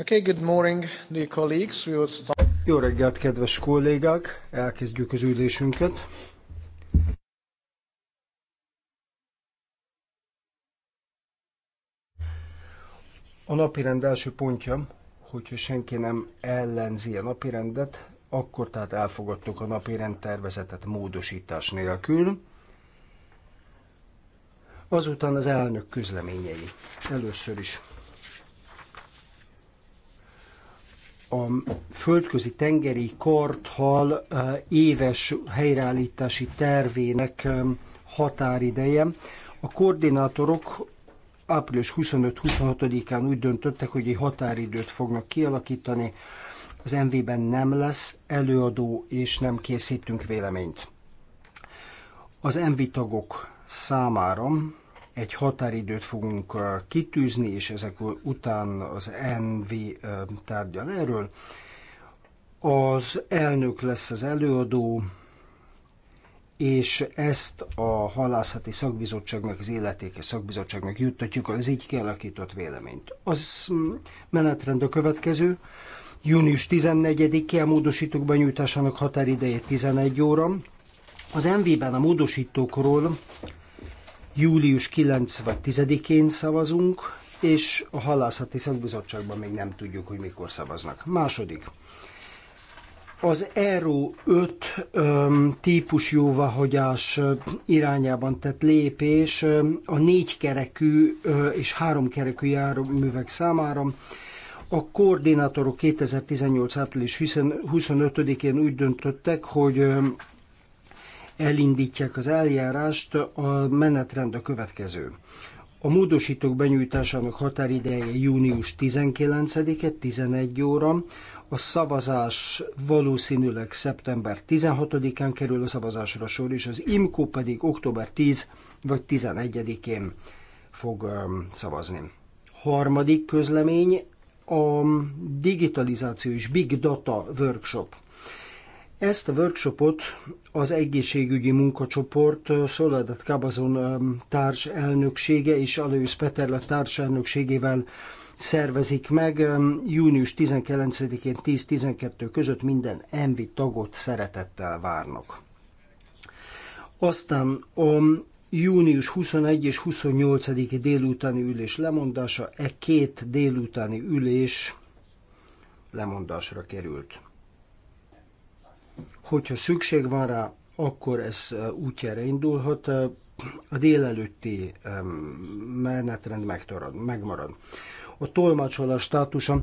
Okay, good morning, dear colleagues. We will start... Jó reggelt, kedves kollégák! Elkezdjük az ülésünket. A napirend első pontja, hogyha senki nem ellenzi a napirendet, akkor tehát elfogadtuk a napirend tervezetet módosítás nélkül. Azután az elnök közleményei. Először is a földközi tengeri karthal eh, éves helyreállítási tervének eh, határideje. A koordinátorok április 25-26-án úgy döntöttek, hogy egy határidőt fognak kialakítani. Az MV-ben nem lesz előadó, és nem készítünk véleményt. Az MV tagok számára egy határidőt fogunk kitűzni, és ezek után az NV tárgyal erről. Az elnök lesz az előadó, és ezt a halászati szakbizottságnak, az életéke szakbizottságnak juttatjuk az így kialakított véleményt. Az mm, menetrend a következő. Június 14-e a módosítók benyújtásának határideje 11 óra. Az MV-ben a módosítókról július 9 vagy 10-én szavazunk, és a halászati szakbizottságban még nem tudjuk, hogy mikor szavaznak. Második. Az ERO 5 öm, típus jóvahagyás irányában tett lépés a négykerekű és háromkerekű járművek számára a koordinátorok 2018. április 25-én úgy döntöttek, hogy elindítják az eljárást, a menetrend a következő. A módosítók benyújtásának határideje június 19-e, 11 óra. A szavazás valószínűleg szeptember 16-án kerül a szavazásra sor, és az IMCO pedig október 10 vagy 11-én fog um, szavazni. Harmadik közlemény a digitalizáció és big data workshop ezt a workshopot az egészségügyi munkacsoport eh, Szoladat Kabazon eh, társ elnöksége és Alősz Peterle társ elnökségével szervezik meg. Eh, június 19-én 10-12 között minden ENVI tagot szeretettel várnak. Aztán a június 21 és 28 délutáni ülés lemondása, e két délutáni ülés lemondásra került. Hogyha szükség van rá, akkor ez útjára indulhat, a délelőtti menetrend megmarad. A tolmácsolás státusa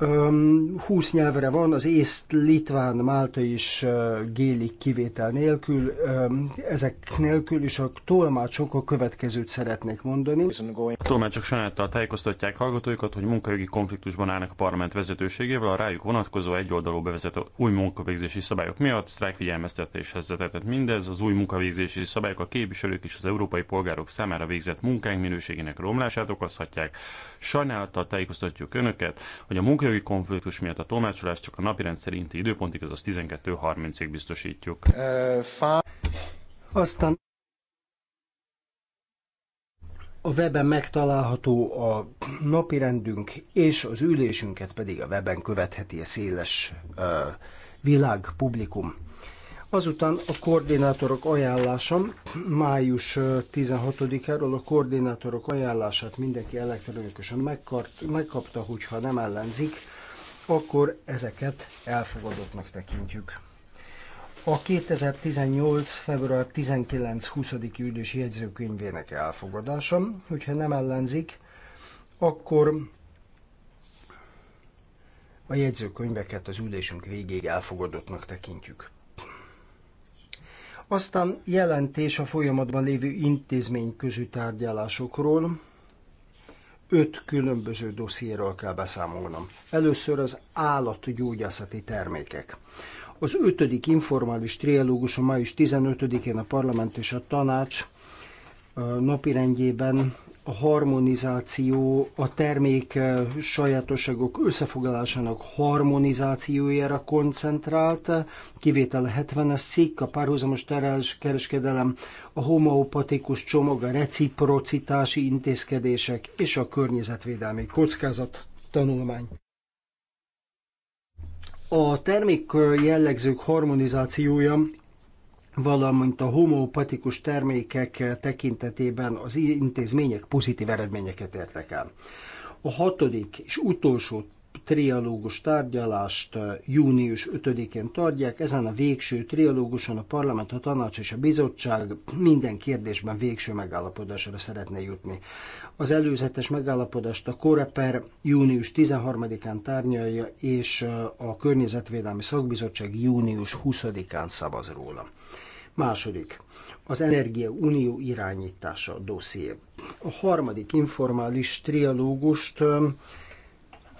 20 nyelvre van, az észt, litván, málta és gélik kivétel nélkül. Ezek nélkül is a tolmácsok a következőt szeretnék mondani. A tolmácsok sajnáltal tájékoztatják hallgatóikat, hogy munkajogi konfliktusban állnak a parlament vezetőségével a rájuk vonatkozó egyoldalú bevezető új munkavégzési szabályok miatt sztrájkfigyelmeztetéshez vezetett mindez. Az új munkavégzési szabályok a képviselők és az európai polgárok számára végzett munkánk minőségének romlását okozhatják. Sajnálattal tájékoztatjuk Önöket, hogy a munkajogi Idői konfliktus miatt a tolmácsolást csak a napirend szerinti időpontig, azaz 12.30-ig biztosítjuk. Aztán a weben megtalálható a napirendünk, és az ülésünket pedig a weben követheti a széles uh, világpublikum. Azután a koordinátorok ajánlásom, május 16-áról a koordinátorok ajánlását mindenki elektronikusan megkapta, hogyha nem ellenzik, akkor ezeket elfogadottnak tekintjük. A 2018. február 19-20. üdés jegyzőkönyvének elfogadása, hogyha nem ellenzik, akkor a jegyzőkönyveket az ülésünk végéig elfogadottnak tekintjük. Aztán jelentés a folyamatban lévő közű tárgyalásokról. Öt különböző dossziéről kell beszámolnom. Először az állatgyógyászati termékek. Az ötödik informális trialógus a május 15-én a parlament és a tanács napirendjében a harmonizáció a termék eh, sajátosságok összefoglalásának harmonizációjára koncentrált, kivétel 70-es cikk, a párhuzamos terelés kereskedelem, a homeopatikus csomag, a reciprocitási intézkedések és a környezetvédelmi kockázat tanulmány. A termék eh, jellegzők harmonizációja valamint a homopatikus termékek tekintetében az intézmények pozitív eredményeket értek el. A hatodik és utolsó trialógus tárgyalást eh, június 5-én tartják. Ezen a végső trialóguson a parlament, a tanács és a bizottság minden kérdésben végső megállapodásra szeretne jutni. Az előzetes megállapodást a Koreper június 13-án tárgyalja, és eh, a Környezetvédelmi Szakbizottság június 20-án szavaz róla. Második, az Energia Unió irányítása a dosszié. A harmadik informális trialógust um,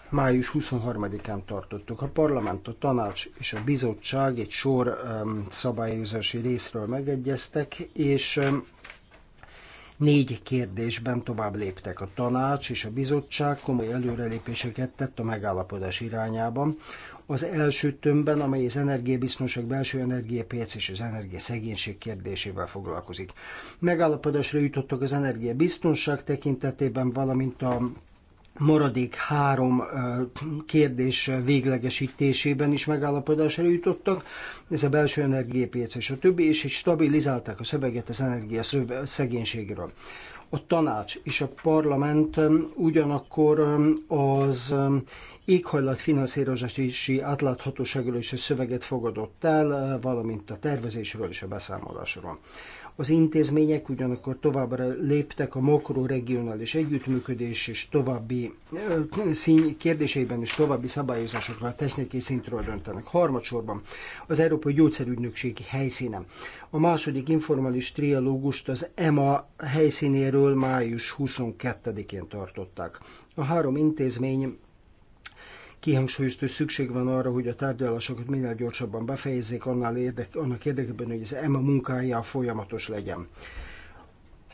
május 23-án tartottuk. A parlament, a tanács és a bizottság egy sor um, szabályozási részről megegyeztek, és um, Négy kérdésben tovább léptek a tanács és a bizottság, komoly előrelépéseket tett a megállapodás irányában az első tömbben, amely az energiabiztonság, belső energiapiac és az energiaszegénység kérdésével foglalkozik. Megállapodásra jutottak az energiabiztonság tekintetében, valamint a maradék három kérdés véglegesítésében is megállapodásra jutottak, ez a belső energiapiac és a többi, és így stabilizálták a szöveget az energia szegénységről. A tanács és a parlament ugyanakkor az éghajlat finanszírozási átláthatóságról és a szöveget fogadott el, valamint a tervezésről és a beszámolásról. Az intézmények ugyanakkor továbbra léptek a makroregionális együttműködés és további szín kérdéseiben és további szabályozásokra a és szintről döntenek. Harmadsorban az Európai Gyógyszerügynökség helyszíne. A második informális trialógust az EMA helyszínéről május 22-én tartották. A három intézmény kihangsúlyozta, hogy szükség van arra, hogy a tárgyalásokat minél gyorsabban befejezzék, annál érdek, annak érdekében, hogy az EMA munkája folyamatos legyen.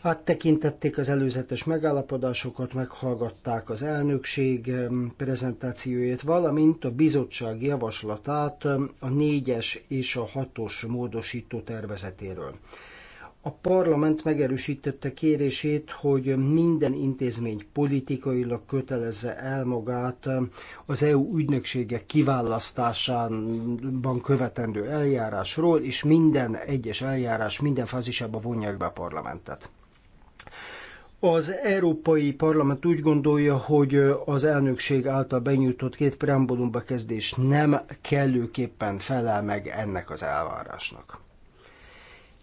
Áttekintették az előzetes megállapodásokat, meghallgatták az elnökség prezentációját, valamint a bizottság javaslatát a négyes és a hatos módosító tervezetéről. A parlament megerősítette kérését, hogy minden intézmény politikailag kötelezze el magát az EU ügynökségek kiválasztásában követendő eljárásról, és minden egyes eljárás minden fázisába vonják be a parlamentet. Az Európai Parlament úgy gondolja, hogy az elnökség által benyújtott két preambulum bekezdés nem kellőképpen felel meg ennek az elvárásnak.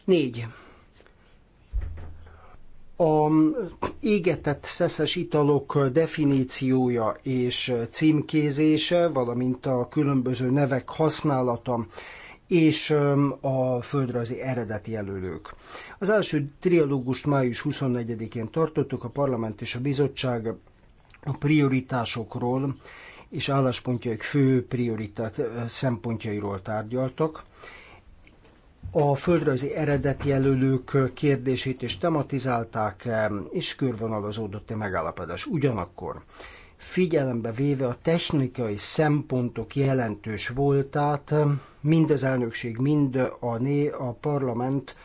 4 a égetett szeszes italok definíciója és címkézése, valamint a különböző nevek használata és a földrajzi eredeti jelölők. Az első trialógust május 24-én tartottuk, a parlament és a bizottság a prioritásokról és álláspontjaik fő prioritás szempontjairól tárgyaltak a földrajzi eredetjelölők kérdését is tematizálták, és körvonalazódott a megállapodás. Ugyanakkor figyelembe véve a technikai szempontok jelentős voltát, mind az elnökség, mind a, né, a parlament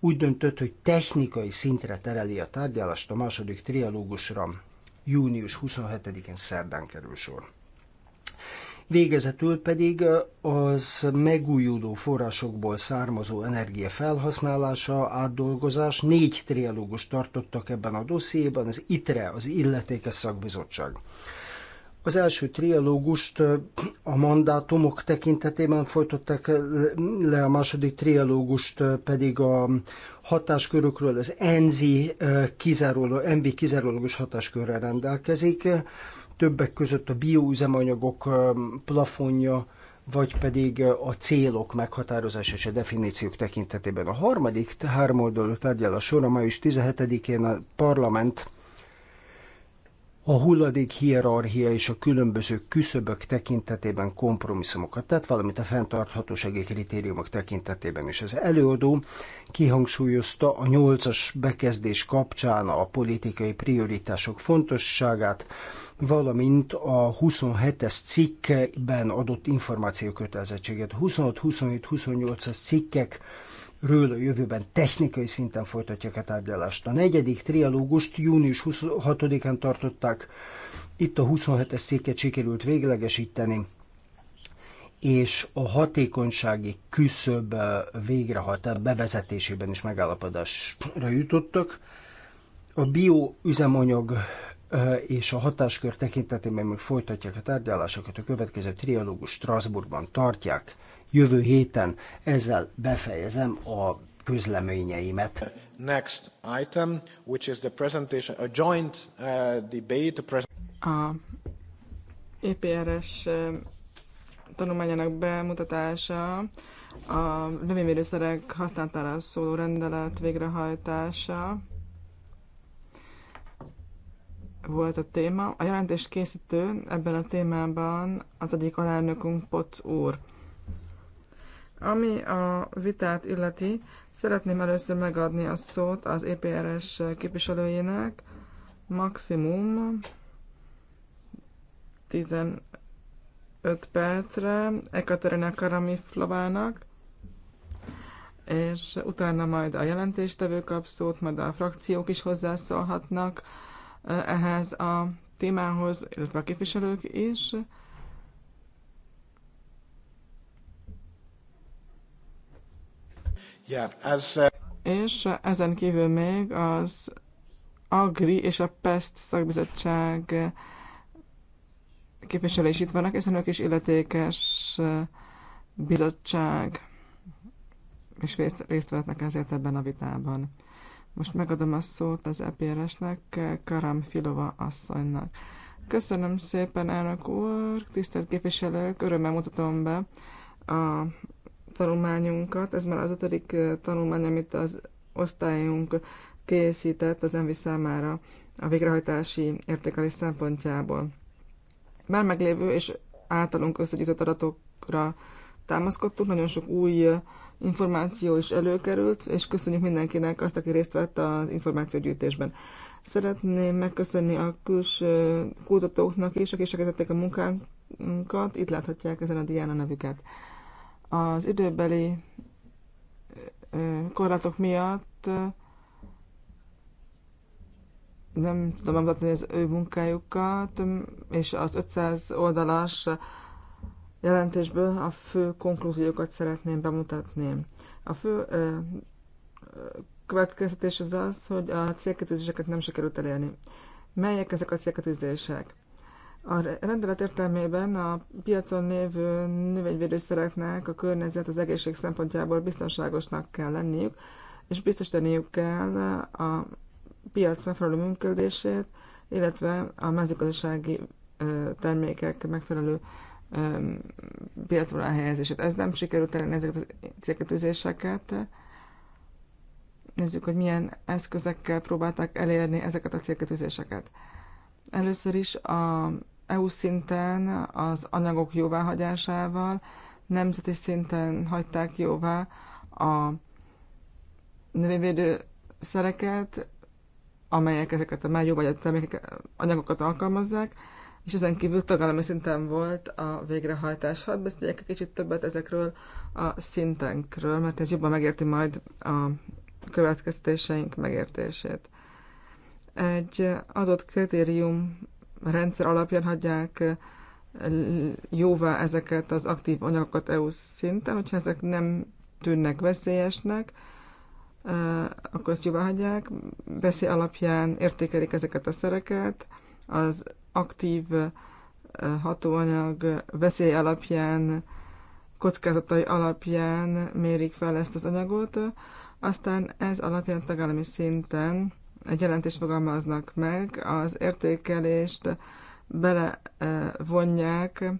úgy döntött, hogy technikai szintre tereli a tárgyalást a második trialógusra június 27-én szerdán kerül sor. Végezetül pedig az megújuló forrásokból származó energia felhasználása, átdolgozás, négy trialógus tartottak ebben a dossziéban, az ITRE, az Illetékes Szakbizottság. Az első trialógust a mandátumok tekintetében folytatták le, a második trialógust pedig a hatáskörökről az ENZI kizárólag, MB kizárólagos hatáskörrel rendelkezik többek között a bioüzemanyagok plafonja, vagy pedig a célok meghatározása és a definíciók tekintetében. A harmadik háromoldalú tárgyalás a május 17-én a parlament a hulladék hierarchia és a különböző küszöbök tekintetében kompromisszumokat tett, valamint a fenntarthatósági kritériumok tekintetében is. Az előadó kihangsúlyozta a nyolcas bekezdés kapcsán a politikai prioritások fontosságát, valamint a 27-es cikkben adott információkötelezettséget. 26, 27, 28-as cikkek ről a jövőben technikai szinten folytatják a tárgyalást. A negyedik trialógust június 26-án tartották, itt a 27-es széket sikerült véglegesíteni, és a hatékonysági küszöb végrehat bevezetésében is megállapodásra jutottak. A bioüzemanyag és a hatáskör tekintetében még folytatják a tárgyalásokat, a következő trialógus Strasbourgban tartják jövő héten. Ezzel befejezem a közleményeimet. Next item, which is the presentation, a joint uh, debate. Pres- a EPRS uh, tanulmányának bemutatása, a növényvédőszerek használatára szóló rendelet végrehajtása volt a téma. A jelentés készítő ebben a témában az egyik alelnökünk Pot úr. Ami a vitát illeti, szeretném először megadni a szót az EPRS képviselőjének, maximum 15 percre Ekaterina Karamiflovának, és utána majd a jelentéstevő kap szót, majd a frakciók is hozzászólhatnak eh, ehhez a témához, illetve a képviselők is. Uh, és ezen kívül még az Agri és a PEST szakbizottság képviselői is itt vannak, hiszen ők is illetékes bizottság, és részt, részt vehetnek ezért ebben a vitában. Most megadom a szót az EPRS-nek, Karam Filova asszonynak. Köszönöm szépen, elnök úr, tisztelt képviselők, örömmel mutatom be a tanulmányunkat. Ez már az ötödik tanulmány, amit az osztályunk készített az ENVI számára a végrehajtási értékelés szempontjából. Már meglévő és általunk összegyűjtött adatokra támaszkodtunk, nagyon sok új információ is előkerült, és köszönjük mindenkinek azt, aki részt vett az információgyűjtésben. Szeretném megköszönni a külső kutatóknak is, akik segítették a munkánkat, itt láthatják ezen a dián a nevüket az időbeli korlátok miatt nem tudom bemutatni az ő munkájukat, és az 500 oldalas jelentésből a fő konklúziókat szeretném bemutatni. A fő következtetés az az, hogy a célkötőzéseket nem sikerült elérni. Melyek ezek a célkötőzések? A rendelet értelmében a piacon lévő növényvédőszereknek a környezet az egészség szempontjából biztonságosnak kell lenniük, és biztosítaniuk kell a piac megfelelő működését, illetve a mezőgazdasági termékek megfelelő piacról helyezését. Ez nem sikerült elérni ezeket a célkötőzéseket. Nézzük, hogy milyen eszközekkel próbálták elérni ezeket a célkötőzéseket. Először is a EU szinten az anyagok jóváhagyásával, nemzeti szinten hagyták jóvá a növényvédő szereket, amelyek ezeket a már jóvágyat termékek, anyagokat alkalmazzák, és ezen kívül tagállami szinten volt a végrehajtás. Hadd beszéljek egy kicsit többet ezekről a szintenkről, mert ez jobban megérti majd a következtetéseink megértését. Egy adott kritérium rendszer alapján hagyják eh, jóvá ezeket az aktív anyagokat EU szinten, hogyha ezek nem tűnnek veszélyesnek, eh, akkor ezt jóvá hagyják. Beszél alapján értékelik ezeket a szereket, az aktív eh, hatóanyag veszély alapján, kockázatai alapján mérik fel ezt az anyagot, aztán ez alapján tagállami szinten egy jelentést fogalmaznak meg, az értékelést belevonják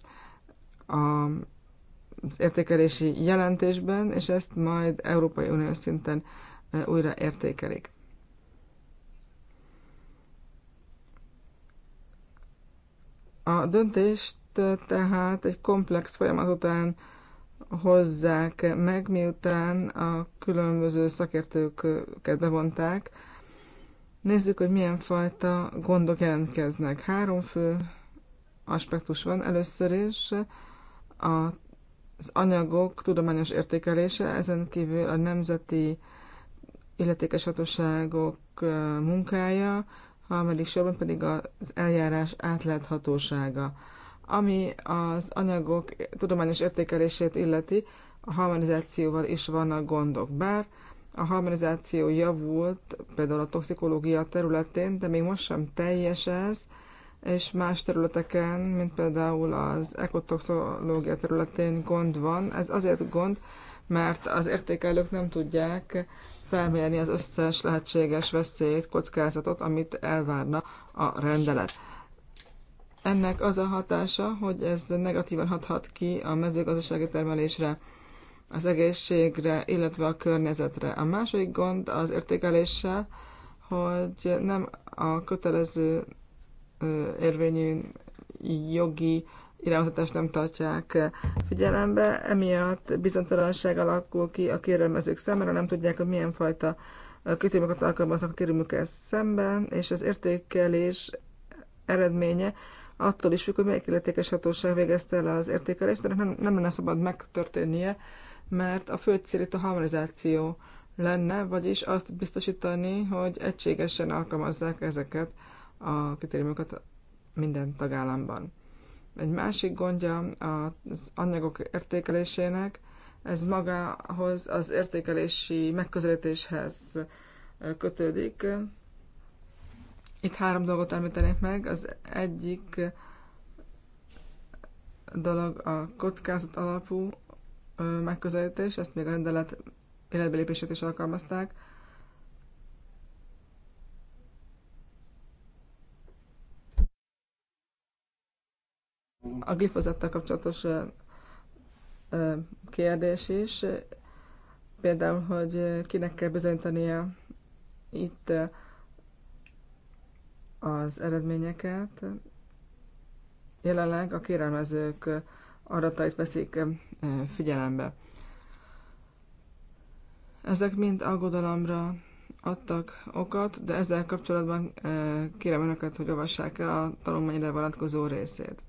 a az értékelési jelentésben, és ezt majd Európai Uniós szinten újra értékelik. A döntést tehát egy komplex folyamat után hozzák meg, miután a különböző szakértőket bevonták, Nézzük, hogy milyen fajta gondok jelentkeznek. Három fő aspektus van. Először is a az anyagok tudományos értékelése, ezen kívül a nemzeti illetékes hatóságok munkája, harmadik sorban pedig az eljárás átláthatósága. Ami az anyagok tudományos értékelését illeti, a harmonizációval is vannak gondok, bár a harmonizáció javult, például a toxikológia területén, de még most sem teljes ez, és más területeken, mint például az ekotoxológia területén gond van. Ez azért gond, mert az értékelők nem tudják felmérni az összes lehetséges veszélyt, kockázatot, amit elvárna a rendelet. Ennek az a hatása, hogy ez negatívan hathat ki a mezőgazdasági termelésre az egészségre, illetve a környezetre. A második gond az értékeléssel, hogy nem a kötelező érvényű jogi irányhatást nem tartják figyelembe, emiatt bizonytalanság alakul ki a kérelmezők számára, nem tudják, hogy milyen fajta kritériumokat alkalmaznak a kérelmükkel szemben, és az értékelés eredménye attól is függ, hogy melyik illetékes hatóság végezte el az értékelést, de nem, nem lenne szabad megtörténnie, mert a fő cél itt a harmonizáció lenne, vagyis azt biztosítani, hogy egységesen alkalmazzák ezeket a kritériumokat minden tagállamban. Egy másik gondja az anyagok értékelésének, ez magához az értékelési megközelítéshez kötődik. Itt három dolgot említenék meg. Az egyik dolog a kockázat alapú megközelítés, ezt még a rendelet életbelépését is alkalmazták. A glifozattal kapcsolatos kérdés is, például, hogy kinek kell bizonyítania itt az eredményeket. Jelenleg a kérelmezők adatait veszik figyelembe. Ezek mind aggodalomra adtak okot, de ezzel kapcsolatban kérem önöket, hogy olvassák el a tanulmányra vonatkozó részét.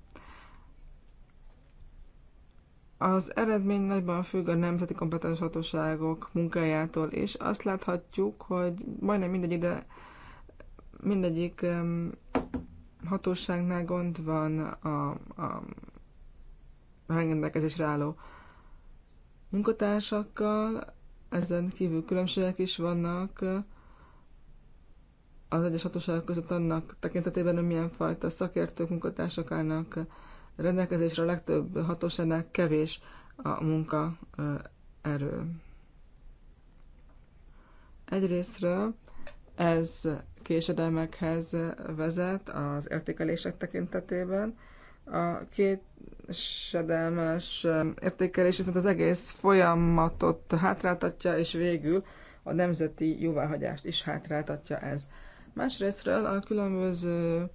Az eredmény nagyban függ a nemzeti kompetens hatóságok munkájától, és azt láthatjuk, hogy majdnem mindegy ide, mindegyik hatóságnál gond van a, a rendelkezésre álló munkatársakkal, ezen kívül különbségek is vannak az egyes hatóságok között annak tekintetében, hogy milyen fajta szakértők, munkatársak állnak rendelkezésre, a legtöbb hatóságnál kevés a munka erő Egyrésztről ez késedelmekhez vezet az értékelések tekintetében. A két késedelmes eh, értékelés, viszont az egész folyamatot hátráltatja, és végül a nemzeti jóváhagyást is hátráltatja ez. Másrésztről a különböző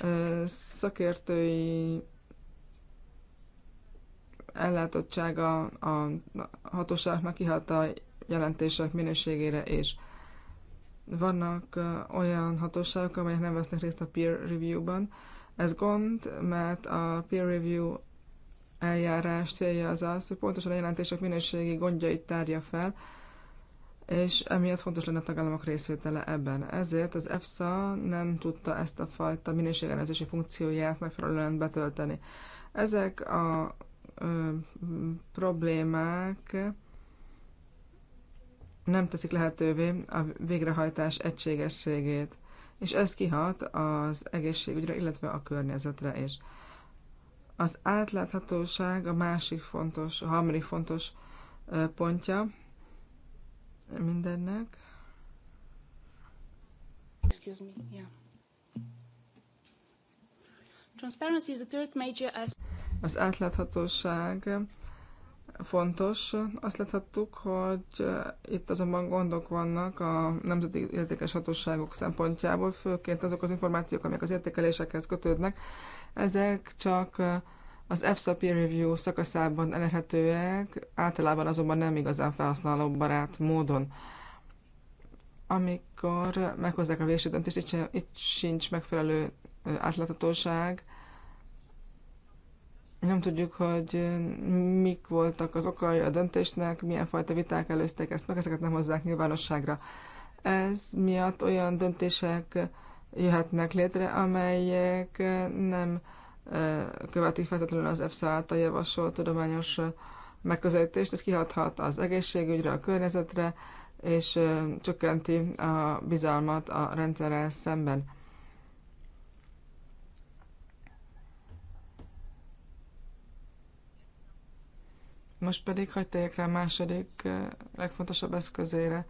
eh, szakértői ellátottsága a hatóságnak kihat a jelentések minőségére és Vannak eh, olyan hatóságok, amelyek nem vesznek részt a peer review-ban. Ez gond, mert a peer review eljárás célja az az, hogy pontosan a jelentések minőségi gondjait tárja fel, és emiatt fontos lenne a tagállamok részvétele ebben. Ezért az EFSA nem tudta ezt a fajta minőségelezési funkcióját megfelelően betölteni. Ezek a ö, problémák nem teszik lehetővé a végrehajtás egységességét, és ez kihat az egészségügyre, illetve a környezetre is. Az átláthatóság a másik fontos, a harmadik fontos pontja mindennek. Excuse me, yeah. Transparency is the third major as... Az átláthatóság fontos. Azt láthattuk, hogy eh, itt azonban gondok vannak a nemzeti értékes hatóságok szempontjából, főként azok az információk, amik az értékelésekhez kötődnek, ezek csak eh, az EFSA peer review szakaszában elérhetőek, általában azonban nem igazán barát módon. Amikor meghozzák a végső döntést, itt sincs megfelelő eh, átláthatóság, nem tudjuk, hogy eh, mik voltak az okai a döntésnek, milyen fajta viták előzték ezt meg, ezeket nem hozzák nyilvánosságra. Ez miatt olyan döntések jöhetnek létre, amelyek eh, nem eh, követik feltétlenül az EFSA által javasolt tudományos megközelítést, ez kihathat az egészségügyre, a környezetre, és csökkenti a bizalmat a rendszerrel szemben. Most pedig hagyták rá a második legfontosabb eszközére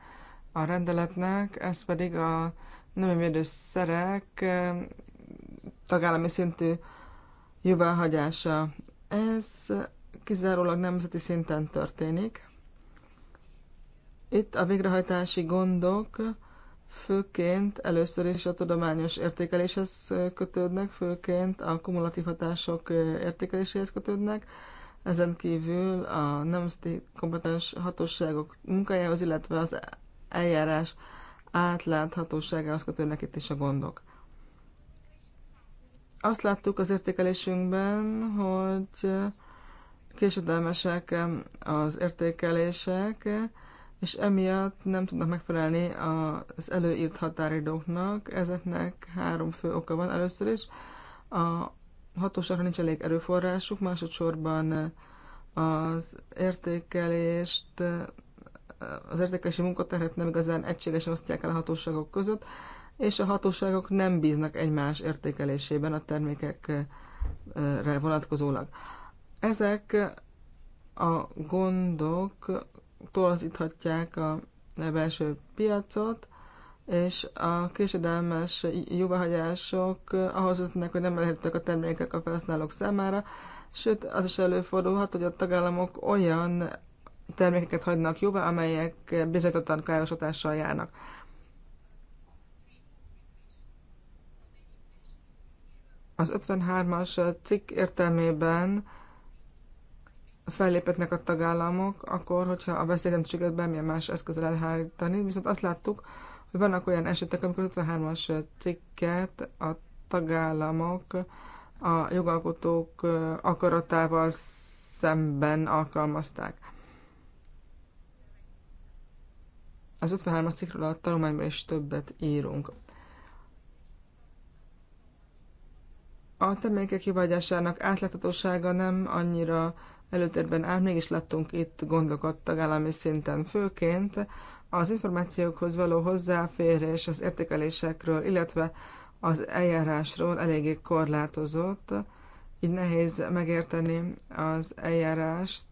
a rendeletnek, ez pedig a nem szerek tagállami szintű jóváhagyása. Ez kizárólag nemzeti szinten történik. Itt a végrehajtási gondok főként először is a tudományos értékeléshez kötődnek, főként a kumulatív hatások értékeléséhez kötődnek, ezen kívül a nemzeti kompetens hatóságok munkájához, illetve az eljárás átláthatóságához kötődnek itt is a gondok. Azt láttuk az értékelésünkben, hogy késedelmesek az értékelések, és emiatt nem tudnak megfelelni az előírt határidóknak. Ezeknek három fő oka van először is. A hatóságra nincs elég erőforrásuk, másodszorban az értékelést, az értékelési munkaterhet nem igazán egységesen osztják el a hatóságok között, és a hatóságok nem bíznak egymás értékelésében a termékekre vonatkozólag. Ezek a gondok torzíthatják a belső piacot, és a késedelmes jóváhagyások ahhoz jutnak, hogy nem elérhetők a termékek a felhasználók számára, sőt az is előfordulhat, hogy a tagállamok olyan termékeket hagynak jóvá, amelyek bizonyítottan káros hatással járnak. Az 53-as cikk értelmében fellépetnek a tagállamok, akkor, hogyha a veszélyt bármilyen más eszközzel elhárítani, viszont azt láttuk, hogy vannak olyan esetek, amikor 53-as cikket a tagállamok a jogalkotók akaratával szemben alkalmazták. Az 53-as cikkről a tanulmányban is többet írunk. A termékek kivágyásának átláthatósága nem annyira előtérben áll, mégis láttunk itt gondokat tagállami szinten, főként az információkhoz való hozzáférés az értékelésekről, illetve az eljárásról eléggé korlátozott, így nehéz megérteni az eljárást,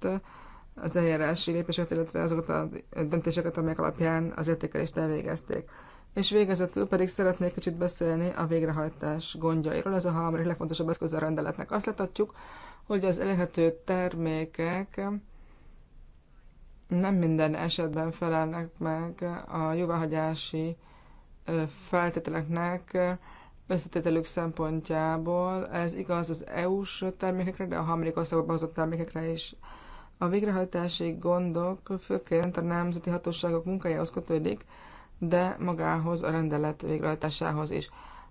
az eljárási lépéseket, illetve azokat a döntéseket, amelyek alapján az értékelést elvégezték. És végezetül pedig szeretnék kicsit beszélni a végrehajtás gondjairól. Ez a harmadik legfontosabb eszköz a rendeletnek. Azt láthatjuk, hogy az elérhető termékek nem minden esetben felelnek meg a jóváhagyási feltételeknek összetételük szempontjából. Ez igaz az EU-s termékekre, de a harmadik országokban hozott termékekre is. A végrehajtási gondok főként a nemzeti hatóságok munkájához kötődik, de magához, a rendelet végrehajtásához is.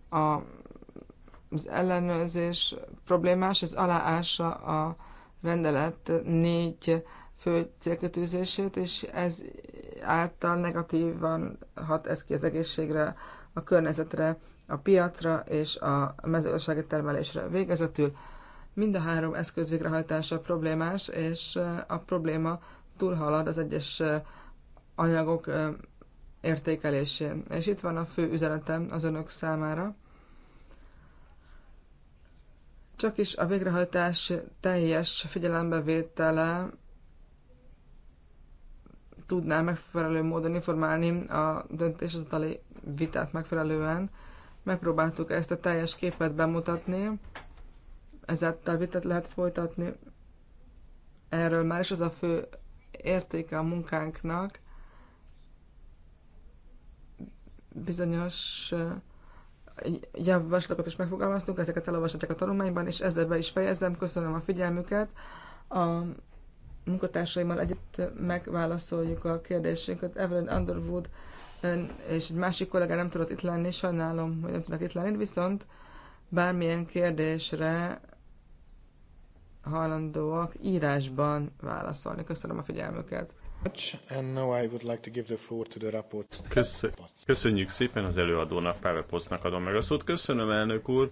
A, az ellenőrzés problémás, ez aláássa a rendelet négy fő célkötőzését, és ez által negatívan hat ez ki az egészségre, a környezetre, a piacra és a mezőgazdasági termelésre. Végezetül mind a három eszköz végrehajtása problémás, és a probléma túlhalad az egyes anyagok értékelésén. És itt van a fő üzenetem az önök számára. Csak is a végrehajtás teljes figyelembevétele tudná megfelelő módon informálni a döntéshozatali vitát megfelelően. Megpróbáltuk ezt a teljes képet bemutatni, ezáltal vitát lehet folytatni. Erről már is az a fő értéke a munkánknak. Bizonyos eh, javaslatokat is megfogalmaztunk, ezeket elolvashatják a tanulmányban, és ezzel be is fejezem. Köszönöm a figyelmüket. A munkatársaimmal együtt megválaszoljuk a kérdésünket. Evelyn Underwood és egy másik kollégám nem tudott itt lenni, sajnálom, hogy nem tudnak itt lenni, viszont bármilyen kérdésre hajlandóak írásban válaszolni. Köszönöm a figyelmüket. Köszönjük szépen az előadónak, Pável Posznak adom meg a szót. Köszönöm, elnök úr.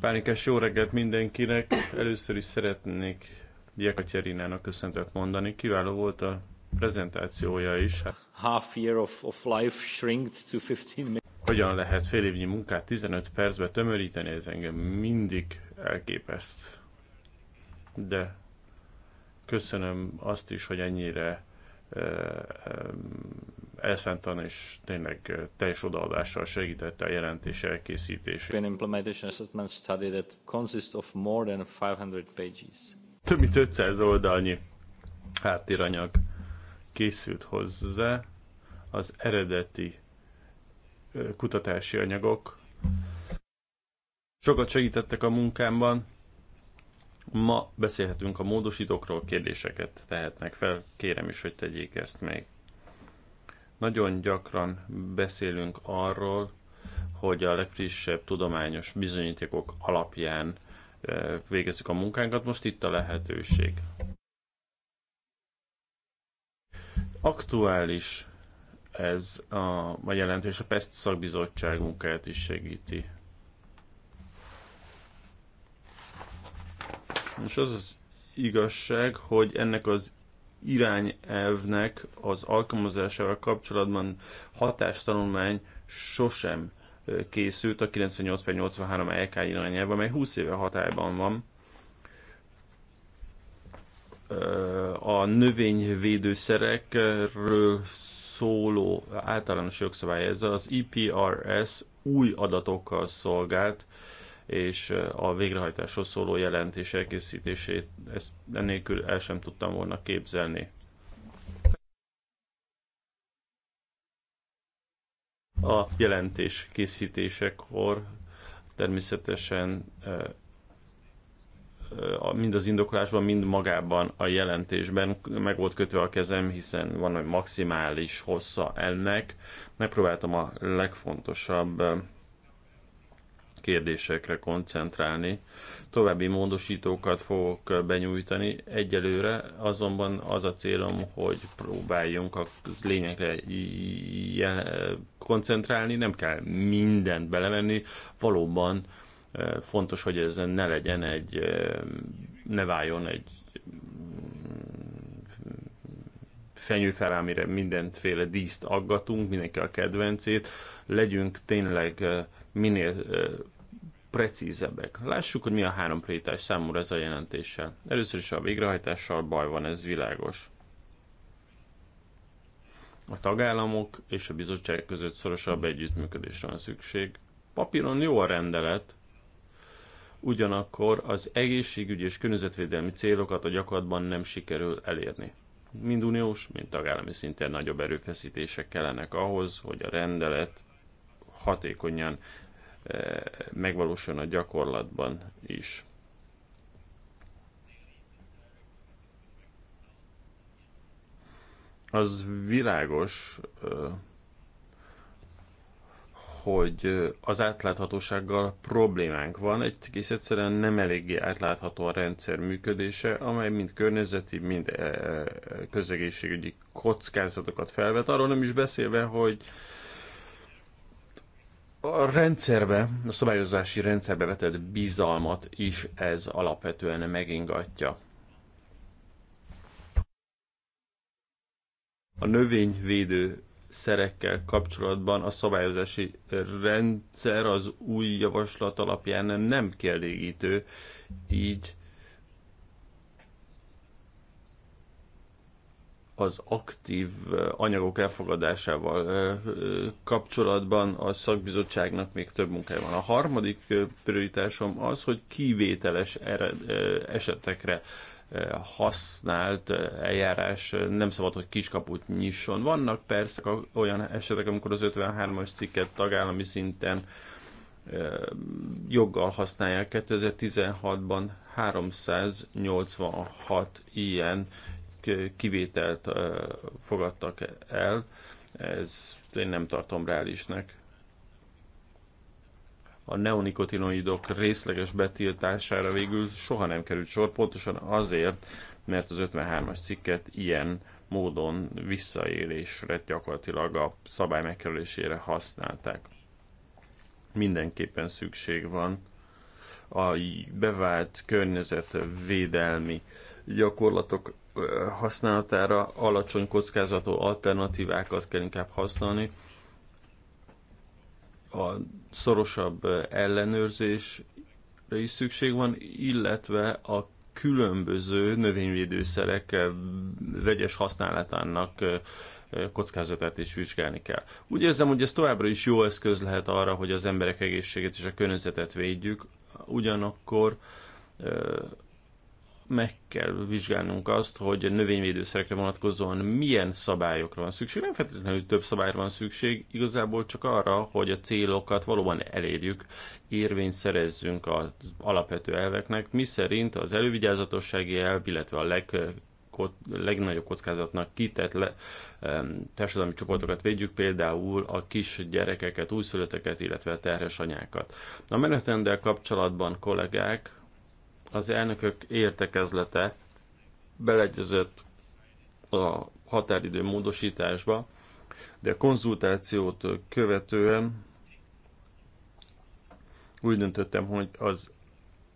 Pánikás jó reggelt mindenkinek. Először is szeretnék Jekaterinának köszöntet mondani. Kiváló volt a prezentációja is. Hát Half year of, of life shrinked to 15 minutes. Hogyan lehet fél évnyi munkát 15 percbe tömöríteni, ez engem mindig elképeszt. De köszönöm azt is, hogy ennyire elszántan és tényleg teljes odaadással segítette a jelentés elkészítését. implementation assessment study that consists of more than 500 pages. Több mint 500 oldalnyi háttéranyag készült hozzá. Az eredeti kutatási anyagok sokat segítettek a munkámban. Ma beszélhetünk a módosítókról, kérdéseket tehetnek fel, kérem is, hogy tegyék ezt még. Nagyon gyakran beszélünk arról, hogy a legfrissebb tudományos bizonyítékok alapján végezzük a munkánkat. Most itt a lehetőség. Aktuális ez a, a jelentés a PESZT szakbizottság munkáját is segíti. És az az igazság, hogy ennek az irányelvnek az alkalmazásával kapcsolatban hatástanulmány sosem készült a 98-83 EK irányelv, amely 20 éve hatályban van. A növényvédőszerekről szóló általános jogszabály ez az IPRS e új adatokkal szolgált, és a végrehajtáshoz szóló jelentés elkészítését ezt ennélkül el sem tudtam volna képzelni. A jelentés készítésekor természetesen mind az indokolásban, mind magában a jelentésben meg volt kötve a kezem, hiszen van egy maximális hossza ennek. Megpróbáltam a legfontosabb kérdésekre koncentrálni. További módosítókat fogok benyújtani. Egyelőre azonban az a célom, hogy próbáljunk a lényegre koncentrálni, nem kell mindent belevenni, valóban e, fontos, hogy ez ne legyen egy, e, ne váljon egy mm, fenyő fel, amire mindenféle díszt aggatunk, mindenki a kedvencét, legyünk tényleg e, minél precízebbek. Lássuk, hogy mi a három prétás számúra ez a jelentéssel. Először is a végrehajtással baj van, ez világos. A tagállamok és a bizottság között szorosabb együttműködésre van szükség. Papíron jó a rendelet, ugyanakkor az egészségügyi és környezetvédelmi célokat a gyakorlatban nem sikerül elérni. Mind uniós, mind tagállami szinten nagyobb erőfeszítések kellenek ahhoz, hogy a rendelet hatékonyan eh, megvalósuljon a gyakorlatban is. Az világos, eh, hogy az átláthatósággal problémánk van, egy egész egyszerűen nem eléggé átlátható a rendszer működése, amely mind környezeti, mind eh, közegészségügyi kockázatokat felvet, arról nem is beszélve, hogy a rendszerbe, a szabályozási rendszerbe vetett bizalmat is ez alapvetően megingatja. A növényvédő szerekkel kapcsolatban a szabályozási rendszer az új javaslat alapján nem kielégítő, így az aktív eh, anyagok elfogadásával eh, eh, kapcsolatban a szakbizottságnak még több munkája van. A harmadik prioritásom az, hogy kivételes esetekre használt eljárás nem szabad, hogy kiskaput nyisson. Vannak persze olyan esetek, amikor az 53-as cikket tagállami szinten joggal használják. 2016-ban 386 ilyen kivételt fogadtak el, ez én nem tartom reálisnek. A neonikotinoidok részleges betiltására végül soha nem került sor, pontosan azért, mert az 53-as cikket ilyen módon visszaélésre, gyakorlatilag a szabály megkerülésére használták. Mindenképpen szükség van a bevált környezetvédelmi gyakorlatok használatára alacsony kockázatú alternatívákat kell inkább használni. A szorosabb ellenőrzésre is szükség van, illetve a különböző növényvédőszerek eh, vegyes használatának eh, kockázatát is vizsgálni kell. Úgy érzem, hogy ez továbbra is jó eszköz lehet arra, hogy az emberek egészségét és a környezetet védjük, ugyanakkor eh, meg kell vizsgálnunk azt, hogy a növényvédőszerekre vonatkozóan milyen szabályokra van szükség. Nem feltétlenül több szabályra van szükség, igazából csak arra, hogy a célokat valóban elérjük, érvényt szerezzünk az alapvető elveknek, mi szerint az elővigyázatossági elv, illetve a leg legnagyobb kockázatnak kitett le, társadalmi csoportokat védjük, például a kis gyerekeket, újszülötteket, illetve a terhes anyákat. A menetrenddel kapcsolatban kollégák az elnökök értekezlete beleegyezett a határidő módosításba, de a konzultációt követően úgy döntöttem, hogy az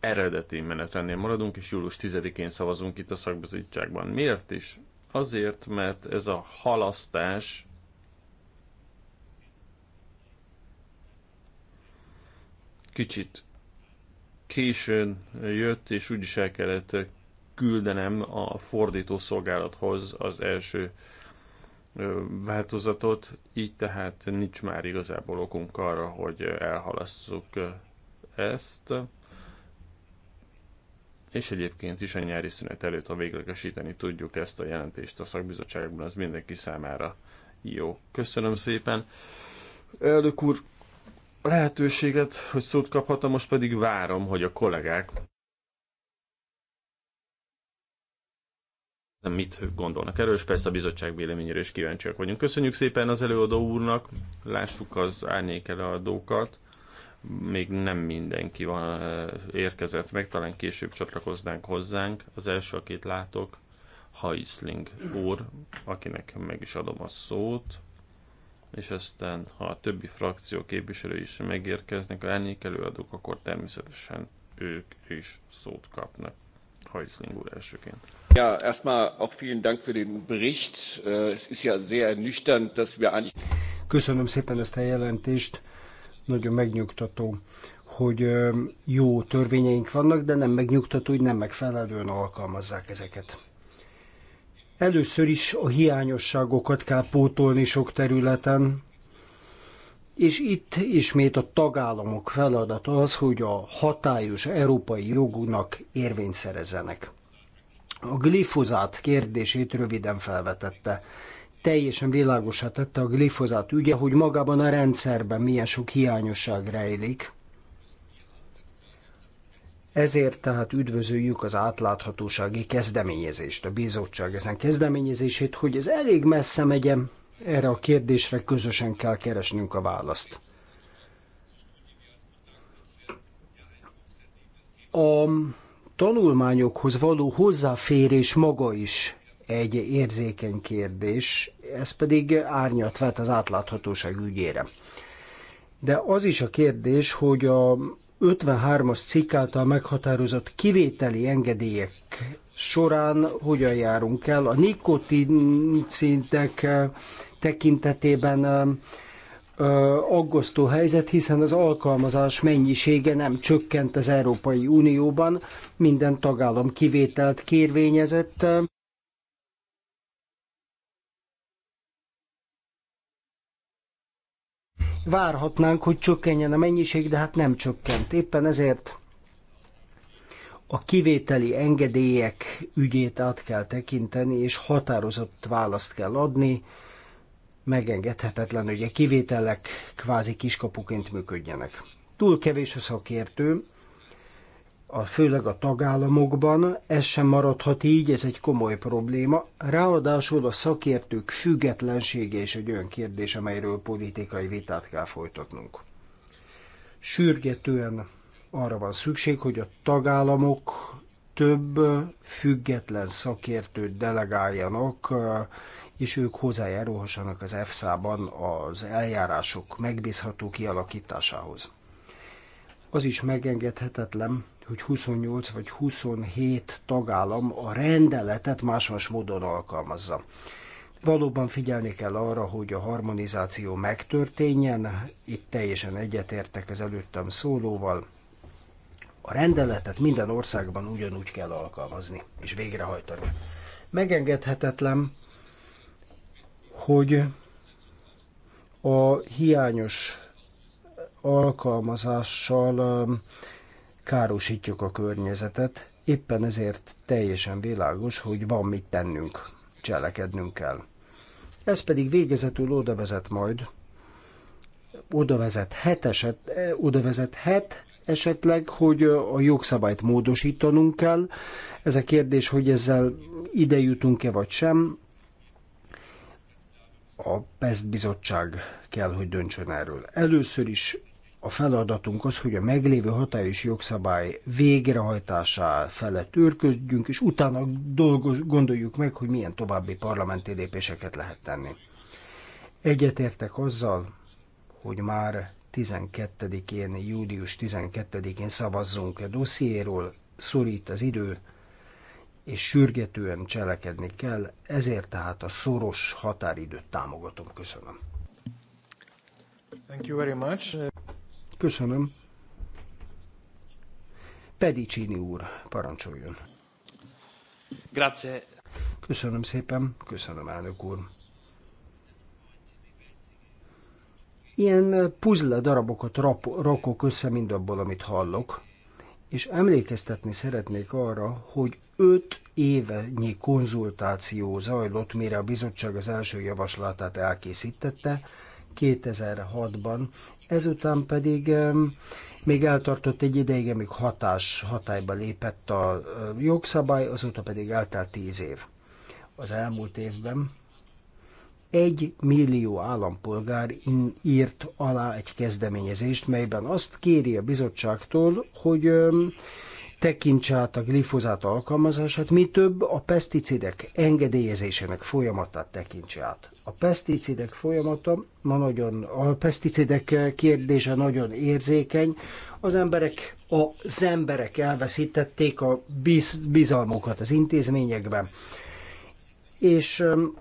eredeti menetrendnél maradunk, és július 10-én szavazunk itt a szakbizottságban. Miért is? Azért, mert ez a halasztás kicsit későn jött, és úgyis el kellett küldenem a fordító szolgálathoz az első változatot, így tehát nincs már igazából okunk arra, hogy elhalasszuk ezt. És egyébként is a nyári szünet előtt, ha véglegesíteni tudjuk ezt a jelentést a szakbizottságban, az mindenki számára jó. Köszönöm szépen. Elnök úr, lehetőséget, hogy szót kaphatom, most pedig várom, hogy a kollégák mit gondolnak erről, és persze a bizottság véleményére is kíváncsiak vagyunk. Köszönjük szépen az előadó úrnak, lássuk az árnyék előadókat. Még nem mindenki van, eh, érkezett meg, talán később csatlakoznánk hozzánk. Az első, akit látok, Haisling úr, akinek meg is adom a szót és aztán, ha a többi frakció képviselő is megérkeznek, a elnék előadók, akkor természetesen ők is szót kapnak. Heusling úr elsőként. Ja, erstmal auch vielen Dank für den Bericht. Äh, es ist ja sehr ernüchternd, dass wir eigentlich... Köszönöm szépen ezt a jelentést. Nagyon megnyugtató, hogy jó törvényeink vannak, de nem megnyugtató, hogy nem megfelelően alkalmazzák ezeket. Először is a hiányosságokat kell pótolni sok területen, és itt ismét a tagállamok feladata az, hogy a hatályos európai jogunak érvényt szerezzenek. A glifozát kérdését röviden felvetette. Teljesen világosá tette a glifozát ügye, hogy magában a rendszerben milyen sok hiányosság rejlik. Ezért tehát üdvözöljük az átláthatósági kezdeményezést, a bizottság ezen kezdeményezését, hogy ez elég messze megyem, erre a kérdésre közösen kell keresnünk a választ. A tanulmányokhoz való hozzáférés maga is egy érzékeny kérdés, ez pedig árnyat vet az átláthatóság ügyére. De az is a kérdés, hogy a 53-as cikk által meghatározott kivételi engedélyek során hogyan járunk el. A nikotin szintek eh, tekintetében eh, eh, aggasztó helyzet, hiszen az alkalmazás mennyisége nem csökkent az Európai Unióban, minden tagállam kivételt kérvényezett, várhatnánk, hogy csökkenjen a mennyiség, de hát nem csökkent. Éppen ezért a kivételi engedélyek ügyét át kell tekinteni, és határozott választ kell adni. Megengedhetetlen, hogy a kivételek kvázi kiskapuként működjenek. Túl kevés a szakértő, a, főleg a tagállamokban, ez sem maradhat így, ez egy komoly probléma. Ráadásul a szakértők függetlensége is egy olyan kérdés, amelyről politikai vitát kell folytatnunk. Sürgetően arra van szükség, hogy a tagállamok több független szakértőt delegáljanak, és ők hozzájárulhassanak az EFSA-ban az eljárások megbízható kialakításához. Az is megengedhetetlen, hogy 28 vagy 27 tagállam a rendeletet más-más módon alkalmazza. Valóban figyelni kell arra, hogy a harmonizáció megtörténjen, itt teljesen egyetértek az előttem szólóval. A rendeletet minden országban ugyanúgy kell alkalmazni és végrehajtani. Megengedhetetlen, hogy a hiányos alkalmazással um, károsítjuk a környezetet, éppen ezért teljesen világos, hogy van mit tennünk, cselekednünk kell. Ez pedig végezetül oda vezet majd, oda het, eset, oda vezet het esetleg, hogy a jogszabályt módosítanunk kell. Ez a kérdés, hogy ezzel ide jutunk-e vagy sem, a PESZT bizottság kell, hogy döntsön erről. Először is a feladatunk az, hogy a meglévő hatályos jogszabály végrehajtásá felett őrködjünk, és utána dolgoz, gondoljuk meg, hogy milyen további parlamenti lépéseket lehet tenni. Egyetértek azzal, hogy már 12-én, július 12-én szavazzunk a e dossziéről, szorít az idő, és sürgetően cselekedni kell, ezért tehát a szoros határidőt támogatom. Köszönöm. Thank you very much. Köszönöm. Pedicini úr, parancsoljon. Grazie. Köszönöm szépen, köszönöm elnök úr. Ilyen puzzle darabokat rap, rakok össze abból, amit hallok, és emlékeztetni szeretnék arra, hogy öt évenyi konzultáció zajlott, mire a bizottság az első javaslatát elkészítette, 2006-ban, ezután pedig még eltartott egy ideig, amíg hatás hatályba lépett a jogszabály, azóta pedig eltelt tíz év. Az elmúlt évben egy millió állampolgár írt alá egy kezdeményezést, melyben azt kéri a bizottságtól, hogy tekintse át a glifozát alkalmazását, mi több a peszticidek engedélyezésének folyamatát tekintse át. A peszticidek folyamata, ma nagyon, a peszticidek kérdése nagyon érzékeny, az emberek, az emberek elveszítették a biz, bizalmukat az intézményekben, és um,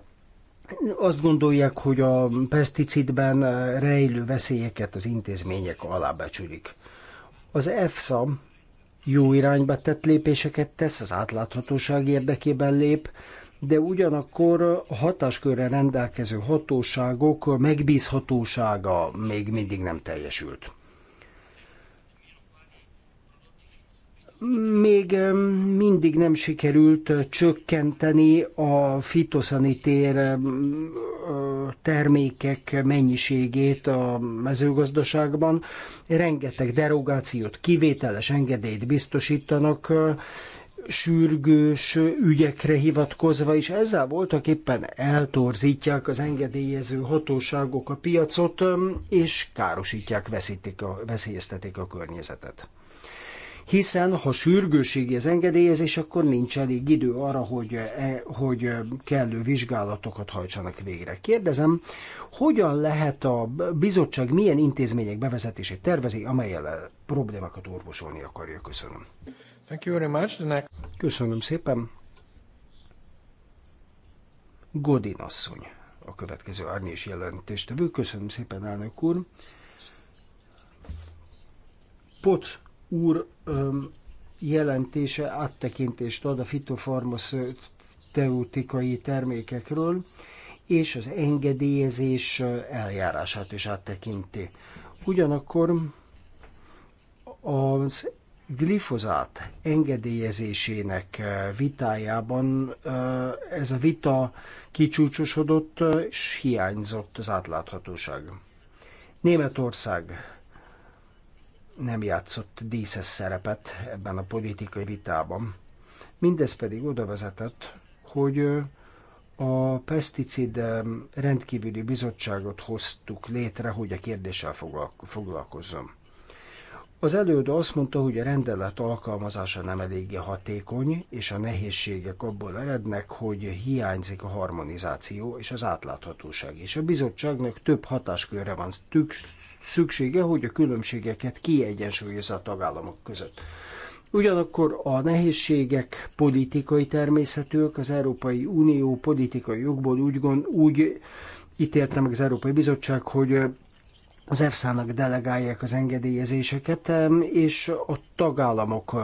azt gondolják, hogy a peszticidben rejlő veszélyeket az intézmények alábecsülik. Az EFSA jó irányba tett lépéseket tesz, az átláthatóság érdekében lép, de ugyanakkor a hatáskörre rendelkező hatóságok megbízhatósága még mindig nem teljesült. Még mindig nem sikerült csökkenteni a fitoszanitér termékek mennyiségét a mezőgazdaságban. Rengeteg derogációt, kivételes engedélyt biztosítanak, sürgős ügyekre hivatkozva, és ezzel voltak éppen eltorzítják az engedélyező hatóságok a piacot, és károsítják, veszítik a, veszélyeztetik a környezetet hiszen ha sürgőségi az engedélyezés, akkor nincs elég idő arra, hogy, e, hogy kellő vizsgálatokat hajtsanak végre. Kérdezem, hogyan lehet a bizottság milyen intézmények bevezetését tervezi, amelyel problémákat orvosolni akarja? Köszönöm. Thank you very much. The next... Köszönöm szépen. Godin asszony a következő árnyés jelentéstevő. Köszönöm szépen, elnök úr. Poc úr jelentése áttekintést ad a fitofarmaceutikai termékekről, és az engedélyezés eljárását is áttekinti. Ugyanakkor az glifozát engedélyezésének vitájában ez a vita kicsúcsosodott, és hiányzott az átláthatóság. Németország nem játszott díszes szerepet ebben a politikai vitában. Mindez pedig oda vezetett, hogy a peszticid rendkívüli bizottságot hoztuk létre, hogy a kérdéssel foglalkozzon. Az előadó azt mondta, hogy a rendelet alkalmazása nem eléggé hatékony, és a nehézségek abból erednek, hogy hiányzik a harmonizáció és az átláthatóság, és a bizottságnak több hatáskörre van szüksége, hogy a különbségeket kiegyensúlyozza a tagállamok között. Ugyanakkor a nehézségek politikai természetűek, az Európai Unió politikai jogból úgy, gond, úgy ítélte meg az Európai Bizottság, hogy az EFSA-nak delegálják az engedélyezéseket, és a tagállamok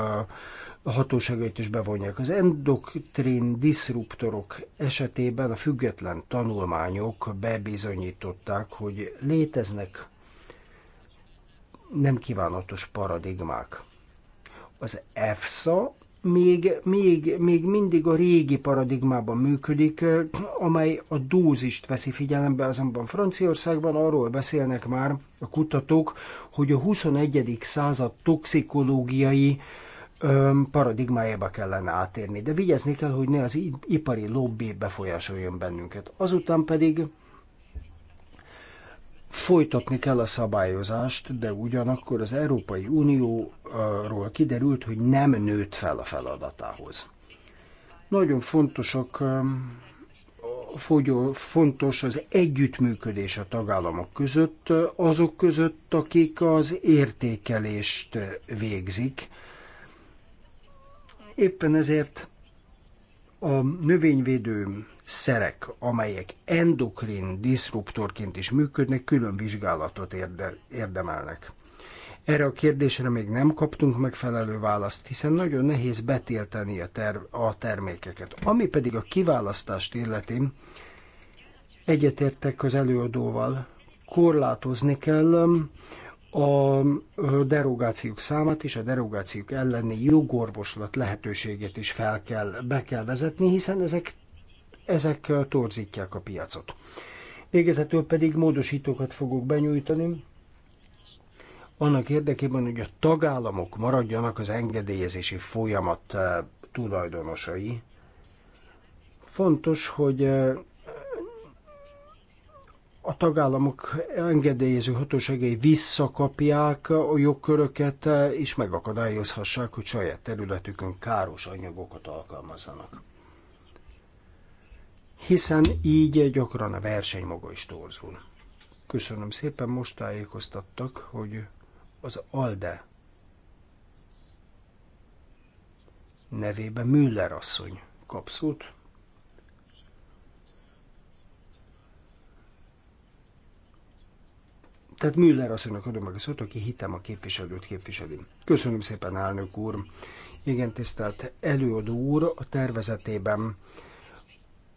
hatóságait is bevonják. Az endokrin diszruptorok esetében a független tanulmányok bebizonyították, hogy léteznek nem kívánatos paradigmák. Az EFSA még, még, még mindig a régi paradigmában működik, amely a dózist veszi figyelembe, azonban Franciaországban arról beszélnek már a kutatók, hogy a 21. század toxikológiai paradigmájába kellene átérni, de vigyázni kell, hogy ne az ipari lobby befolyásoljon bennünket. Azután pedig Folytatni kell a szabályozást, de ugyanakkor az Európai Unióról kiderült, hogy nem nőtt fel a feladatához. Nagyon fontosak um, fontos az együttműködés a tagállamok között, azok között, akik az értékelést végzik. Éppen ezért a növényvédő szerek, amelyek endokrin diszruptorként is működnek, külön vizsgálatot érde, érdemelnek. Erre a kérdésre még nem kaptunk megfelelő választ, hiszen nagyon nehéz betiltani a, ter- a termékeket. Ami pedig a kiválasztást illeti, egyetértek az előadóval, korlátozni kell a derogációk számát és a derogációk elleni jogorvoslat lehetőségét is fel kell, be kell vezetni, hiszen ezek, ezek torzítják a piacot. Végezetül pedig módosítókat fogok benyújtani, annak érdekében, hogy a tagállamok maradjanak az engedélyezési folyamat tulajdonosai. Fontos, hogy a tagállamok engedélyező hatóságai visszakapják a jogköröket, és megakadályozhassák, hogy saját területükön káros anyagokat alkalmazzanak. Hiszen így gyakran a verseny maga is torzul. Köszönöm szépen, most tájékoztattak, hogy az ALDE nevében Müller asszony kap tehát Müller asszonynak adom meg a szót, aki hitem a képviselőt képviseli. Köszönöm szépen, elnök úr. Igen, tisztelt előadó úr, a tervezetében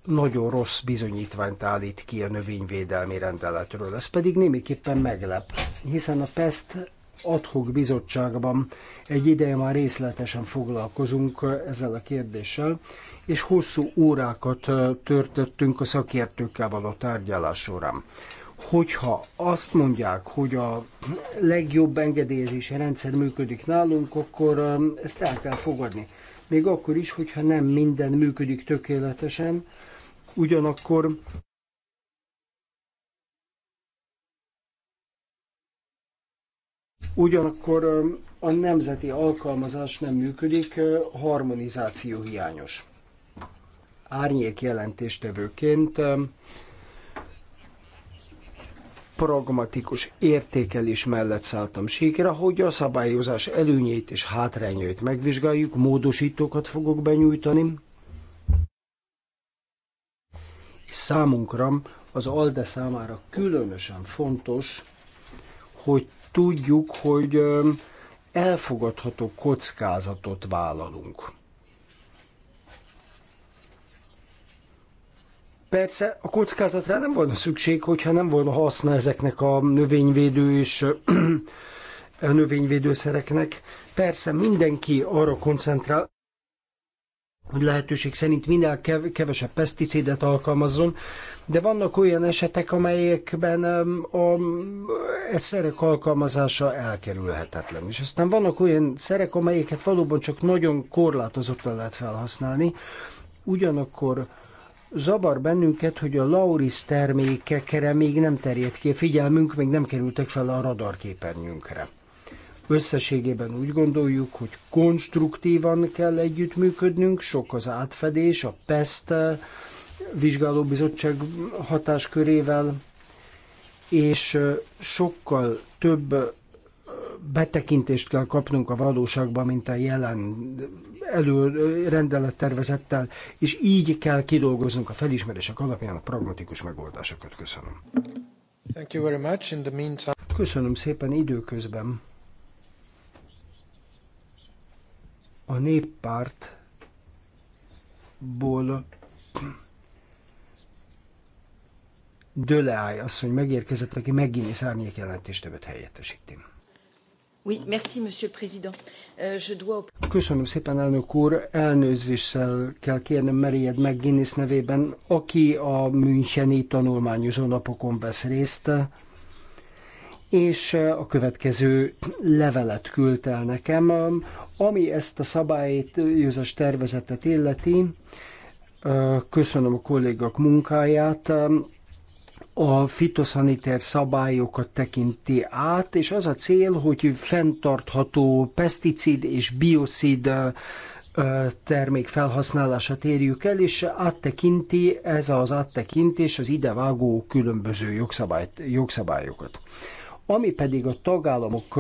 nagyon rossz bizonyítványt állít ki a növényvédelmi rendeletről. Ez pedig némiképpen meglep, hiszen a PESZT adhok bizottságban egy ideje már részletesen foglalkozunk ezzel a kérdéssel, és hosszú órákat törtöttünk a szakértőkkel való tárgyalás során hogyha azt mondják, hogy a legjobb engedélyezési rendszer működik nálunk, akkor um, ezt el kell fogadni. Még akkor is, hogyha nem minden működik tökéletesen, ugyanakkor Ugyanakkor um, a nemzeti alkalmazás nem működik, uh, harmonizáció hiányos. Árnyék jelentéstevőként um, pragmatikus értékelés mellett szálltam síkra, hogy a szabályozás előnyeit és hátrányait megvizsgáljuk, módosítókat fogok benyújtani. És számunkra, az ALDE számára különösen fontos, hogy tudjuk, hogy elfogadható kockázatot vállalunk. Persze a kockázatra nem volna szükség, hogyha nem volna haszna ezeknek a növényvédő és a növényvédőszereknek. Persze mindenki arra koncentrál, hogy lehetőség szerint minél kevesebb peszticidet alkalmazzon, de vannak olyan esetek, amelyekben a e szerek alkalmazása elkerülhetetlen. És aztán vannak olyan szerek, amelyeket valóban csak nagyon korlátozottan lehet felhasználni, ugyanakkor zavar bennünket, hogy a Lauris termékekre még nem terjed ki a figyelmünk, még nem kerültek fel a radarképernyőnkre. Összességében úgy gondoljuk, hogy konstruktívan kell együttműködnünk, sok az átfedés, a PEST vizsgálóbizottság hatáskörével, és sokkal több betekintést kell kapnunk a valóságba, mint a jelen elő rendelettervezettel, és így kell kidolgoznunk a felismerések alapján a pragmatikus megoldásokat. Köszönöm. Thank you very much. In the meantime... Köszönöm szépen időközben. A néppártból Döleáj azt hogy megérkezett, aki megint szárnyék jelentéstevőt helyettesíti. Oui, merci, monsieur le président. Euh, je dois... Köszönöm szépen, elnök úr. Elnőzéssel kell kérnem Meriad meg Guinness nevében, aki a Müncheni tanulmányozó napokon vesz részt, és eh, a következő levelet küldte el nekem, ami ezt a szabályozás tervezetet illeti. Eh, köszönöm a kollégak munkáját a fitoszaniter szabályokat tekinti át, és az a cél, hogy fenntartható peszticid és bioszid termék felhasználását érjük el, és áttekinti ez az áttekintés az idevágó különböző jogszabályt, jogszabályokat. Ami pedig a tagállamok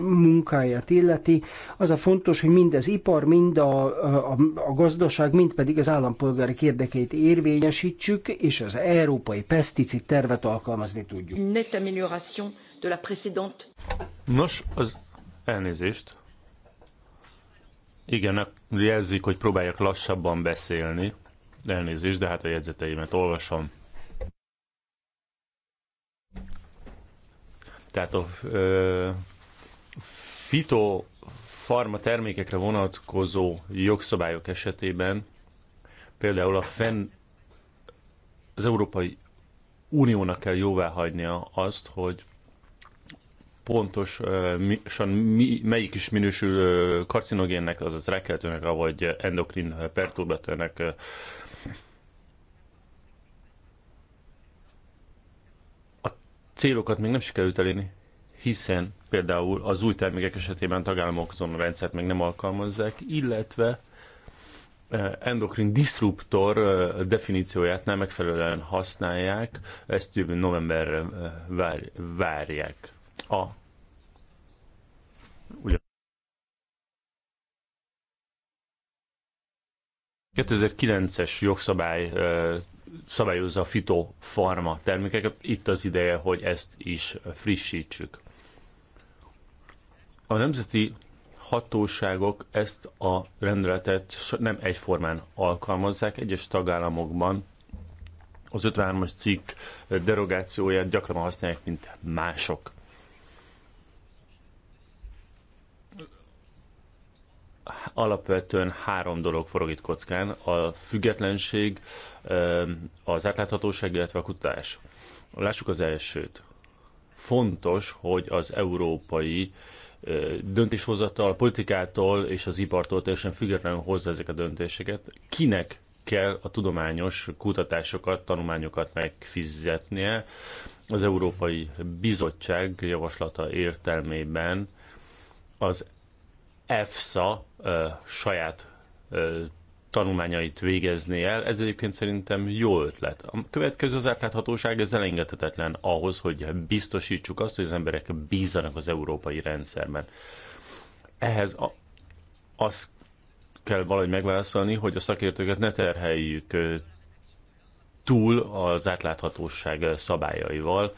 munkáját illeti, az a fontos, hogy mind az ipar, mind a, a, a gazdaság, mind pedig az állampolgári érdekeit érvényesítsük, és az európai peszticid tervet alkalmazni tudjuk. Net amélioration de la précédente. Nos, az elnézést. Igen, jelzik, hogy próbáljak lassabban beszélni. Elnézést, de hát a jegyzeteimet olvasom. Tehát a fitofarma termékekre vonatkozó jogszabályok esetében például a fenn az Európai Uniónak kell jóvá hagynia azt, hogy pontosan mi, melyik is minősül karcinogénnek, azaz rákeltőnek, vagy endokrin perturbatőnek célokat még nem sikerült elérni, hiszen például az új termékek esetében tagállamok azon a rendszert még nem alkalmazzák, illetve eh, endokrin disruptor eh, definícióját nem megfelelően használják, ezt jövő novemberre eh, várják. A Ugyan. 2009-es jogszabály szabályozza a fitofarma termékeket, itt az ideje, hogy ezt is frissítsük. A nemzeti hatóságok ezt a rendeletet nem egyformán alkalmazzák, egyes tagállamokban az 53-as cikk derogációját gyakran használják, mint mások. Alapvetően három dolog forog itt kockán. A függetlenség, az átláthatóság, illetve a kutatás. Lássuk az elsőt. Fontos, hogy az európai döntéshozatal, politikától és az ipartól teljesen függetlenül hozza ezek a döntéseket. Kinek kell a tudományos kutatásokat, tanulmányokat megfizetnie. Az Európai Bizottság javaslata értelmében az EFSA ö, saját ö, tanulmányait végezni el, ez egyébként szerintem jó ötlet. A következő az átláthatóság, ez elengedhetetlen ahhoz, hogy biztosítsuk azt, hogy az emberek bízzanak az európai rendszerben. Ehhez a, azt kell valahogy megválaszolni, hogy a szakértőket ne terheljük túl az átláthatóság szabályaival,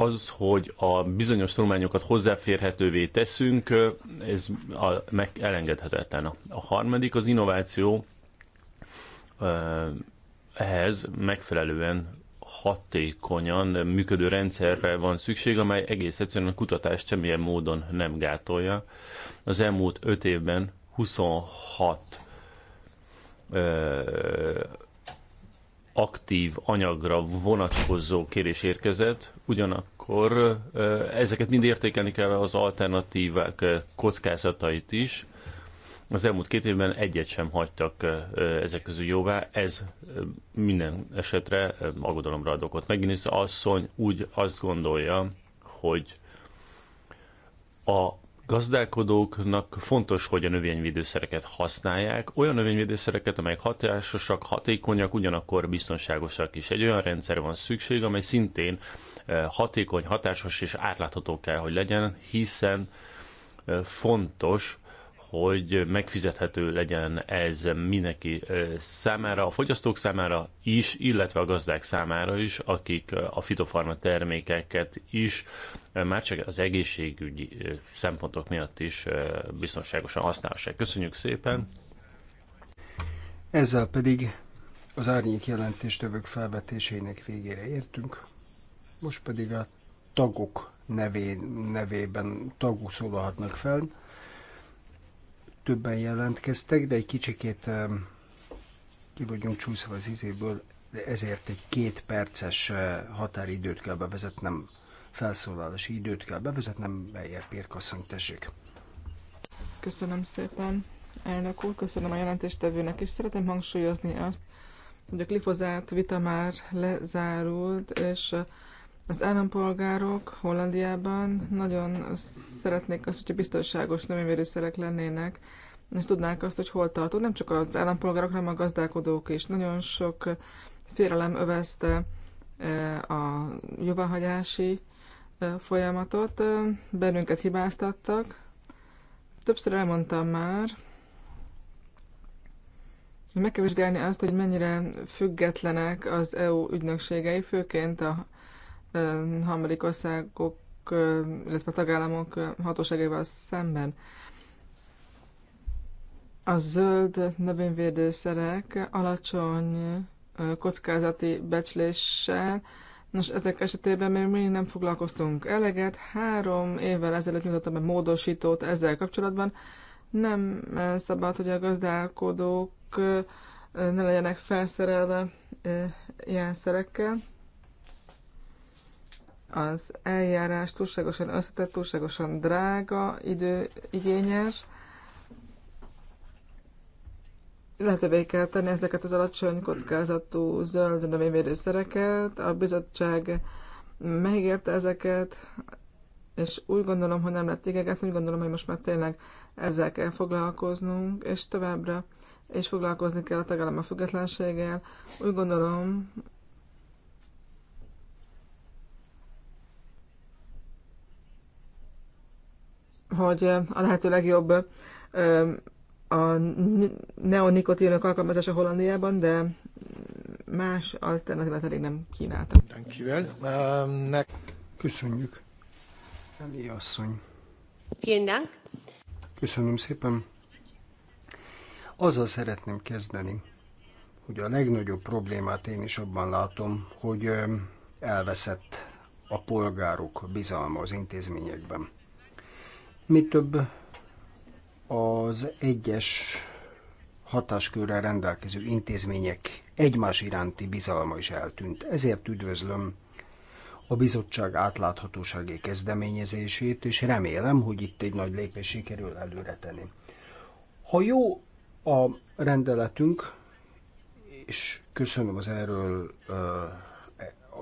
az, hogy a bizonyos tanulmányokat hozzáférhetővé teszünk, ez a, meg elengedhetetlen. A harmadik az innováció ehhez megfelelően hatékonyan működő rendszerre van szükség, amely egész egyszerűen a kutatást semmilyen módon nem gátolja. Az elmúlt 5 évben 26 ö, aktív anyagra vonatkozó kérés érkezett, ugyanakkor ezeket mind értékelni kell az alternatívák kockázatait is. Az elmúlt két évben egyet sem hagytak ezek közül jóvá, ez minden esetre aggodalomra ad okot. Megint asszony úgy azt gondolja, hogy a gazdálkodóknak fontos, hogy a növényvédőszereket használják, olyan növényvédőszereket, amelyek hatásosak, hatékonyak, ugyanakkor biztonságosak is. Egy olyan rendszer van szükség, amely szintén eh, hatékony, hatásos és átlátható kell, hogy legyen, hiszen eh, fontos, hogy megfizethető legyen ez mindenki számára, a fogyasztók számára is, illetve a gazdák számára is, akik a fitofarma termékeket is már csak az egészségügyi szempontok miatt is biztonságosan használhassák. Köszönjük szépen! Ezzel pedig az árnyék jelentés tövök felvetésének végére értünk, most pedig a tagok nevé, nevében tagok szólalhatnak fel többen jelentkeztek, de egy kicsikét ki vagyunk csúszva az izéből, de ezért egy két perces eh, határidőt kell bevezetnem, felszólalási időt kell bevezetnem, Beyer Pérkasszony, tessék. Köszönöm szépen, elnök úr, köszönöm a jelentéstevőnek, és szeretném hangsúlyozni azt, hogy a glifozát vita már lezárult, és eh, az állampolgárok Hollandiában nagyon szeretnék azt, hogy biztonságos növényvédőszerek lennének, és tudnák azt, hogy hol tartunk. Nem csak az állampolgárok, hanem a gazdálkodók is. Nagyon sok félelem övezte e, a jóváhagyási e, folyamatot. E, bennünket hibáztattak. Többször elmondtam már, hogy meg kell vizsgálni azt, hogy mennyire függetlenek az EU ügynökségei, főként a harmadik országok, illetve a tagállamok hatóságával szemben. A zöld növényvédőszerek alacsony kockázati becsléssel, nos ezek esetében még mindig nem foglalkoztunk eleget. Három évvel ezelőtt nyújtottam be módosítót ezzel kapcsolatban. Nem szabad, hogy a gazdálkodók ne legyenek felszerelve ilyen szerekkel. Az eljárás túlságosan összetett, túlságosan drága, időigényes. Lehetővé kell tenni ezeket az alacsony kockázatú zöld növényvédőszereket. A bizottság megígérte ezeket, és úgy gondolom, hogy nem lett igeget, úgy gondolom, hogy most már tényleg ezzel kell foglalkoznunk, és továbbra és foglalkozni kell a tagállam a függetlenséggel. Úgy gondolom, hogy a lehető legjobb a neonikotinok alkalmazása Hollandiában, de más alternatívát elég nem kínáltak. Um, Köszönjük. Eli asszony. Köszönöm szépen. Azzal szeretném kezdeni, hogy a legnagyobb problémát én is abban látom, hogy elveszett a polgárok bizalma az intézményekben mi több az egyes hatáskörrel rendelkező intézmények egymás iránti bizalma is eltűnt. Ezért üdvözlöm a bizottság átláthatósági kezdeményezését, és remélem, hogy itt egy nagy lépés sikerül előretenni. Ha jó a rendeletünk, és köszönöm az erről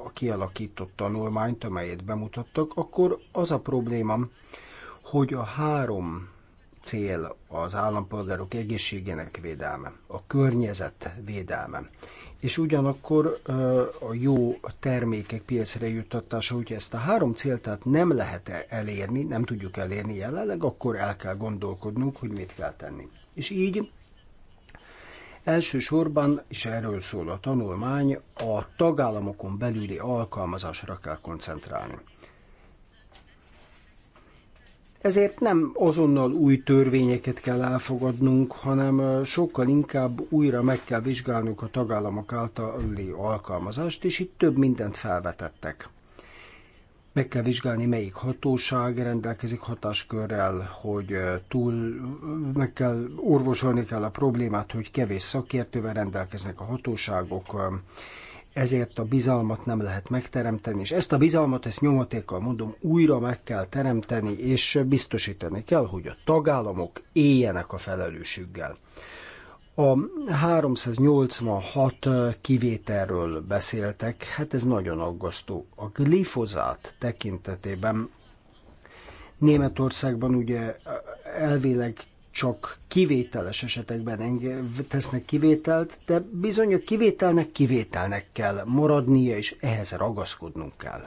a kialakított tanulmányt, amelyet bemutattak, akkor az a problémám, hogy a három cél az állampolgárok egészségének védelme, a környezet védelme, és ugyanakkor a jó termékek piacra juttatása, hogyha ezt a három célt tehát nem lehet elérni, nem tudjuk elérni jelenleg, akkor el kell gondolkodnunk, hogy mit kell tenni. És így Elsősorban, és erről szól a tanulmány, a tagállamokon belüli alkalmazásra kell koncentrálni. Ezért nem azonnal új törvényeket kell elfogadnunk, hanem sokkal inkább újra meg kell vizsgálnunk a tagállamok általi alkalmazást, és itt több mindent felvetettek. Meg kell vizsgálni, melyik hatóság rendelkezik hatáskörrel, hogy túl, meg kell, orvosolni kell a problémát, hogy kevés szakértővel rendelkeznek a hatóságok, ezért a bizalmat nem lehet megteremteni, és ezt a bizalmat, ezt nyomatékkal mondom, újra meg kell teremteni, és biztosítani kell, hogy a tagállamok éljenek a felelősséggel. A 386 kivételről beszéltek, hát ez nagyon aggasztó. A glifozát tekintetében Németországban ugye elvileg csak kivételes esetekben engem, tesznek kivételt, de bizony a kivételnek kivételnek kell maradnia, és ehhez ragaszkodnunk kell.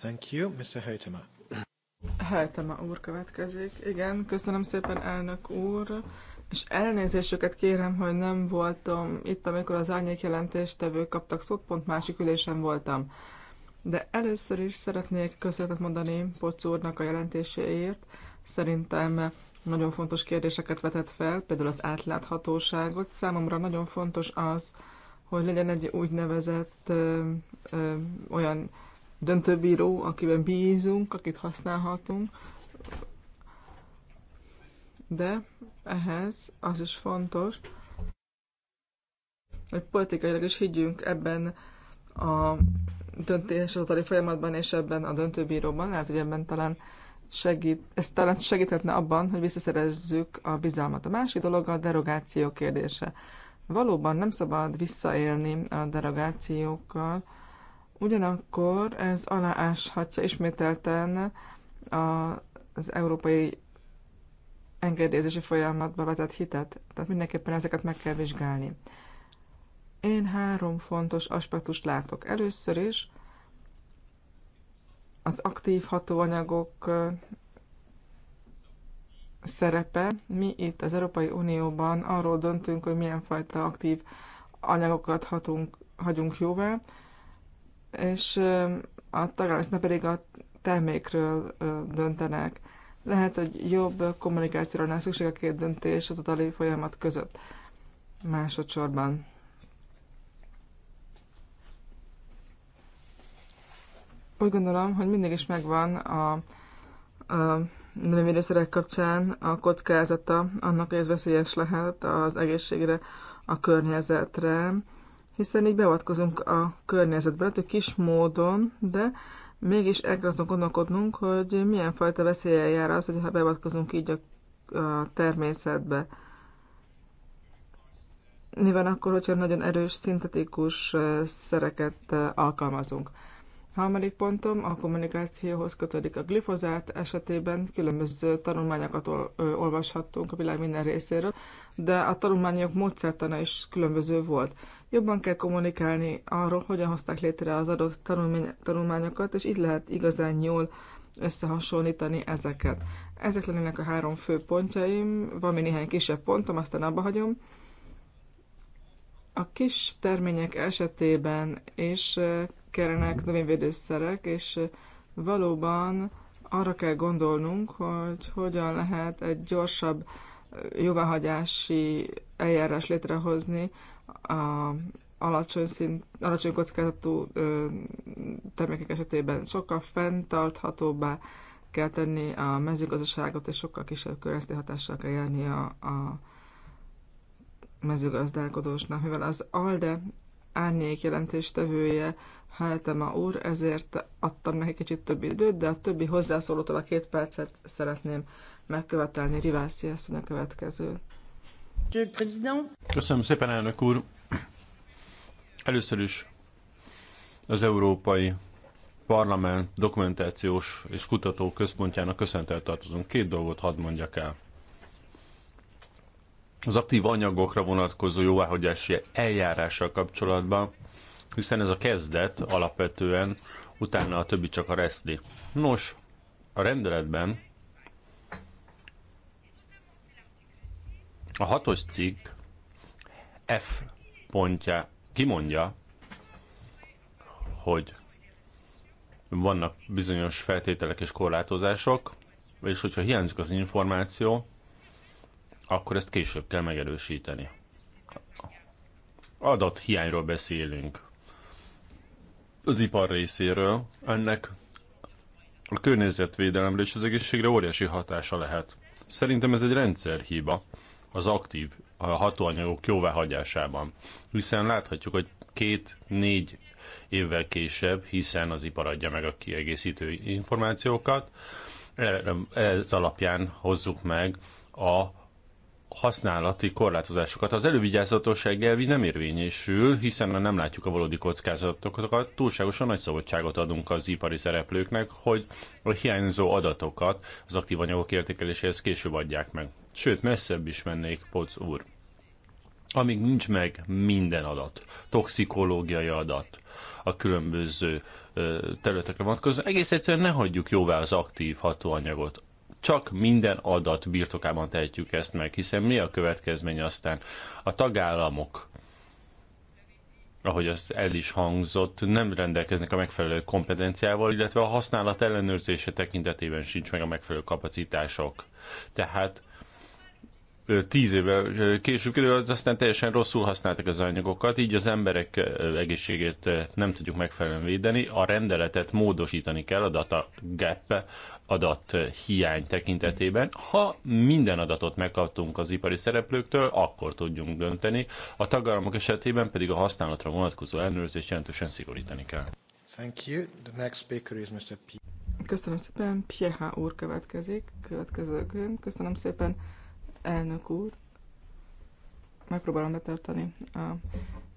Thank you, Mr. Heitema. Heitema úr következik. Igen, köszönöm szépen, elnök úr. És elnézésüket kérem, hogy nem voltam itt, amikor az árnyék jelentéstevők kaptak szót, pont másik ülésen voltam. De először is szeretnék köszönetet mondani Pocz úrnak a jelentéséért. Szerintem nagyon fontos kérdéseket vetett fel, például az átláthatóságot. Számomra nagyon fontos az, hogy legyen egy úgynevezett ö, ö, olyan döntőbíró, akiben bízunk, akit használhatunk. De ehhez az is fontos, hogy politikailag is higgyünk ebben a döntéshozatali folyamatban és ebben a döntőbíróban. Lehet, hogy ebben talán segít, ez talán segíthetne abban, hogy visszaszerezzük a bizalmat. A másik dolog a derogáció kérdése. Valóban nem szabad visszaélni a derogációkkal, ugyanakkor ez alááshatja ismételten a, az európai engedélyezési folyamatba vetett hitet, tehát mindenképpen ezeket meg kell vizsgálni. Én három fontos aspektust látok. Először is az aktív hatóanyagok szerepe. Mi itt az Európai Unióban arról döntünk, hogy milyen fajta aktív anyagokat hatunk, hagyunk jóvá, és a tagállamok pedig a termékről döntenek. Lehet, hogy jobb kommunikációra lenne szükség a két döntés az adali folyamat között másodszorban. Úgy gondolom, hogy mindig is megvan a, a növényvédőszerek kapcsán a kockázata annak, hogy ez veszélyes lehet az egészségre, a környezetre, hiszen így beavatkozunk a környezetbe, lehet, hogy kis módon, de mégis el kell azon gondolkodnunk, hogy milyen fajta veszélye jár az, hogyha beavatkozunk így a, a természetbe. Mi van akkor, hogyha nagyon erős, szintetikus szereket alkalmazunk? Harmadik pontom a kommunikációhoz kötődik a glifozát esetében. Különböző tanulmányokat olvashattunk a világ minden részéről, de a tanulmányok módszertana is különböző volt. Jobban kell kommunikálni arról, hogyan hozták létre az adott tanulmány, tanulmányokat, és így lehet igazán jól összehasonlítani ezeket. Ezek lennének a három fő pontjaim, van még néhány kisebb pontom, aztán abba hagyom. A kis termények esetében és kellenek növényvédőszerek, és valóban arra kell gondolnunk, hogy hogyan lehet egy gyorsabb jóváhagyási eljárás létrehozni a alacsony, szint, alacsony kockázatú ö, termékek esetében sokkal fenntarthatóbbá kell tenni a mezőgazdaságot, és sokkal kisebb környezeti hatással kell járni a, a mezőgazdálkodósnak, mivel az ALDE árnyék jelentéstevője Hajtema úr, ezért adtam neki kicsit több időt, de a többi hozzászólótól a két percet szeretném megkövetelni. Rivászi a következő. Köszönöm szépen, elnök úr! Először is az Európai Parlament Dokumentációs és Kutató Központjának köszöntel tartozunk. Két dolgot hadd mondjak el. Az aktív anyagokra vonatkozó jóváhagyási eljárással kapcsolatban hiszen ez a kezdet alapvetően, utána a többi csak a reszli. Nos, a rendeletben a hatos cikk F pontja kimondja, hogy vannak bizonyos feltételek és korlátozások, és hogyha hiányzik az információ, akkor ezt később kell megerősíteni. Adat hiányról beszélünk az ipar részéről, ennek a környezetvédelemre és az egészségre óriási hatása lehet. Szerintem ez egy rendszerhiba az aktív a hatóanyagok jóváhagyásában, hiszen láthatjuk, hogy két-négy évvel később, hiszen az ipar adja meg a kiegészítő információkat, ez alapján hozzuk meg a használati korlátozásokat. Az elővigyázatosság elvi nem érvényesül, hiszen nem látjuk a valódi kockázatokat, túlságosan nagy szabadságot adunk az ipari szereplőknek, hogy a hiányzó adatokat az aktív anyagok értékeléséhez később adják meg. Sőt, messzebb is mennék, Poc úr. Amíg nincs meg minden adat, toxikológiai adat, a különböző területekre vonatkozóan, egész egyszerűen ne hagyjuk jóvá az aktív hatóanyagot csak minden adat birtokában tehetjük ezt meg, hiszen mi a következmény aztán? A tagállamok ahogy az el is hangzott, nem rendelkeznek a megfelelő kompetenciával, illetve a használat ellenőrzése tekintetében sincs meg a megfelelő kapacitások. Tehát tíz évvel később kerül, aztán teljesen rosszul használtak az anyagokat, így az emberek egészségét nem tudjuk megfelelően védeni. A rendeletet módosítani kell, a data gap adat hiány tekintetében. Ha minden adatot megkaptunk az ipari szereplőktől, akkor tudjunk dönteni. A tagállamok esetében pedig a használatra vonatkozó ellenőrzést jelentősen szigorítani kell. Thank you. The next speaker is Mr. P. Köszönöm szépen. Pieha úr következik. Következőként. Köszönöm szépen, elnök úr. Megpróbálom betartani a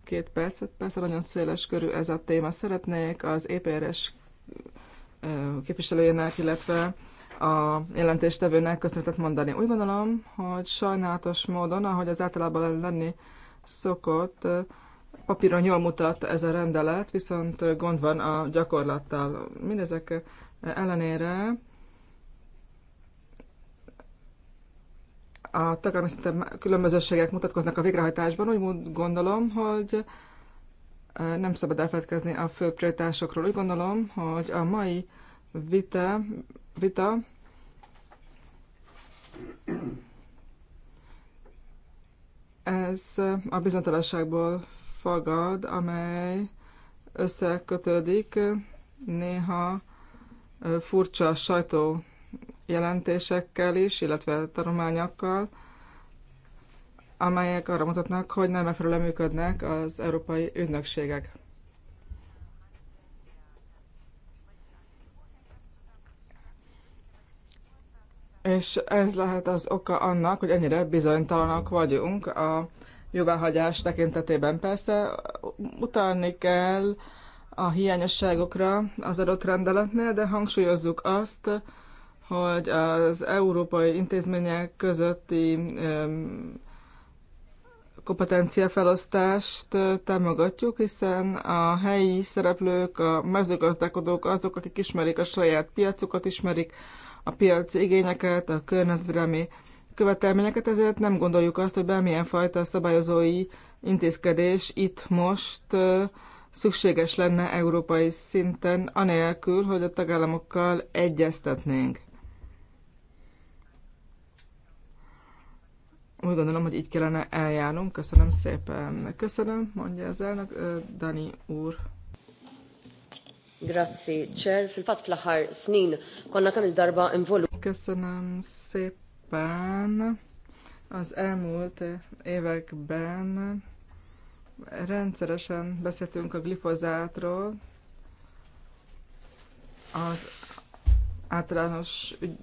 két percet. Persze nagyon széles körű ez a téma. Szeretnék az EPRS képviselőjének, illetve a jelentéstevőnek köszönetet mondani. Úgy gondolom, hogy sajnálatos módon, ahogy az általában lenni szokott, papíron jól mutat ez a rendelet, viszont gond van a gyakorlattal. Mindezek ellenére a tagállami különbözőségek mutatkoznak a végrehajtásban, úgy gondolom, hogy nem szabad elfeledkezni a fő prioritásokról. Úgy gondolom, hogy a mai vita, vita ez a bizonytalanságból fagad, amely összekötődik néha furcsa sajtó jelentésekkel is, illetve tanulmányokkal, amelyek arra mutatnak, hogy nem megfelelően működnek az európai ügynökségek. És ez lehet az oka annak, hogy ennyire bizonytalanak vagyunk a jóváhagyás tekintetében. Persze utalni kell a hiányosságokra az adott rendeletnél, de hangsúlyozzuk azt, hogy az európai intézmények közötti kompetenciafelosztást támogatjuk, hiszen a helyi szereplők, a mezőgazdálkodók azok, akik ismerik a saját piacukat, ismerik a piaci igényeket, a környezetvédelmi követelményeket, ezért nem gondoljuk azt, hogy bármilyen fajta szabályozói intézkedés itt most szükséges lenne európai szinten, anélkül, hogy a tagállamokkal egyeztetnénk. úgy gondolom, hogy így kellene eljárnunk. Köszönöm szépen. Köszönöm, mondja az elnök, Dani úr. Grazzi, Chair. fat fl snin konna il-darba involu. Köszönöm szépen. Az elmúlt években rendszeresen beszéltünk a glifozátról, az általános ügy,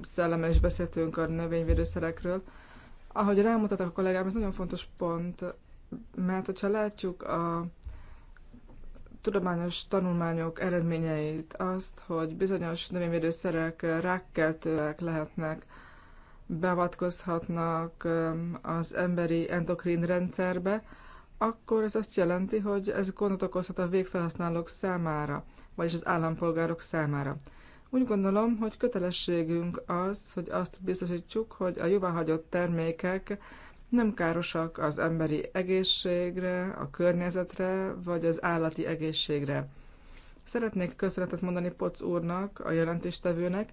szellemmel is beszéltünk a növényvédőszerekről, ahogy rámutatok a kollégám, ez nagyon fontos pont, mert hogyha látjuk a tudományos tanulmányok eredményeit, azt, hogy bizonyos növényvédőszerek rákkeltőek lehetnek, beavatkozhatnak az emberi endokrin rendszerbe, akkor ez azt jelenti, hogy ez gondot okozhat a végfelhasználók számára, vagyis az állampolgárok számára. Úgy gondolom, hogy kötelességünk az, hogy azt biztosítsuk, hogy a jóváhagyott termékek nem károsak az emberi egészségre, a környezetre vagy az állati egészségre. Szeretnék köszönetet mondani Poc úrnak, a jelentéstevőnek,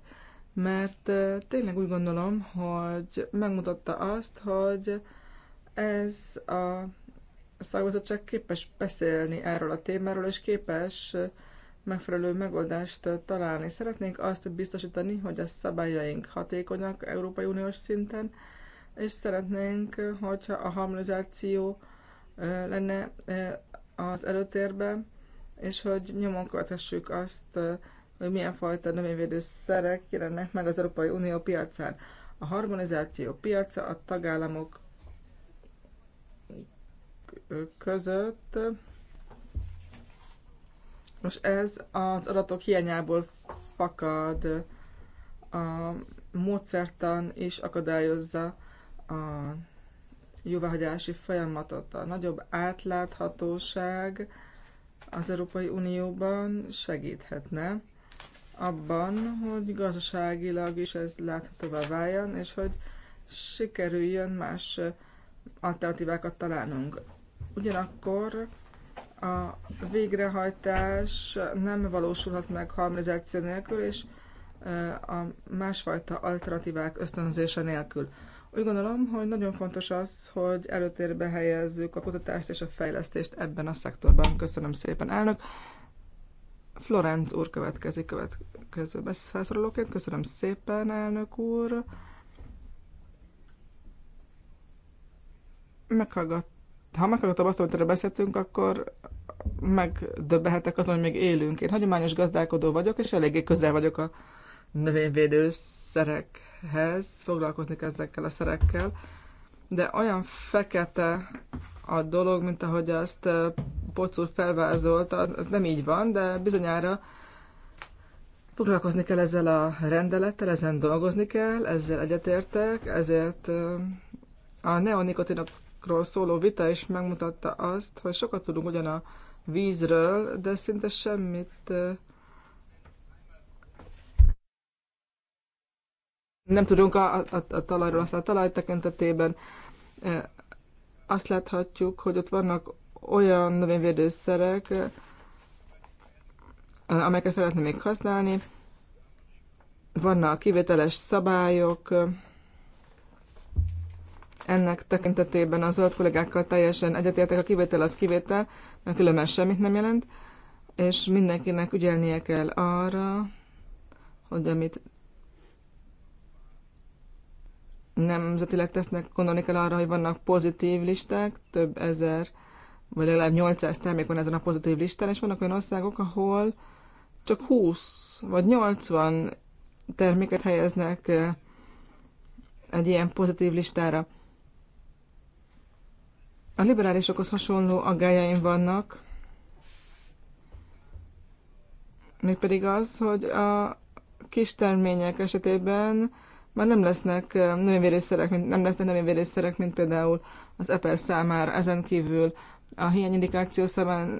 mert tényleg úgy gondolom, hogy megmutatta azt, hogy ez a szakbizottság képes beszélni erről a témáról, és képes megfelelő megoldást találni. Szeretnénk azt biztosítani, hogy a szabályaink hatékonyak Európai Uniós szinten, és szeretnénk, hogyha a harmonizáció lenne az előtérben, és hogy nyomon követhessük azt, hogy milyen fajta növényvédőszerek jelennek meg az Európai Unió piacán. A harmonizáció piaca a tagállamok között most ez az adatok hiányából fakad, a módszertan is akadályozza a jóváhagyási folyamatot. A nagyobb átláthatóság az Európai Unióban segíthetne abban, hogy gazdaságilag is ez láthatóvá váljon, és hogy sikerüljön más alternatívákat találnunk. Ugyanakkor a végrehajtás nem valósulhat meg harmonizáció nélkül, és eh, a másfajta alternatívák ösztönzése nélkül. Úgy gondolom, hogy nagyon fontos az, hogy előtérbe helyezzük a kutatást és a fejlesztést ebben a szektorban. Köszönöm szépen, elnök. Florenc úr következik következő beszélszorolóként. Köszönöm szépen, elnök úr. Meghallgat... Ha meghallgatom azt, amit erről beszéltünk, akkor megdöbbehetek azon, hogy még élünk. Én hagyományos gazdálkodó vagyok, és eléggé közel vagyok a növényvédő szerekhez, foglalkozni ezekkel a szerekkel, de olyan fekete a dolog, mint ahogy azt Pocul felvázolta, az, az nem így van, de bizonyára foglalkozni kell ezzel a rendelettel, ezen dolgozni kell, ezzel egyetértek, ezért a neonikotinokról szóló vita is megmutatta azt, hogy sokat tudunk ugyan a vízről, de szinte semmit nem tudunk a, a, a talajról. Aztán a talaj tekintetében azt láthatjuk, hogy ott vannak olyan növényvédőszerek, amelyeket fel lehetne még használni. Vannak kivételes szabályok, ennek tekintetében a zöld kollégákkal teljesen egyetértek, a kivétel az kivétel, mert különben semmit nem jelent, és mindenkinek ügyelnie kell arra, hogy amit nemzetileg tesznek, gondolni kell arra, hogy vannak pozitív listák, több ezer, vagy legalább 800 termék van ezen a pozitív listán, és vannak olyan országok, ahol csak 20 vagy 80 terméket helyeznek eh, egy ilyen pozitív listára. A liberálisokhoz hasonló aggájaim vannak, mégpedig az, hogy a kis termények esetében már nem lesznek növényvédőszerek, mint, nem lesznek növényvédőszerek, mint például az eper számára, ezen kívül a hiányindikáció szemben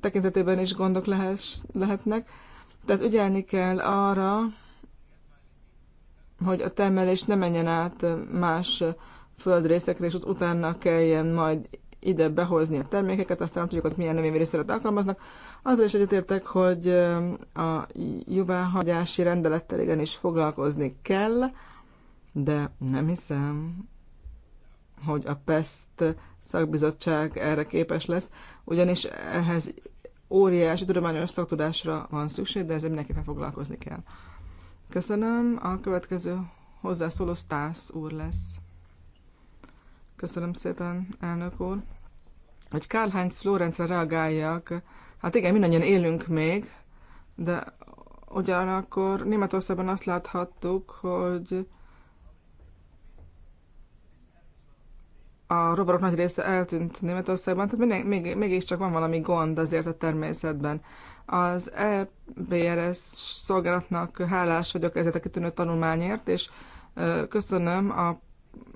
tekintetében is gondok lehess, lehetnek. Tehát ügyelni kell arra, hogy a termelés ne menjen át más földrészekre, és ott utána kelljen majd ide behozni a termékeket, aztán nem tudjuk, hogy milyen növényvédőszeret alkalmaznak. Azzal is egyetértek, hogy a jóváhagyási rendelettel igenis foglalkozni kell, de nem hiszem, hogy a PESZT szakbizottság erre képes lesz, ugyanis ehhez óriási tudományos szaktudásra van szükség, de ezzel mindenképpen foglalkozni kell. Köszönöm, a következő hozzászóló Stász úr lesz. Köszönöm szépen, elnök úr. Hogy Karl Heinz Florencre reagáljak, hát igen, mindannyian élünk még, de ugyanakkor Németországban azt láthattuk, hogy a rovarok nagy része eltűnt Németországban, tehát még, mégiscsak van valami gond azért a természetben. Az EBRS szolgálatnak hálás vagyok ezért a kitűnő tanulmányért, és köszönöm a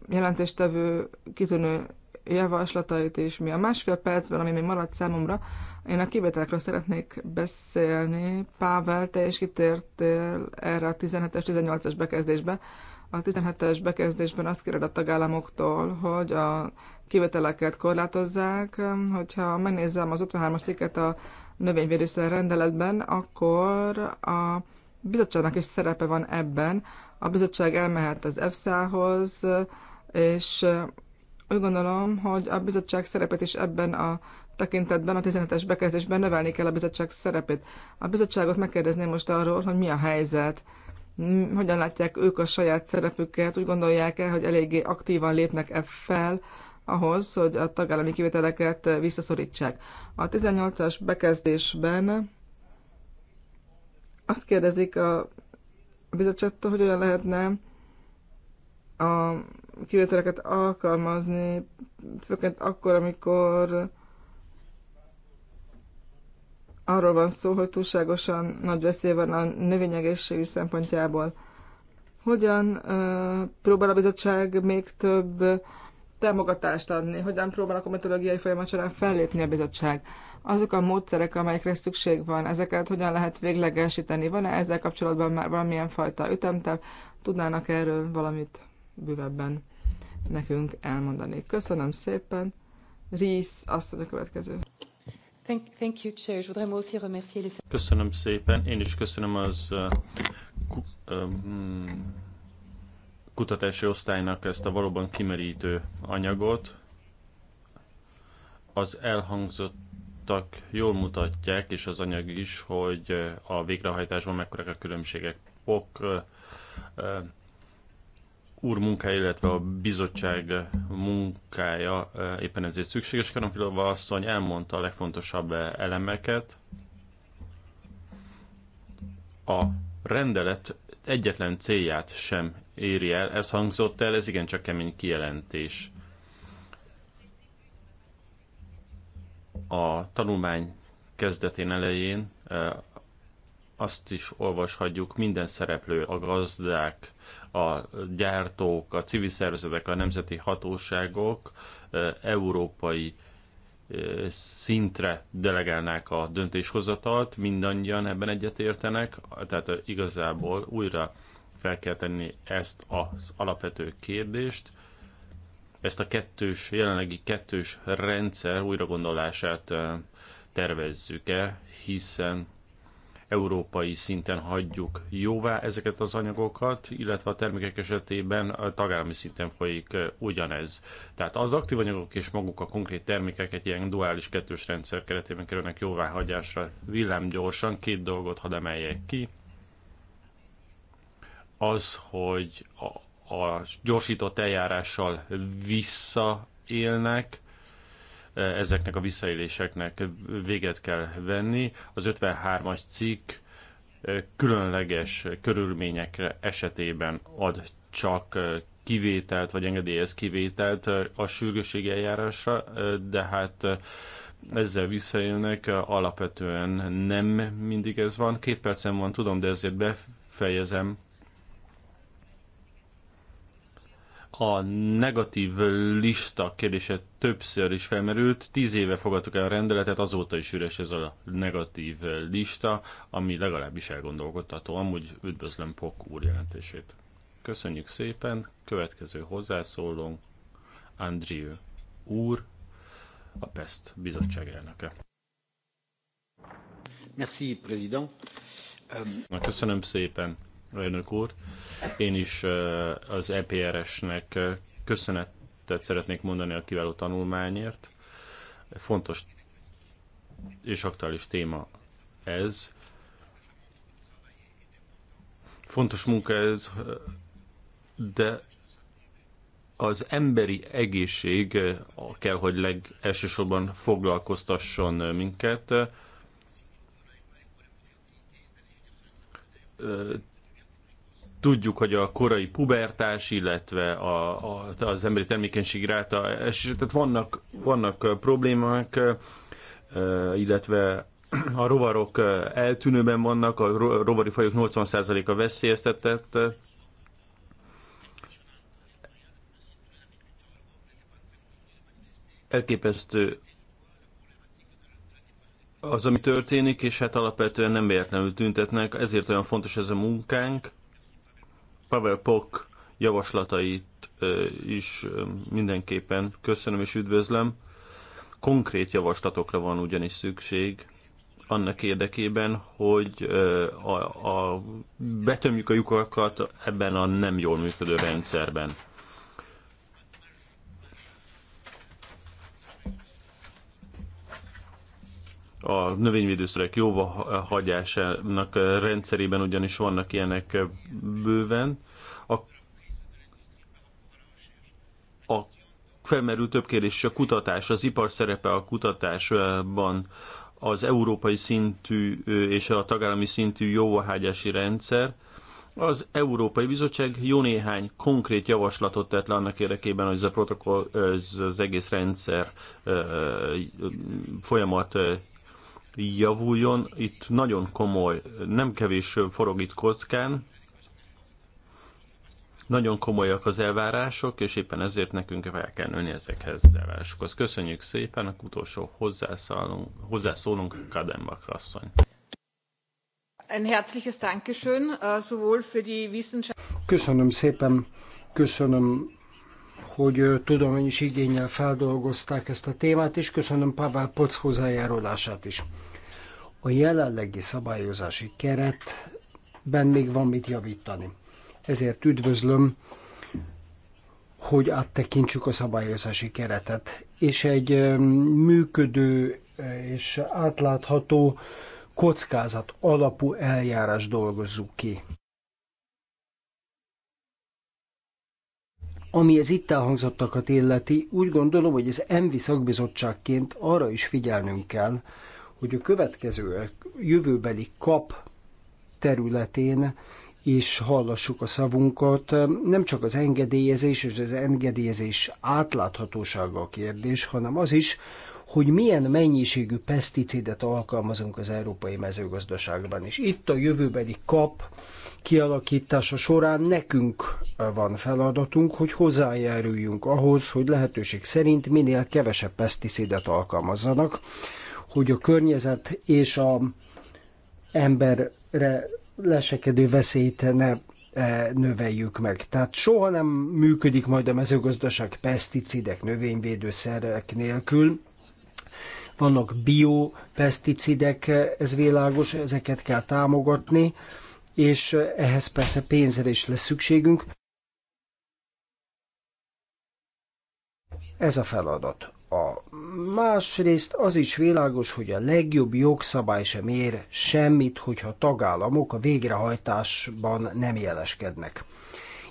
jelentéstevő kitűnő javaslatait is. Mi a másfél percben, ami még maradt számomra, én a kivételekről szeretnék beszélni. Pável, te is kitértél erre a 17-es, 18-es bekezdésbe. A 17-es bekezdésben azt kéred a tagállamoktól, hogy a kivételeket korlátozzák. Hogyha megnézem az 53-as cikket a növényvédőszer rendeletben, akkor a bizottságnak is szerepe van ebben, a bizottság elmehet az EFSA-hoz, és eh, úgy gondolom, hogy a bizottság szerepet is ebben a tekintetben, a 17 es bekezdésben növelni kell a bizottság szerepét. A bizottságot megkérdezném most arról, hogy mi a helyzet, hogyan látják ők a saját szerepüket, úgy gondolják-e, hogy eléggé aktívan lépnek e fel ahhoz, hogy a tagállami kivételeket eh, visszaszorítsák. A 18-as bekezdésben azt kérdezik a a bizottságtól, hogy hogyan lehetne a kivételeket alkalmazni, főként akkor, amikor arról van szó, hogy túlságosan nagy veszély van a növényegészségügy szempontjából. Hogyan próbál a bizottság még több támogatást adni? Hogyan próbál a komitológiai folyamat során fellépni a bizottság? azok a módszerek, amelyekre szükség van, ezeket hogyan lehet véglegesíteni? Van-e ezzel kapcsolatban már valamilyen fajta ütemterv? Tudnának erről valamit bővebben nekünk elmondani? Köszönöm szépen. Rész, azt a következő. Köszönöm szépen. Én is köszönöm az uh, um, kutatási osztálynak ezt a valóban kimerítő anyagot. Az elhangzott elhangzottak jól mutatják, és az anyag is, hogy a végrehajtásban mekkorek a különbségek. POK úr munkája, illetve a bizottság munkája éppen ezért szükséges. Karamfilova asszony elmondta a legfontosabb elemeket. A rendelet egyetlen célját sem éri el. Ez hangzott el, ez igencsak kemény kijelentés. a tanulmány kezdetén elején eh, azt is olvashatjuk minden szereplő, a gazdák, a gyártók, a civil szervezetek, a nemzeti hatóságok eh, európai eh, szintre delegálnák a döntéshozatalt, mindannyian ebben egyetértenek, tehát igazából újra fel kell tenni ezt az alapvető kérdést, ezt a kettős, jelenlegi kettős rendszer újragondolását tervezzük-e, hiszen európai szinten hagyjuk jóvá ezeket az anyagokat, illetve a termékek esetében a tagállami szinten folyik ugyanez. Tehát az aktív anyagok és maguk a konkrét termékek egy ilyen duális kettős rendszer keretében kerülnek jóváhagyásra gyorsan, Két dolgot hadd emeljek ki. Az, hogy a a gyorsított eljárással visszaélnek, ezeknek a visszaéléseknek véget kell venni. Az 53-as cikk különleges körülményekre esetében ad csak kivételt, vagy engedélyez kivételt a sürgősségi eljárásra, de hát ezzel visszajönnek, alapvetően nem mindig ez van. Két percem van, tudom, de ezért befejezem a negatív lista kérdése többször is felmerült. Tíz éve fogadtuk el a rendeletet, azóta is üres ez a negatív lista, ami legalábbis elgondolkodható. Amúgy üdvözlöm Pok úr jelentését. Köszönjük szépen, következő hozzászólónk, Andrieu úr, a PESZT bizottság elnöke. Merci, président. Köszönöm szépen elnök úr. Én is az EPRS-nek köszönetet szeretnék mondani a kiváló tanulmányért. Fontos és aktuális téma ez. Fontos munka ez, de az emberi egészség kell, hogy legelsősorban foglalkoztasson minket. Tudjuk, hogy a korai pubertás, illetve a, a, az emberi termékenység ráta esése, tehát vannak, vannak problémák, illetve a rovarok eltűnőben vannak, a rovari fajok 80%-a veszélyeztetett. Elképesztő az, ami történik, és hát alapvetően nem véletlenül tüntetnek, ezért olyan fontos ez a munkánk, Pavel Pok javaslatait is mindenképpen köszönöm és üdvözlöm. Konkrét javaslatokra van ugyanis szükség, annak érdekében, hogy a, a, betömjük a lyukakat ebben a nem jól működő rendszerben. a növényvédőszerek hagyásának rendszerében ugyanis vannak ilyenek bőven. A, a felmerül több kérdés, a kutatás, az ipar szerepe a kutatásban, az európai szintű és a tagállami szintű jóváhagyási rendszer, az Európai Bizottság jó néhány konkrét javaslatot tett le annak érdekében, hogy ez a protokoll, ez az egész rendszer folyamat javuljon. Itt nagyon komoly, nem kevés forog itt kockán, nagyon komolyak az elvárások, és éppen ezért nekünk fel kell nőni ezekhez az elvárásokhoz. Köszönjük szépen, a utolsó hozzászólunk, hozzászólunk Krasszony. Ein herzliches Dankeschön, äh, sowohl für die Wissenschaft... Köszönöm szépen, köszönöm hogy tudományos igényel feldolgozták ezt a témát, és köszönöm Pavel Poc hozzájárulását is. A jelenlegi szabályozási keretben még van mit javítani. Ezért üdvözlöm, hogy áttekintsük a szabályozási keretet, és egy működő és átlátható kockázat alapú eljárás dolgozzuk ki. Ami az itt elhangzottakat illeti, úgy gondolom, hogy az ENVI szakbizottságként arra is figyelnünk kell, hogy a következő jövőbeli kap területén és hallassuk a szavunkat. Nem csak az engedélyezés és az engedélyezés átláthatósága a kérdés, hanem az is, hogy milyen mennyiségű peszticidet alkalmazunk az európai mezőgazdaságban. És itt a jövőbeli kap kialakítása során nekünk van feladatunk, hogy hozzájáruljunk ahhoz, hogy lehetőség szerint minél kevesebb peszticidet alkalmazzanak, hogy a környezet és a emberre lesekedő veszélyt ne e, növeljük meg. Tehát soha nem működik majd a mezőgazdaság peszticidek, növényvédőszerek nélkül. Vannak biopeszticidek, ez világos, ezeket kell támogatni és ehhez persze pénzre is lesz szükségünk. Ez a feladat. A másrészt az is világos, hogy a legjobb jogszabály sem ér semmit, hogyha tagállamok a végrehajtásban nem jeleskednek.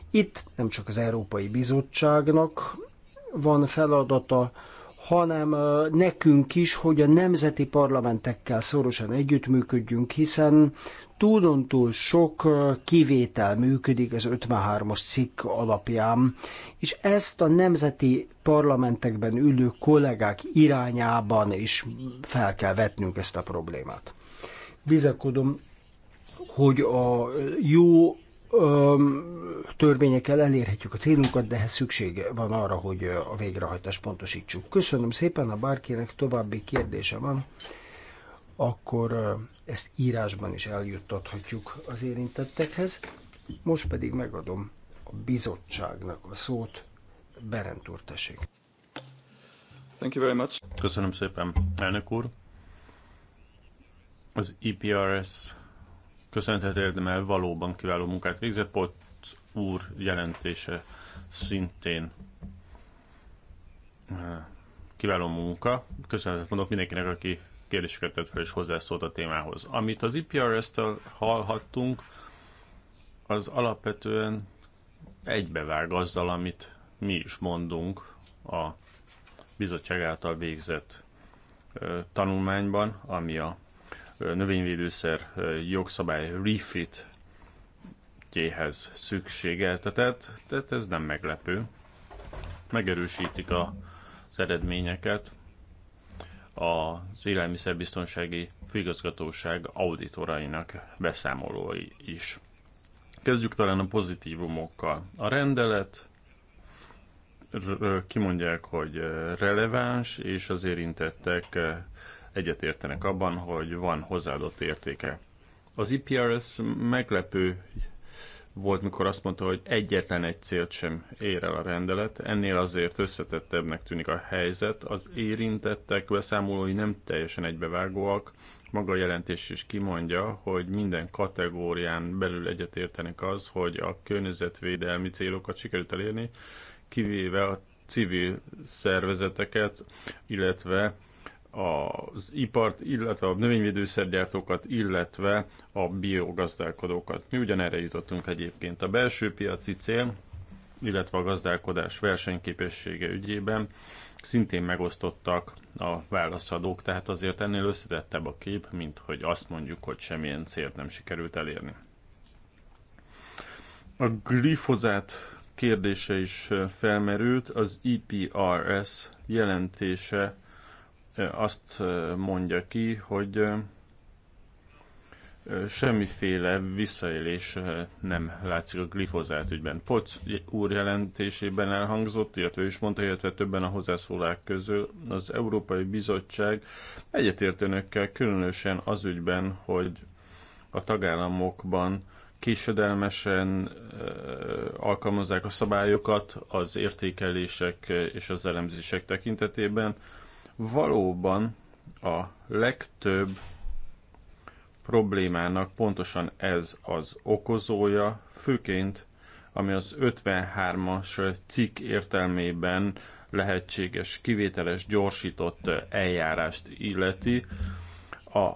Itt nem csak az Európai Bizottságnak van feladata, hanem nekünk is, hogy a nemzeti parlamentekkel szorosan együttműködjünk, hiszen túlontúl -túl sok kivétel működik az 53-as cikk alapján, és ezt a nemzeti parlamentekben ülő kollégák irányában is fel kell vetnünk ezt a problémát. Bizakodom, hogy a jó öm, törvényekkel elérhetjük a célunkat, de ehhez szükség van arra, hogy a végrehajtást pontosítsuk. Köszönöm szépen, a bárkinek további kérdése van akkor ezt írásban is eljuttathatjuk az érintettekhez. Most pedig megadom a bizottságnak a szót. Berent úr, tessék. Thank you very much. Köszönöm szépen, elnök úr. Az EPRS köszönhet érdemel valóban kiváló munkát végzett. Pot úr jelentése szintén kiváló munka. Köszönhetet mondok mindenkinek, aki kérdéseket tett fel és hozzászólt a témához. Amit az IPRS-től hallhattunk, az alapvetően egybevág azzal, amit mi is mondunk a bizottság által végzett tanulmányban, ami a növényvédőszer jogszabály refit tjéhez szükségeltetett, tehát ez nem meglepő. Megerősítik az eredményeket, az élelmiszerbiztonsági főigazgatóság auditorainak beszámolói is. Kezdjük talán a pozitívumokkal. A rendelet kimondják, hogy releváns, és az érintettek egyetértenek abban, hogy van hozzáadott értéke. Az IPRS meglepő volt, mikor azt mondta, hogy egyetlen egy célt sem ér el a rendelet. Ennél azért összetettebbnek tűnik a helyzet. Az érintettek beszámolói nem teljesen egybevágóak. Maga a jelentés is kimondja, hogy minden kategórián belül egyetértenek az, hogy a környezetvédelmi célokat sikerült elérni, kivéve a civil szervezeteket, illetve az ipart, illetve a növényvédőszergyártókat, illetve a biogazdálkodókat. Mi ugyanerre jutottunk egyébként. A belső piaci cél, illetve a gazdálkodás versenyképessége ügyében szintén megosztottak a válaszadók, tehát azért ennél összetettebb a kép, mint hogy azt mondjuk, hogy semmilyen célt nem sikerült elérni. A glifozát kérdése is felmerült, az EPRS jelentése azt mondja ki, hogy semmiféle visszaélés nem látszik a glifozát ügyben. Poc úr jelentésében elhangzott, illetve is mondta, illetve többen a hozzászólák közül, az Európai Bizottság egyetértőnökkel különösen az ügyben, hogy a tagállamokban késedelmesen alkalmazzák a szabályokat az értékelések és az elemzések tekintetében, Valóban a legtöbb problémának pontosan ez az okozója, főként ami az 53-as cikk értelmében lehetséges kivételes gyorsított eljárást illeti. A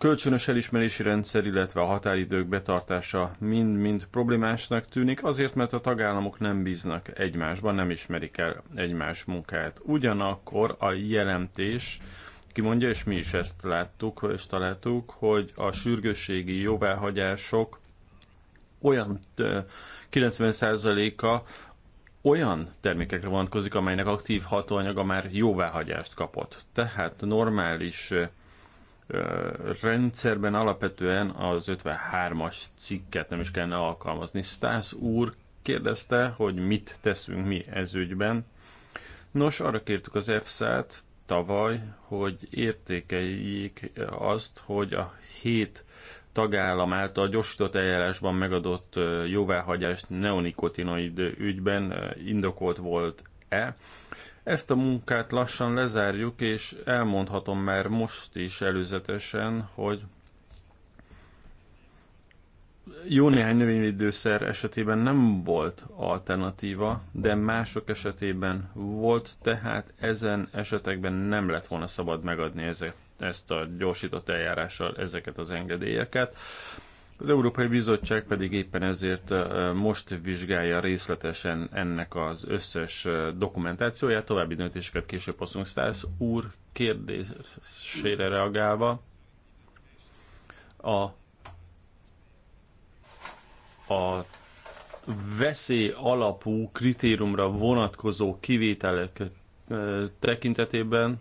kölcsönös elismerési rendszer, illetve a határidők betartása mind-mind problémásnak tűnik, azért, mert a tagállamok nem bíznak egymásban, nem ismerik el egymás munkáját. Ugyanakkor a jelentés kimondja, és mi is ezt láttuk, és találtuk, hogy a sürgősségi jóváhagyások olyan 90%-a olyan termékekre vonatkozik, amelynek aktív hatóanyaga már jóváhagyást kapott. Tehát normális rendszerben alapvetően az 53-as cikket nem is kellene alkalmazni. Stász úr kérdezte, hogy mit teszünk mi ez ügyben. Nos, arra kértük az EFSA-t tavaly, hogy értékeljék azt, hogy a hét tagállam által gyorsított eljárásban megadott jóváhagyást neonikotinoid ügyben indokolt volt-e. Ezt a munkát lassan lezárjuk, és elmondhatom már most is előzetesen, hogy jó néhány növényvédőszer esetében nem volt alternatíva, de mások esetében volt, tehát ezen esetekben nem lett volna szabad megadni ezek, ezt a gyorsított eljárással ezeket az engedélyeket. Az Európai Bizottság pedig éppen ezért most vizsgálja részletesen ennek az összes dokumentációját, további döntéseket később hozunk. Stász úr kérdésére reagálva, a, a veszély alapú kritériumra vonatkozó kivételek tekintetében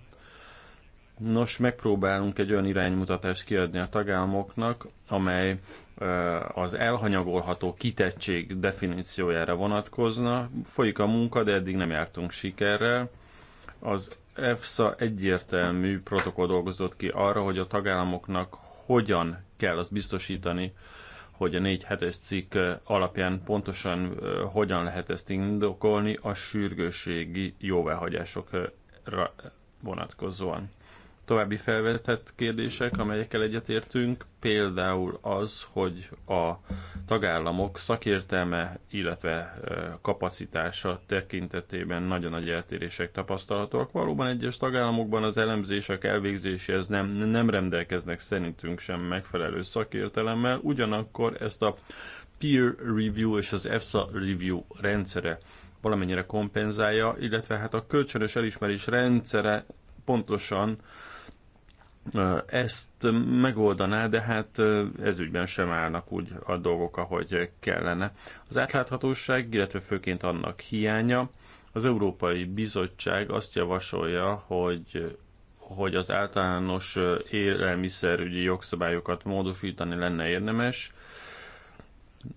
Nos, megpróbálunk egy olyan iránymutatást kiadni a tagállamoknak, amely az elhanyagolható kitettség definíciójára vonatkozna. Folyik a munka, de eddig nem jártunk sikerrel. Az EFSA egyértelmű protokoll dolgozott ki arra, hogy a tagállamoknak hogyan kell azt biztosítani, hogy a 4 hetes cikk alapján pontosan hogyan lehet ezt indokolni a sürgőségi jóváhagyásokra vonatkozóan további felvetett kérdések, amelyekkel egyetértünk, például az, hogy a tagállamok szakértelme, illetve kapacitása tekintetében nagyon nagy eltérések tapasztalhatóak. Valóban egyes tagállamokban az elemzések elvégzéséhez nem, nem rendelkeznek szerintünk sem megfelelő szakértelemmel, ugyanakkor ezt a peer review és az EFSA review rendszere valamennyire kompenzálja, illetve hát a kölcsönös elismerés rendszere pontosan ezt megoldaná, de hát ez ügyben sem állnak úgy a dolgok, ahogy kellene. Az átláthatóság, illetve főként annak hiánya, az Európai Bizottság azt javasolja, hogy hogy az általános élelmiszerügyi jogszabályokat módosítani lenne érdemes.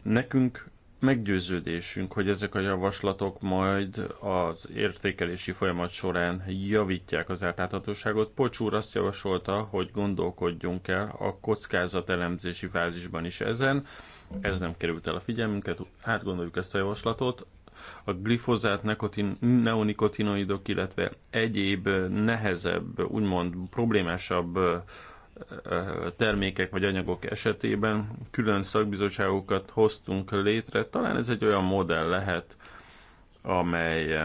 Nekünk meggyőződésünk, hogy ezek a javaslatok majd az értékelési folyamat során javítják az átláthatóságot. úr azt javasolta, hogy gondolkodjunk el a kockázat elemzési fázisban is ezen. Ez nem került el a figyelmünket, átgondoljuk ezt a javaslatot. A glifozát, nekotin, neonikotinoidok, illetve egyéb nehezebb, úgymond problémásabb termékek vagy anyagok esetében külön szakbizottságokat hoztunk létre. Talán ez egy olyan modell lehet, amely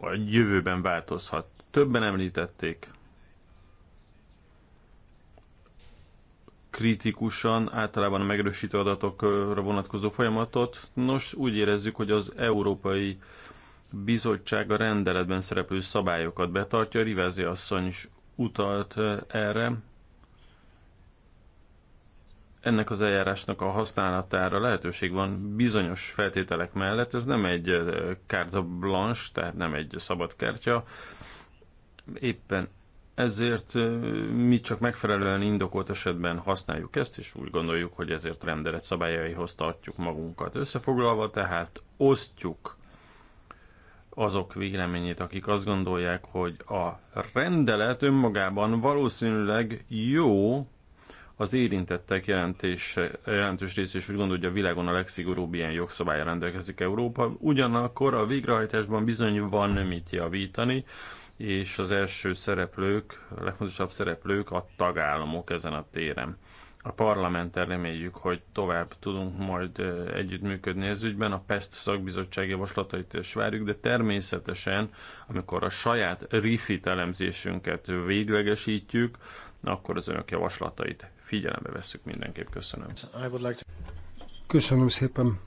a jövőben változhat. Többen említették kritikusan általában a megerősítő adatokra vonatkozó folyamatot. Nos, úgy érezzük, hogy az európai bizottság a rendeletben szereplő szabályokat betartja, Rivezi asszony is utalt erre. Ennek az eljárásnak a használatára lehetőség van bizonyos feltételek mellett, ez nem egy carte blanche, tehát nem egy szabad kártya. Éppen ezért mi csak megfelelően indokolt esetben használjuk ezt, és úgy gondoljuk, hogy ezért rendelet szabályaihoz tartjuk magunkat. Összefoglalva tehát osztjuk azok véleményét, akik azt gondolják, hogy a rendelet önmagában valószínűleg jó, az érintettek jelentés, jelentős rész is úgy gondolja, hogy a világon a legszigorúbb ilyen jogszabály rendelkezik Európa. Ugyanakkor a végrehajtásban bizony van mit javítani, és az első szereplők, a legfontosabb szereplők a tagállamok ezen a téren a parlamenten reméljük, hogy tovább tudunk majd együttműködni ez ügyben. A PESZT szakbizottság javaslatait is várjuk, de természetesen, amikor a saját RIFIT elemzésünket véglegesítjük, akkor az önök javaslatait figyelembe vesszük mindenképp. Köszönöm. Köszönöm szépen.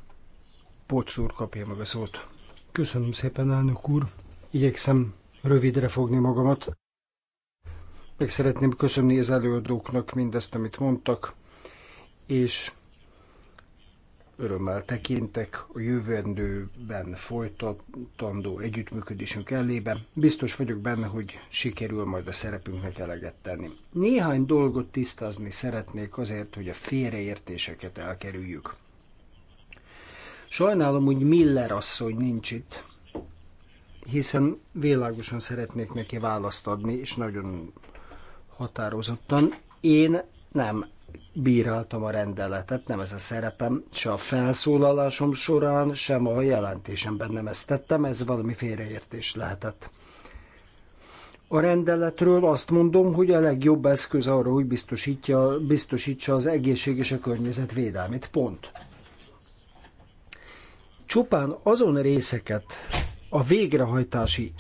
Pocs úr kapja meg a szót. Köszönöm szépen, elnök úr. Igyekszem rövidre fogni magamat. Meg szeretném köszönni az előadóknak mindezt, amit mondtak, és örömmel tekintek a jövendőben folytatandó együttműködésünk elébe. Biztos vagyok benne, hogy sikerül majd a szerepünknek eleget tenni. Néhány dolgot tisztázni szeretnék azért, hogy a félreértéseket elkerüljük. Sajnálom, hogy Miller asszony nincs itt, hiszen világosan szeretnék neki választ adni, és nagyon határozottan. Én nem bíráltam a rendeletet, nem ez a szerepem, se a felszólalásom során, sem a jelentésemben nem ezt tettem, ez valami félreértés lehetett. A rendeletről azt mondom, hogy a legjobb eszköz arra, hogy biztosítja, biztosítsa az egészség és a környezet védelmét. Pont. Csupán azon részeket a végrehajtási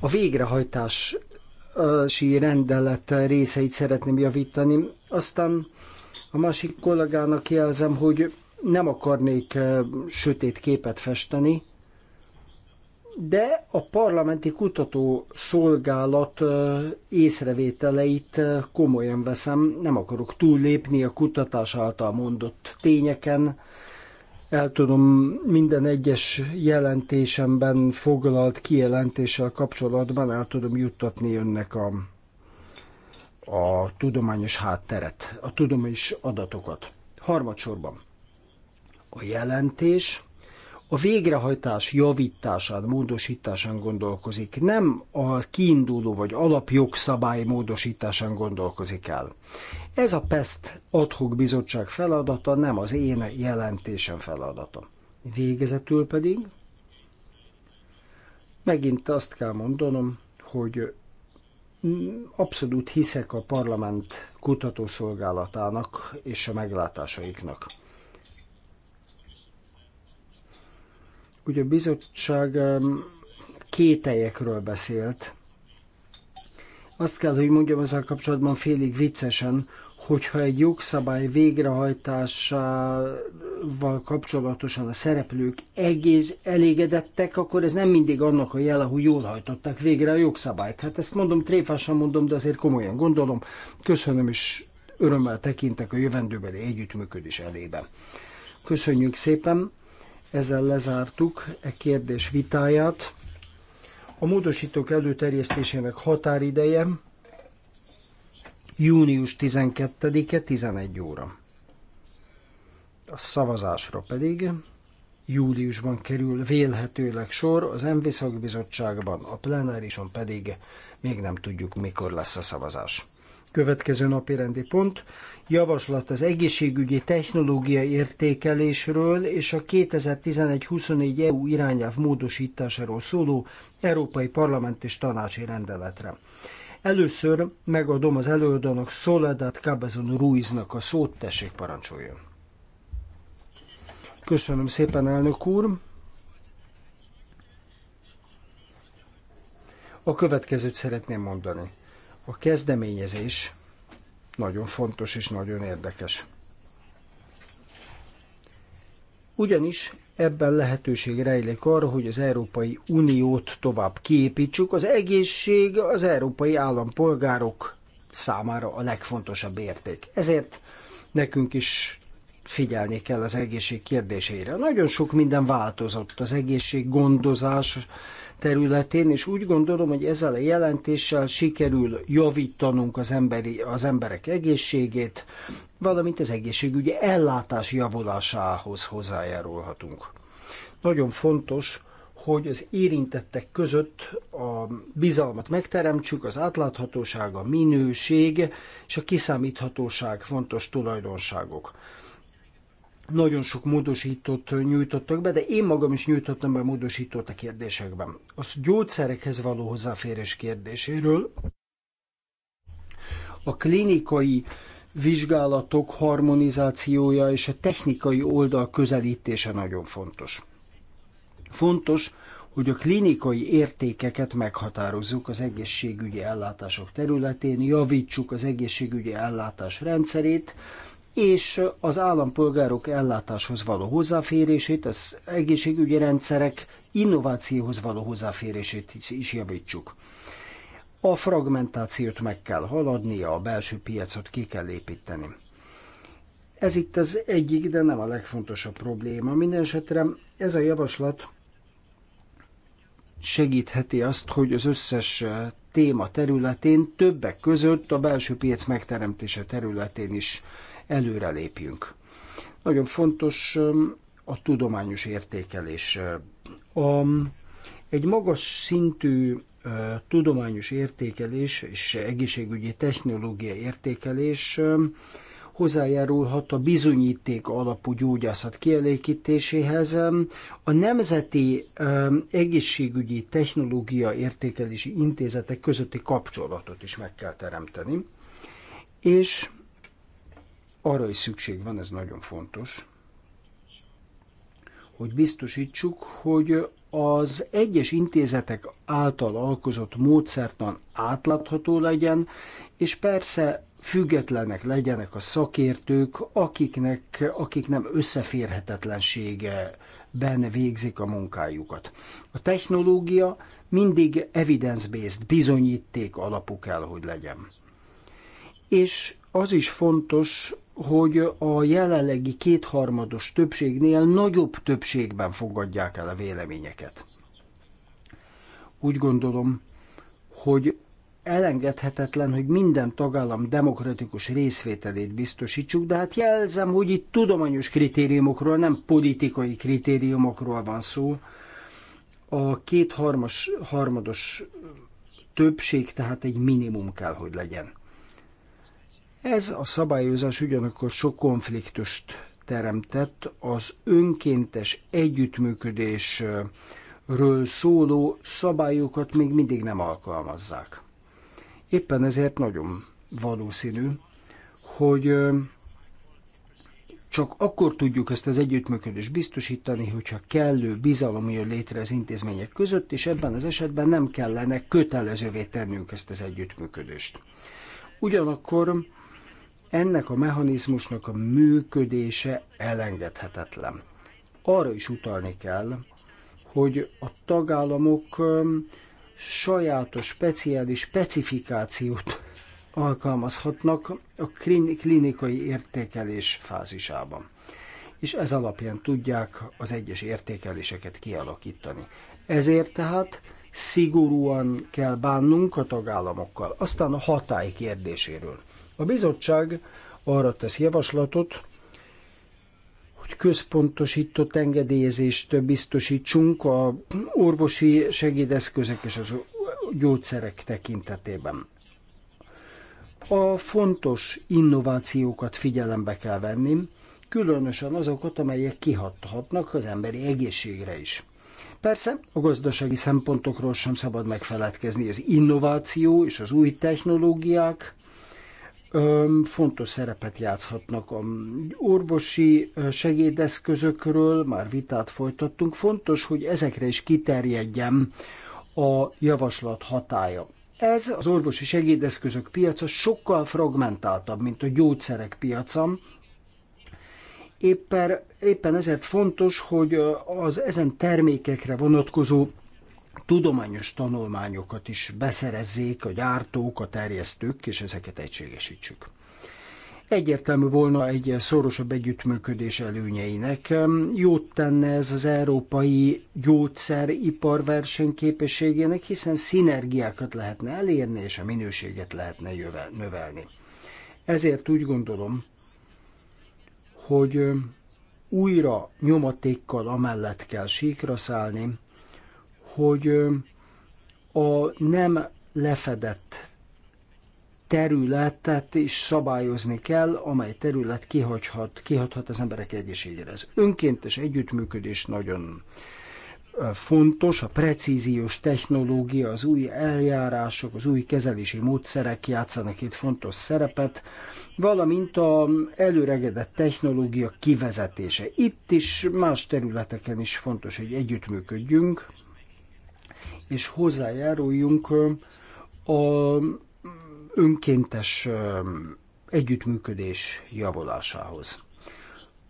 a végrehajtás sí rendelet részeit szeretném javítani. Aztán a másik kollégának jelzem, hogy nem akarnék e, sötét képet festeni, de a parlamenti kutató szolgálat e, észrevételeit e, komolyan veszem, nem akarok túllépni a kutatás által mondott tényeken, el tudom minden egyes jelentésemben foglalt kijelentéssel kapcsolatban el tudom juttatni önnek a, a tudományos hátteret, a tudományos adatokat. Harmadsorban a jelentés a végrehajtás javításán, módosításán gondolkozik, nem a kiinduló vagy alapjogszabály módosításán gondolkozik el. Ez a PESZT adhok bizottság feladata, nem az én jelentésem feladata. Végezetül pedig megint azt kell mondanom, hogy abszolút hiszek a parlament kutatószolgálatának és a meglátásaiknak. Ugye a bizottság kételyekről beszélt. Azt kell, hogy mondjam ezzel kapcsolatban félig viccesen, hogyha egy jogszabály végrehajtásával kapcsolatosan a szereplők egész elégedettek, akkor ez nem mindig annak a jele, hogy jól hajtották végre a jogszabályt. Hát ezt mondom, tréfásan mondom, de azért komolyan gondolom. Köszönöm, is örömmel tekintek a jövendőbeli együttműködés elébe. Köszönjük szépen! Ezzel lezártuk e kérdés vitáját. A módosítók előterjesztésének határideje június 12-e 11 óra. A szavazásra pedig júliusban kerül vélhetőleg sor, az MV szakbizottságban, a plenárison pedig még nem tudjuk, mikor lesz a szavazás. Következő napi rendi pont. Javaslat az egészségügyi technológia értékelésről és a 2011-24 EU irányelv módosításáról szóló Európai Parlament és Tanácsi rendeletre. Először megadom az előadónak Soledad Cabezon Ruiznak a szót, tessék parancsoljon. Köszönöm szépen, elnök úr! A következőt szeretném mondani. A kezdeményezés nagyon fontos és nagyon érdekes. Ugyanis ebben lehetőség rejlik arra, hogy az Európai Uniót tovább kiépítsük. Az egészség az európai állampolgárok számára a legfontosabb érték. Ezért nekünk is figyelni kell az egészség kérdésére. Nagyon sok minden változott az egészség gondozás, területén, és úgy gondolom, hogy ezzel a jelentéssel sikerül javítanunk az, emberi, az emberek egészségét, valamint az egészségügyi ellátás javulásához hozzájárulhatunk. Nagyon fontos, hogy az érintettek között a bizalmat megteremtsük, az átláthatóság, a minőség és a kiszámíthatóság fontos tulajdonságok nagyon sok módosítót nyújtottak be, de én magam is nyújtottam be módosítót a kérdésekben. A gyógyszerekhez való hozzáférés kérdéséről, a klinikai vizsgálatok harmonizációja és a technikai oldal közelítése nagyon fontos. Fontos, hogy a klinikai értékeket meghatározzuk az egészségügyi ellátások területén, javítsuk az egészségügyi ellátás rendszerét, és az állampolgárok ellátáshoz való hozzáférését, az egészségügyi rendszerek innovációhoz való hozzáférését is javítsuk. A fragmentációt meg kell haladnia, a belső piacot ki kell építeni. Ez itt az egyik, de nem a legfontosabb probléma. Mindenesetre ez a javaslat segítheti azt, hogy az összes eh, téma területén, többek között a belső piac megteremtése területén is előre lépjünk. Nagyon fontos a tudományos értékelés. A, egy magas szintű tudományos értékelés és egészségügyi technológia értékelés hozzájárulhat a bizonyíték alapú gyógyászat kielégítéséhez. A Nemzeti Egészségügyi Technológia Értékelési Intézetek közötti kapcsolatot is meg kell teremteni. És arra is szükség van, ez nagyon fontos, hogy biztosítsuk, hogy az egyes intézetek által alkozott módszertan átlátható legyen, és persze függetlenek legyenek a szakértők, akiknek, akik nem összeférhetetlensége benne végzik a munkájukat. A technológia mindig evidence-based, bizonyíték alapú kell, hogy legyen. És az is fontos, hogy a jelenlegi kétharmados többségnél nagyobb többségben fogadják el a véleményeket. Úgy gondolom, hogy elengedhetetlen, hogy minden tagállam demokratikus részvételét biztosítsuk, de hát jelzem, hogy itt tudományos kritériumokról, nem politikai kritériumokról van szó. A kétharmados többség tehát egy minimum kell, hogy legyen. Ez a szabályozás ugyanakkor sok konfliktust teremtett az önkéntes együttműködésről szóló szabályokat még mindig nem alkalmazzák. Éppen ezért nagyon valószínű, hogy csak akkor tudjuk ezt az együttműködést biztosítani, hogyha kellő bizalom jön létre az intézmények között, és ebben az esetben nem kellene kötelezővé tennünk ezt az együttműködést. Ugyanakkor ennek a mechanizmusnak a működése elengedhetetlen. Arra is utalni kell, hogy a tagállamok sajátos, speciális specifikációt alkalmazhatnak a klinikai értékelés fázisában. És ez alapján tudják az egyes értékeléseket kialakítani. Ezért tehát szigorúan kell bánnunk a tagállamokkal. Aztán a hatály kérdéséről. A bizottság arra tesz javaslatot, hogy központosított engedélyezést biztosítsunk a orvosi segédeszközök és az gyógyszerek tekintetében. A fontos innovációkat figyelembe kell venni, különösen azokat, amelyek kihathatnak az emberi egészségre is. Persze a gazdasági szempontokról sem szabad megfeledkezni. Az innováció és az új technológiák fontos szerepet játszhatnak a orvosi segédeszközökről, már vitát folytattunk, fontos, hogy ezekre is kiterjedjen a javaslat hatája. Ez az orvosi segédeszközök piaca sokkal fragmentáltabb, mint a gyógyszerek piaca, Éppen, éppen ezért fontos, hogy az ezen termékekre vonatkozó tudományos tanulmányokat is beszerezzék a gyártók, a terjesztők, és ezeket egységesítsük. Egyértelmű volna egy szorosabb együttműködés előnyeinek. Jót tenne ez az európai gyógyszeripar versenyképességének, hiszen szinergiákat lehetne elérni, és a minőséget lehetne növelni. Ezért úgy gondolom, hogy újra nyomatékkal amellett kell síkra szállni, hogy a nem lefedett területet is szabályozni kell, amely terület kihagyhat, kihagyhat az emberek egészségére. Az önkéntes együttműködés nagyon fontos, a precíziós technológia, az új eljárások, az új kezelési módszerek játszanak itt fontos szerepet, valamint a előregedett technológia kivezetése. Itt is más területeken is fontos, hogy együttműködjünk, és hozzájáruljunk a önkéntes együttműködés javulásához.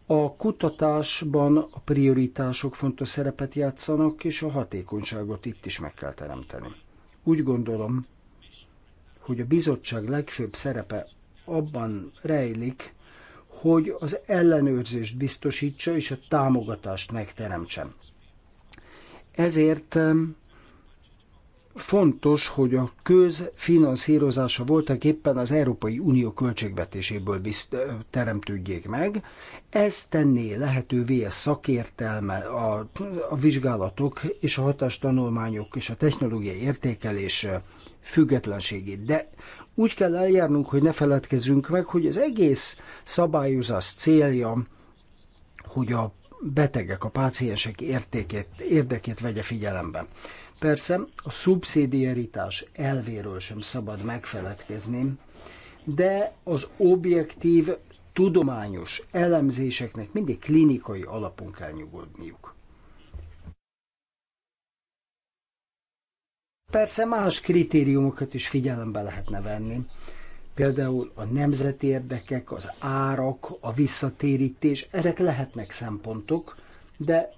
A kutatásban a prioritások fontos szerepet játszanak, és a hatékonyságot itt is meg kell teremteni. Úgy gondolom, hogy a bizottság legfőbb szerepe abban rejlik, hogy az ellenőrzést biztosítsa és a támogatást megteremtsen. Ezért fontos, hogy a köz finanszírozása voltak éppen az Európai Unió költségvetéséből bizt, teremtődjék meg. Ez tenné lehetővé a szakértelme, a, a vizsgálatok és a hatástanulmányok és a technológiai értékelés függetlenségét. De úgy kell eljárnunk, hogy ne feledkezzünk meg, hogy az egész szabályozás célja, hogy a betegek, a páciensek értékét, érdekét vegye figyelembe. Persze a szubszidiaritás elvéről sem szabad megfeledkezni, de az objektív, tudományos elemzéseknek mindig klinikai alapon kell nyugodniuk. Persze más kritériumokat is figyelembe lehetne venni, például a nemzeti érdekek, az árak, a visszatérítés, ezek lehetnek szempontok, de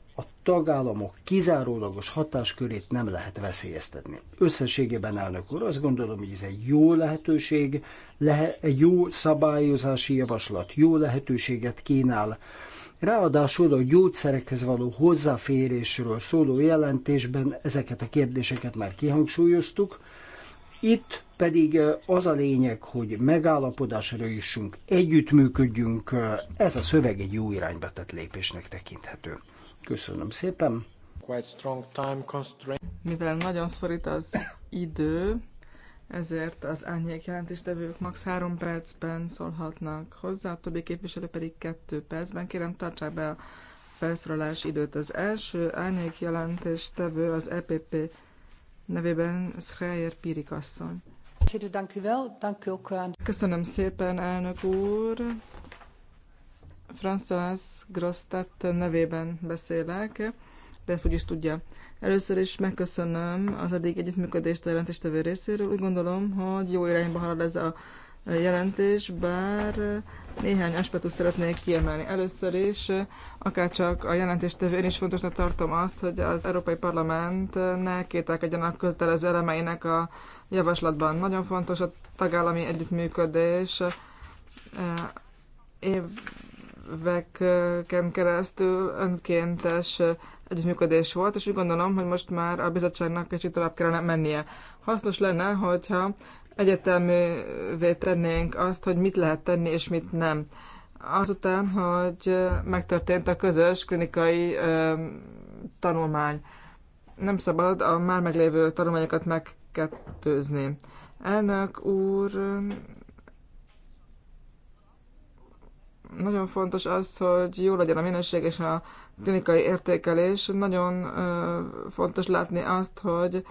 tagállamok kizárólagos hatáskörét nem lehet veszélyeztetni. Összességében elnök úr, azt gondolom, hogy ez egy jó lehetőség, lehe, egy jó szabályozási javaslat, jó lehetőséget kínál. Ráadásul a gyógyszerekhez való hozzáférésről szóló jelentésben ezeket a kérdéseket már kihangsúlyoztuk, itt pedig az a lényeg, hogy megállapodásra jussunk, együttműködjünk, ez a szöveg egy jó irányba tett lépésnek tekinthető. Köszönöm szépen. Mivel nagyon szorít az idő, ezért az árnyék jelentéstevők max. 3 percben szólhatnak hozzá, a többi képviselő pedig 2 percben. Kérem, tartsák be a felszólalás időt. Az első árnyék jelentéstevő az EPP nevében Schreier Pirik asszony. Köszönöm szépen, elnök úr! François Grostat nevében beszélek, de ezt úgyis tudja. Először is megköszönöm az eddig együttműködést a jelentéstevő részéről. Úgy gondolom, hogy jó irányba halad ez a jelentés, bár néhány aspektus szeretnék kiemelni. Először is, akárcsak a jelentéstevő, én is fontosnak tartom azt, hogy az Európai Parlament ne a közdelező elemeinek a javaslatban. Nagyon fontos a tagállami együttműködés, eh, év éveken keresztül önkéntes együttműködés volt, és úgy gondolom, hogy most már a bizottságnak kicsit tovább kellene mennie. Hasznos lenne, hogyha egyeteművé tennénk azt, hogy mit lehet tenni és mit nem. Azután, hogy megtörtént a közös klinikai ö, tanulmány. Nem szabad a már meglévő tanulmányokat megkettőzni. Elnök úr, nagyon fontos az, hogy jó legyen a minőség és a klinikai értékelés. Nagyon fontos látni azt, hogy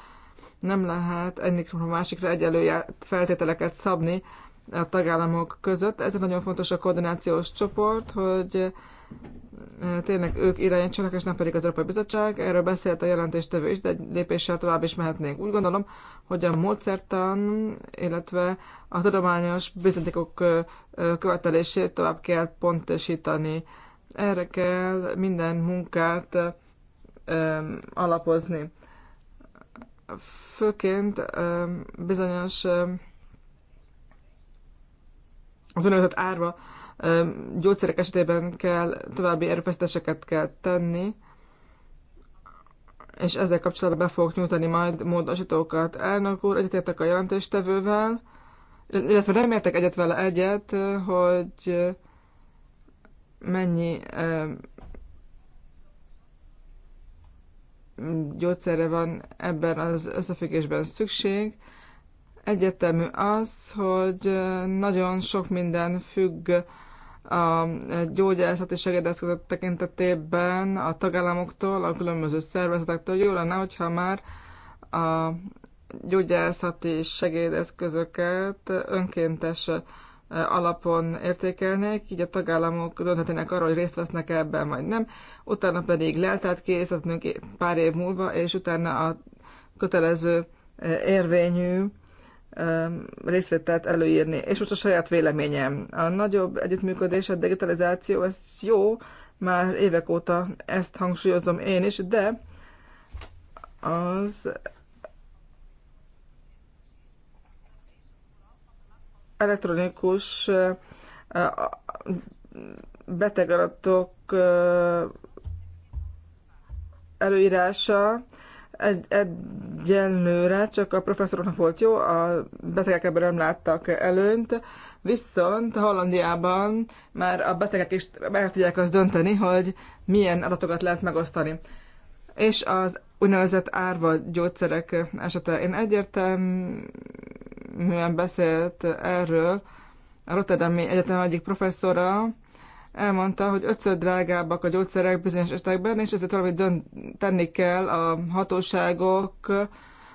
nem lehet egyikről a másikra egyelő feltételeket szabni a tagállamok között. egy nagyon fontos a koordinációs csoport, hogy tényleg ők irányítsanak, és nem pedig az Európai Bizottság. Erről beszélt a jelentéstevő is, de egy lépéssel tovább is mehetnénk. Úgy gondolom, hogy a módszertan, illetve a tudományos bizonyítékok követelését tovább kell pontosítani. Erre kell minden munkát alapozni. Főként bizonyos az önöltött árva gyógyszerek esetében kell további erőfeszítéseket kell tenni, és ezzel kapcsolatban be fogok nyújtani majd módosítókat. Elnök úr, egyetértek a jelentéstevővel, illetve nem értek egyet vele egyet, hogy mennyi gyógyszerre van ebben az összefüggésben szükség. Egyetemű az, hogy nagyon sok minden függ a gyógyászati segédeszközök tekintetében a tagállamoktól, a különböző szervezetektől jó lenne, hogyha már a gyógyászati segédeszközöket önkéntes alapon értékelnék, így a tagállamok dönthetnek arról, hogy részt vesznek ebben vagy nem, utána pedig leltát készítünk pár év múlva, és utána a kötelező érvényű Um, részvételt előírni. És most a saját véleményem. A nagyobb együttműködés, a digitalizáció, ez jó, már évek óta ezt hangsúlyozom én is, de az elektronikus uh, betegadatok uh, előírása egy, egyenlőre csak a professzoroknak volt jó, a betegek ebben nem láttak előnt, viszont Hollandiában már a betegek is meg tudják azt dönteni, hogy milyen adatokat lehet megosztani. És az úgynevezett árva gyógyszerek esetén egyértelműen beszélt erről a Rotterdami Egyetem egyik professzora, elmondta, hogy ötször drágábbak a gyógyszerek bizonyos esetekben, és ezért valamit dönt, tenni kell a hatóságok,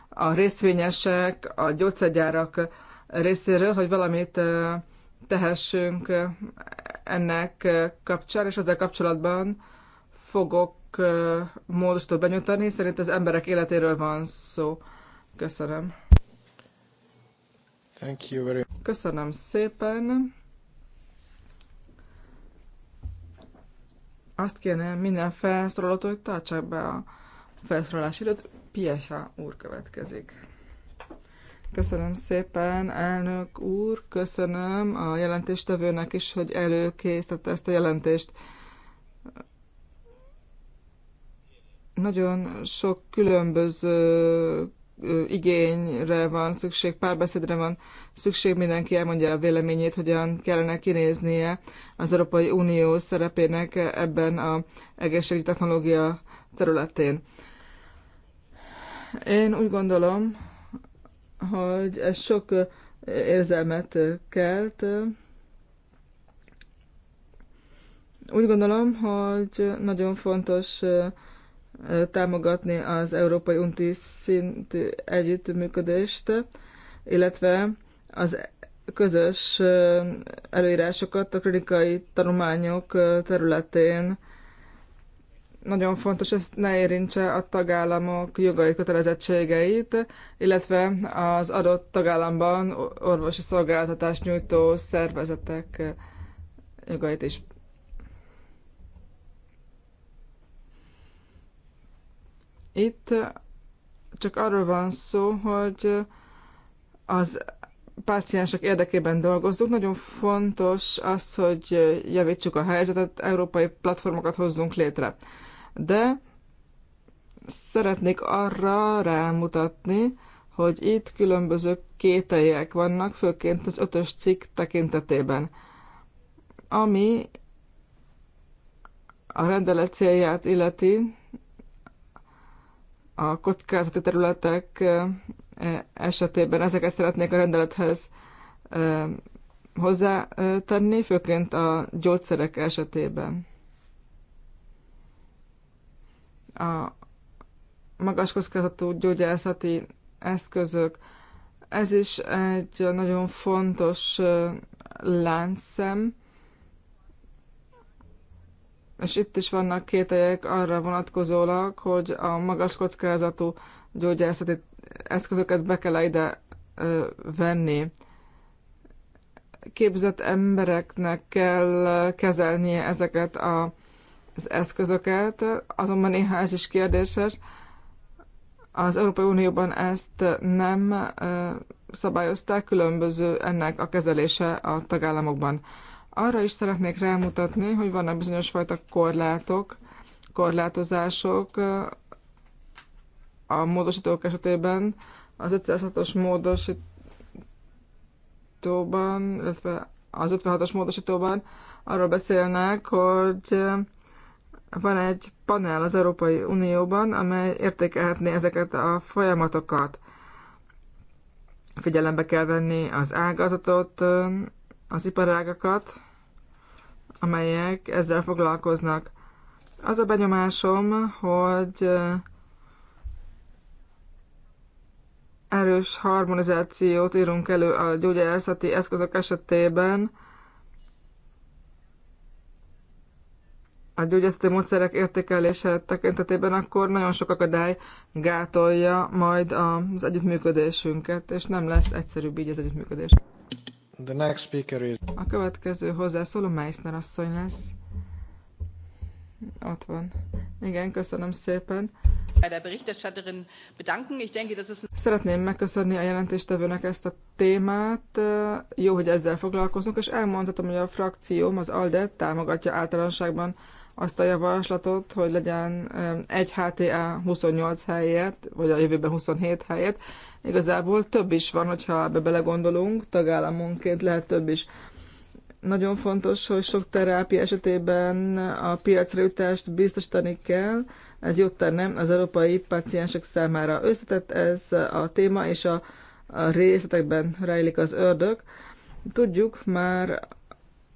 a részvényesek, a gyógyszergyárak részéről, hogy valamit tehessünk ennek kapcsán, és ezzel kapcsolatban fogok módosító benyújtani. Szerint az emberek életéről van szó. Köszönöm. Thank you very... Köszönöm szépen. azt kérném minden felszólalót, hogy tartsák be a felszólalás időt. Piesa úr következik. Köszönöm szépen, elnök úr, köszönöm a jelentéstevőnek is, hogy előkészítette ezt a jelentést. Nagyon sok különböző igényre van szükség, párbeszédre van szükség, mindenki elmondja a véleményét, hogyan kellene kinéznie az Európai Unió szerepének ebben a egészségügyi technológia területén. Én úgy gondolom, hogy ez sok érzelmet kelt. Úgy gondolom, hogy nagyon fontos támogatni az Európai Unti szintű együttműködést, illetve az közös előírásokat a klinikai tanulmányok területén. Nagyon fontos, ezt ne érintse a tagállamok jogai kötelezettségeit, illetve az adott tagállamban orvosi szolgáltatást nyújtó szervezetek jogait is. Itt csak arról van szó, hogy az páciensek érdekében dolgozzunk. Nagyon fontos az, hogy javítsuk a helyzetet, európai platformokat hozzunk létre. De szeretnék arra rámutatni, hogy itt különböző kételjek vannak, főként az ötös cikk tekintetében, ami a rendelet célját illeti, a kockázati területek esetében ezeket szeretnék a rendelethez hozzátenni, főként a gyógyszerek esetében. A magas kockázatú gyógyászati eszközök, ez is egy nagyon fontos láncszem, és itt is vannak kételyek arra vonatkozólag, hogy a magas kockázatú gyógyászati eszközöket be kell ide ö, venni. Képzett embereknek kell kezelnie ezeket a, az eszközöket, azonban néha ez is kérdéses. Az Európai Unióban ezt nem ö, szabályozták, különböző ennek a kezelése a tagállamokban. Arra is szeretnék rámutatni, hogy vannak bizonyos fajta korlátok, korlátozások a módosítók esetében, az 506-os módosítóban, illetve az 56-os módosítóban arról beszélnek, hogy van egy panel az Európai Unióban, amely értékelhetné ezeket a folyamatokat. Figyelembe kell venni az ágazatot, az iparágakat, amelyek ezzel foglalkoznak. Az a benyomásom, hogy eh, erős harmonizációt írunk elő a gyógyászati eszközök esetében, a gyógyászati módszerek értékelése tekintetében, akkor nagyon sok akadály gátolja majd az együttműködésünket, és nem lesz egyszerűbb így az együttműködés. The next speaker is... A következő hozzászóló Meissner asszony lesz. Ott van. Igen, köszönöm szépen. Szeretném megköszönni a jelentéstevőnek ezt a témát. Jó, hogy ezzel foglalkozunk, és elmondhatom, hogy a frakcióm, az ALDE támogatja általánosságban azt a javaslatot, hogy legyen egy HTA 28 helyet, vagy a jövőben 27 helyet. Igazából több is van, hogyha ebbe belegondolunk, tagállamonként lehet több is. Nagyon fontos, hogy sok terápia esetében a piacra jutást biztosítani kell, ez jót tenne az európai paciensek számára. Összetett ez a téma, és a, a részletekben rejlik az ördög. Tudjuk már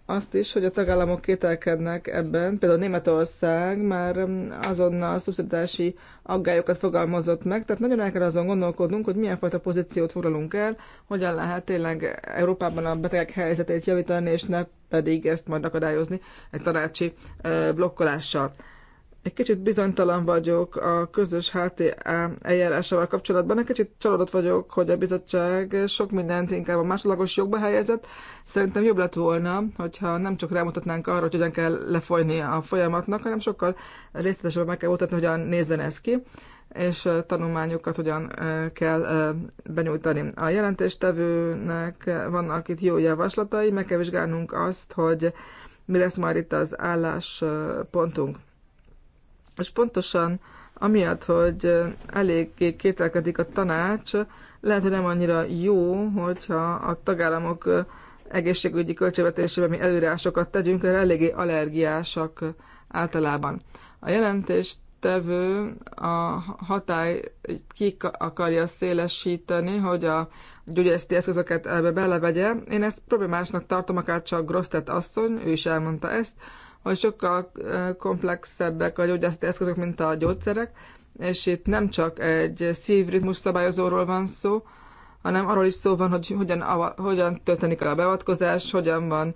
azt is, hogy a tagállamok kételkednek ebben. Például Németország már mm, azonnal szubszidási aggályokat fogalmazott meg, tehát nagyon el kell azon gondolkodnunk, hogy milyen fajta pozíciót foglalunk el, hogyan lehet tényleg Európában a betegek helyzetét javítani, és ne pedig ezt majd akadályozni egy tanácsi eh, blokkolással egy kicsit bizonytalan vagyok a közös háti eljárásával kapcsolatban. Egy kicsit csalódott vagyok, hogy a bizottság sok mindent inkább a másodlagos jogba helyezett. Szerintem jobb lett volna, hogyha nem csak rámutatnánk arra, hogy hogyan kell lefolyni a folyamatnak, hanem sokkal részletesebben meg kell mutatni, hogyan nézzen ez ki és tanulmányokat hogyan kell benyújtani. A jelentéstevőnek vannak itt jó javaslatai, meg kell vizsgálnunk azt, hogy mi lesz már itt az álláspontunk. És pontosan amiatt, hogy eléggé kételkedik a tanács, lehet, hogy nem annyira jó, hogyha a tagállamok egészségügyi költségvetésében mi előrásokat tegyünk, erre eléggé allergiásak általában. A tevő a hatály ki akarja szélesíteni, hogy a gyógyászati eszközöket ebbe belevegye. Én ezt problémásnak tartom, akár csak Grosztet asszony, ő is elmondta ezt, hogy sokkal komplexebbek a gyógyászati eszközök, mint a gyógyszerek, és itt nem csak egy szívritmus szabályozóról van szó, hanem arról is szó van, hogy hogyan, hogyan történik a beavatkozás, hogyan van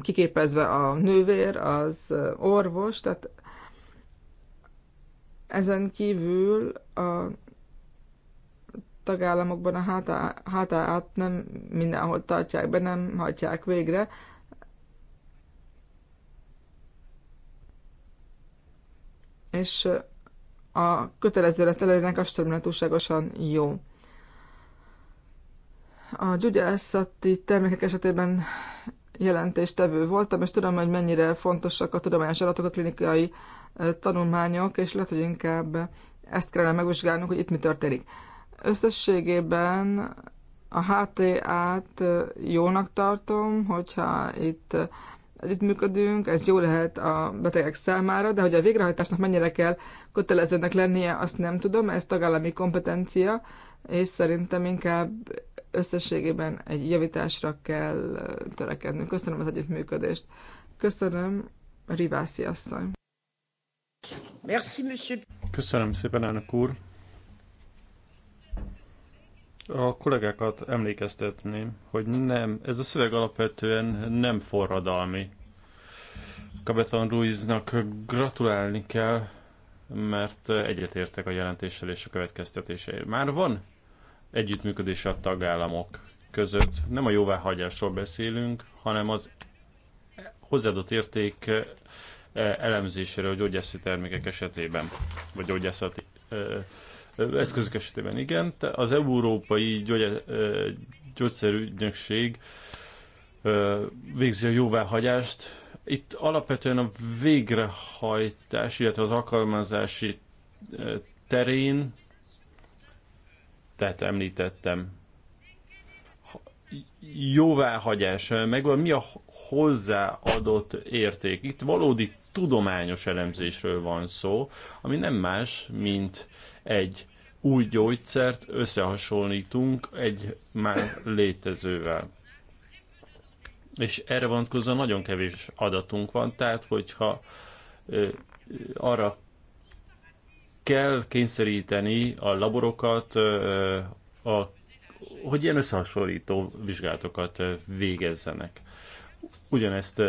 kiképezve a nővér, az orvos, tehát ezen kívül a tagállamokban a hátá, hátá át nem mindenhol tartják be, nem hagyják végre, és a kötelező lesz előnek azt sem túlságosan jó. A gyógyászati termékek esetében jelentéstevő voltam, és tudom, hogy mennyire fontosak a tudományos adatok, a klinikai tanulmányok, és lehet, hogy inkább ezt kellene megvizsgálnunk, hogy itt mi történik. Összességében a HTA-t jónak tartom, hogyha itt együttműködünk, ez jó lehet a betegek számára, de hogy a végrehajtásnak mennyire kell kötelezőnek lennie, azt nem tudom, ez tagállami kompetencia, és szerintem inkább összességében egy javításra kell törekednünk. Köszönöm az együttműködést. Köszönöm, Rivászi asszony. Köszönöm szépen, elnök úr a kollégákat emlékeztetném, hogy nem, ez a szöveg alapvetően nem forradalmi. Cabezon Ruiznak gratulálni kell, mert egyetértek a jelentéssel és a következtetéseért. Már van együttműködés a tagállamok között. Nem a jóváhagyásról beszélünk, hanem az hozzáadott érték eh, elemzésére a gyógyászati termékek esetében, vagy gyógyászati eh, eszközök esetében igen. Az Európai Gyógyszerügynökség végzi a jóváhagyást. Itt alapvetően a végrehajtás, illetve az alkalmazási terén, tehát említettem, jóváhagyás, meg mi a hozzáadott érték. Itt valódi tudományos elemzésről van szó, ami nem más, mint egy új gyógyszert összehasonlítunk egy már létezővel. És erre vonatkozóan nagyon kevés adatunk van, tehát hogyha arra kell kényszeríteni a laborokat, a, hogy ilyen összehasonlító vizsgálatokat végezzenek. Ugyanezt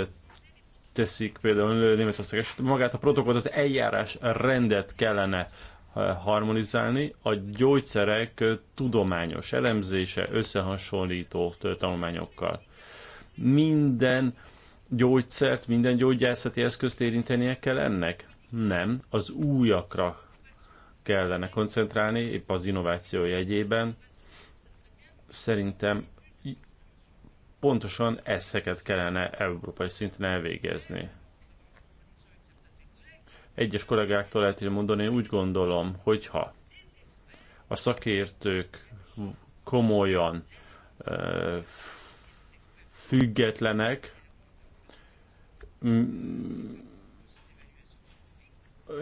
teszik például Németország esetében magát a protokollt, az eljárás rendet kellene Eh, harmonizálni, a gyógyszerek eh, tudományos elemzése összehasonlító tanulmányokkal. Minden gyógyszert, minden gyógyászati eszközt érintenie kell ennek? Nem, az újakra kellene koncentrálni, épp az innováció jegyében. Szerintem pontosan ezeket kellene európai szinten elvégezni egyes kollégáktól így mondani, én úgy gondolom, hogyha a szakértők komolyan függetlenek,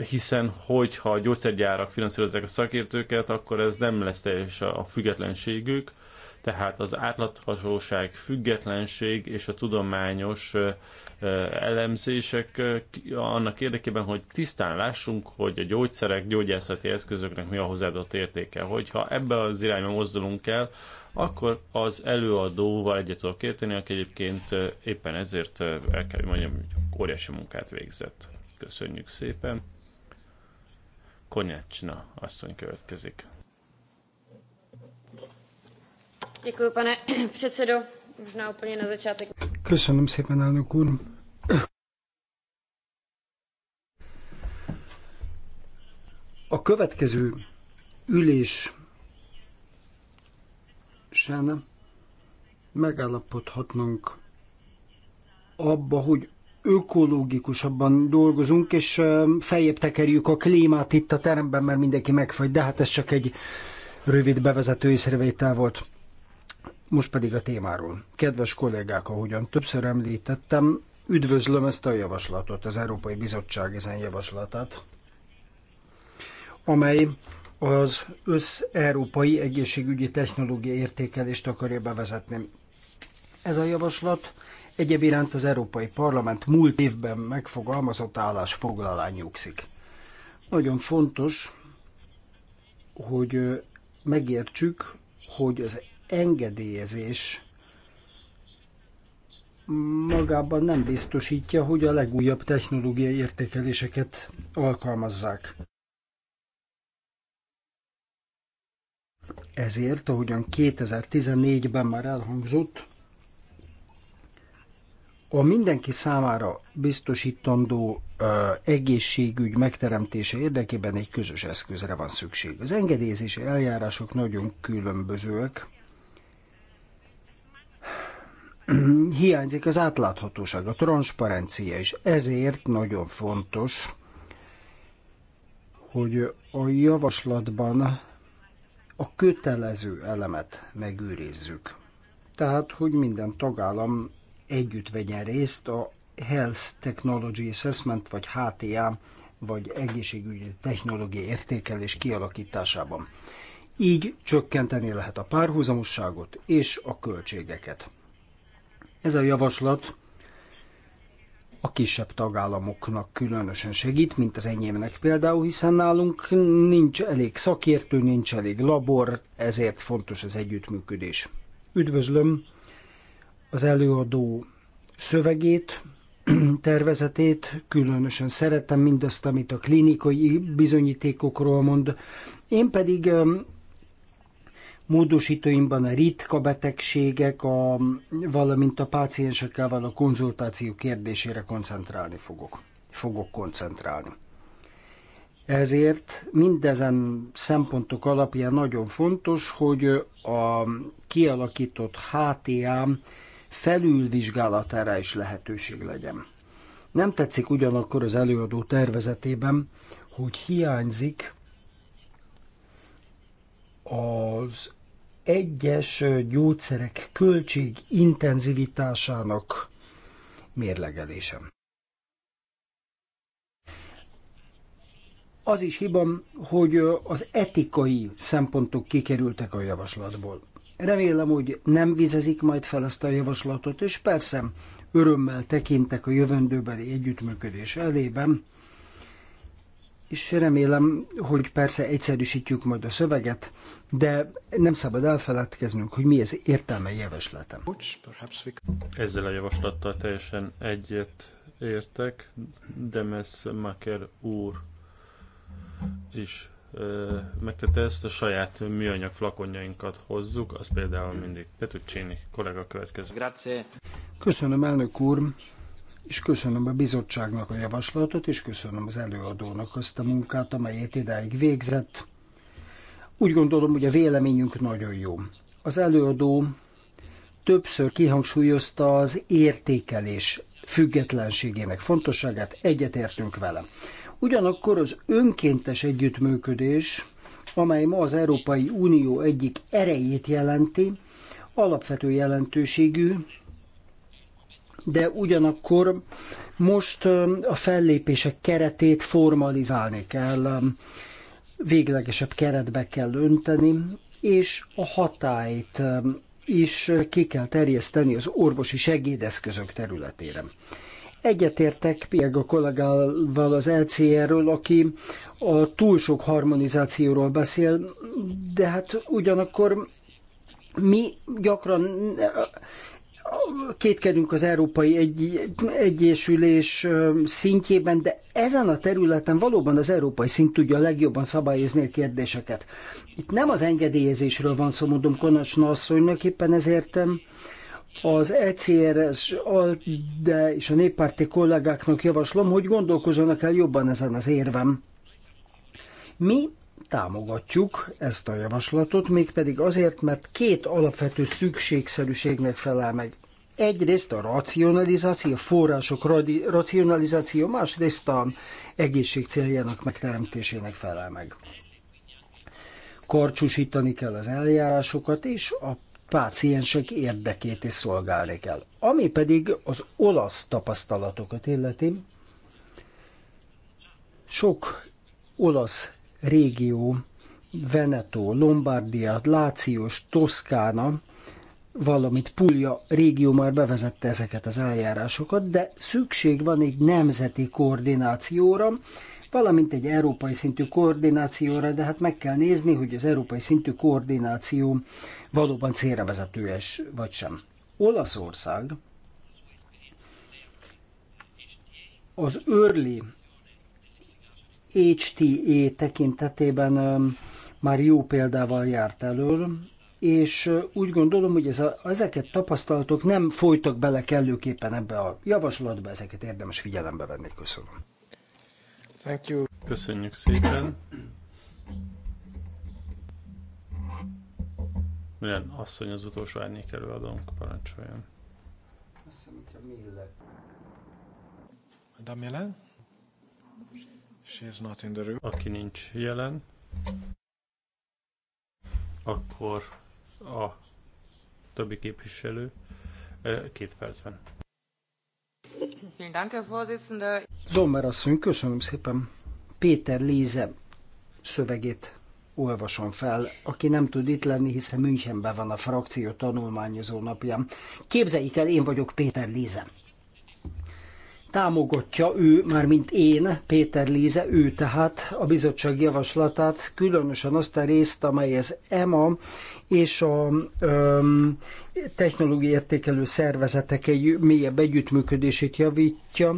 hiszen hogyha a gyógyszergyárak finanszírozzák a szakértőket, akkor ez nem lesz teljes a függetlenségük, tehát az átláthatóság, függetlenség és a tudományos elemzések annak érdekében, hogy tisztán lássunk, hogy a gyógyszerek, gyógyászati eszközöknek mi a hozzáadott értéke. Hogyha ebbe az irányba mozdulunk el, akkor az előadóval egyet tudok érteni, aki egyébként éppen ezért el kell mondjam, hogy óriási munkát végzett. Köszönjük szépen. Konyecsna asszony következik. Děkuji, pane předsedo. Možná úplně na začátek. Köszönöm szépen, elnök úr. A következő ülés sem megállapodhatnunk abba, hogy ökológikusabban dolgozunk, és feljebb tekerjük a klímát itt a teremben, mert mindenki megfagy, de hát ez csak egy rövid bevezető észrevétel volt. Most pedig a témáról. Kedves kollégák, ahogyan többször említettem, üdvözlöm ezt a javaslatot, az Európai Bizottság ezen javaslatát, amely az össz-európai egészségügyi technológia értékelést akarja bevezetni. Ez a javaslat egyéb iránt az Európai Parlament múlt évben megfogalmazott állásfoglalán nyugszik. Nagyon fontos, hogy megértsük, hogy az engedélyezés magában nem biztosítja, hogy a legújabb technológiai értékeléseket alkalmazzák. Ezért, ahogyan 2014-ben már elhangzott, a mindenki számára biztosítandó ö, egészségügy megteremtése érdekében egy közös eszközre van szükség. Az engedélyezési eljárások nagyon különbözőek, hiányzik az átláthatóság, a transzparencia is. Ezért nagyon fontos, hogy a javaslatban a kötelező elemet megőrizzük. Tehát, hogy minden tagállam együtt vegyen részt a Health Technology Assessment, vagy HTA, vagy egészségügyi technológiai értékelés kialakításában. Így csökkenteni lehet a párhuzamosságot és a költségeket. Ez a javaslat a kisebb tagállamoknak különösen segít, mint az enyémnek például, hiszen nálunk nincs elég szakértő, nincs elég labor, ezért fontos az együttműködés. Üdvözlöm az előadó szövegét, tervezetét, különösen szeretem mindazt, amit a klinikai bizonyítékokról mond. Én pedig módosítóimban a ritka betegségek, a, valamint a páciensekkel való konzultáció kérdésére koncentrálni fogok. Fogok koncentrálni. Ezért mindezen szempontok alapján nagyon fontos, hogy a kialakított HTA felülvizsgálatára is lehetőség legyen. Nem tetszik ugyanakkor az előadó tervezetében, hogy hiányzik az egyes gyógyszerek költség intenzivitásának mérlegelése. Az is hibam, hogy az etikai szempontok kikerültek a javaslatból. Remélem, hogy nem vizezik majd fel ezt a javaslatot, és persze örömmel tekintek a jövendőbeli együttműködés elében, és remélem, hogy persze egyszerűsítjük majd a szöveget, de nem szabad elfeledkeznünk, hogy mi ez értelme javaslatom. Ezzel a javaslattal teljesen egyet értek, Demes Maker úr is megtette ezt, a saját műanyag flakonjainkat hozzuk, az például mindig Petruccini kollega következő. Grazie. Köszönöm, elnök úr! és köszönöm a bizottságnak a javaslatot, és köszönöm az előadónak azt a munkát, amelyet idáig végzett. Úgy gondolom, hogy a véleményünk nagyon jó. Az előadó többször kihangsúlyozta az értékelés függetlenségének fontosságát, egyetértünk vele. Ugyanakkor az önkéntes együttműködés, amely ma az Európai Unió egyik erejét jelenti, alapvető jelentőségű, de ugyanakkor most a fellépések keretét formalizálni kell, véglegesebb keretbe kell önteni, és a hatáit is ki kell terjeszteni az orvosi segédeszközök területére. Egyetértek például a kollégával az LCR-ről, aki a túl sok harmonizációról beszél, de hát ugyanakkor mi gyakran kétkedünk az Európai Egy- Egyesülés szintjében, de ezen a területen valóban az európai szint tudja a legjobban szabályozni a kérdéseket. Itt nem az engedélyezésről van szó, mondom Konacsna asszonynak, éppen ezért az ECR de és a néppárti kollégáknak javaslom, hogy gondolkozzanak el jobban ezen az érvem. Mi támogatjuk ezt a javaslatot, mégpedig azért, mert két alapvető szükségszerűségnek felel meg. Egyrészt a racionalizáció, a források radi- racionalizáció, másrészt a egészség céljának megteremtésének felel meg. Karcsúsítani kell az eljárásokat, és a páciensek érdekét is szolgálni kell. Ami pedig az olasz tapasztalatokat illeti, sok olasz régió, Veneto, Lombardia, Lációs, Toszkána, valamint Puglia régió már bevezette ezeket az eljárásokat, de szükség van egy nemzeti koordinációra, valamint egy európai szintű koordinációra, de hát meg kell nézni, hogy az európai szintű koordináció valóban célra vezetőes vagy sem. Olaszország az őrli HTE tekintetében már jó példával járt elől, és úgy gondolom, hogy ez a, ezeket tapasztalatok nem folytak bele kellőképpen ebbe a javaslatba, ezeket érdemes figyelembe venni. Köszönöm. Thank you. Köszönjük szépen. Milyen asszony az utolsó árnyék előadónk, parancsoljon. Azt hiszem, hogy a Mille. Madame Mille? She's not in the room. Aki nincs jelen, akkor a többi képviselő két percben. Zommer asszony, köszönöm szépen. Péter Léze szövegét olvasom fel, aki nem tud itt lenni, hiszen Münchenben van a frakció tanulmányozó napján. Képzeljék el, én vagyok Péter Léze támogatja ő, már mint én, Péter Líze, ő tehát a bizottság javaslatát, különösen azt a részt, amely az EMA és a öm, technológiai értékelő szervezetek egy mélyebb együttműködését javítja,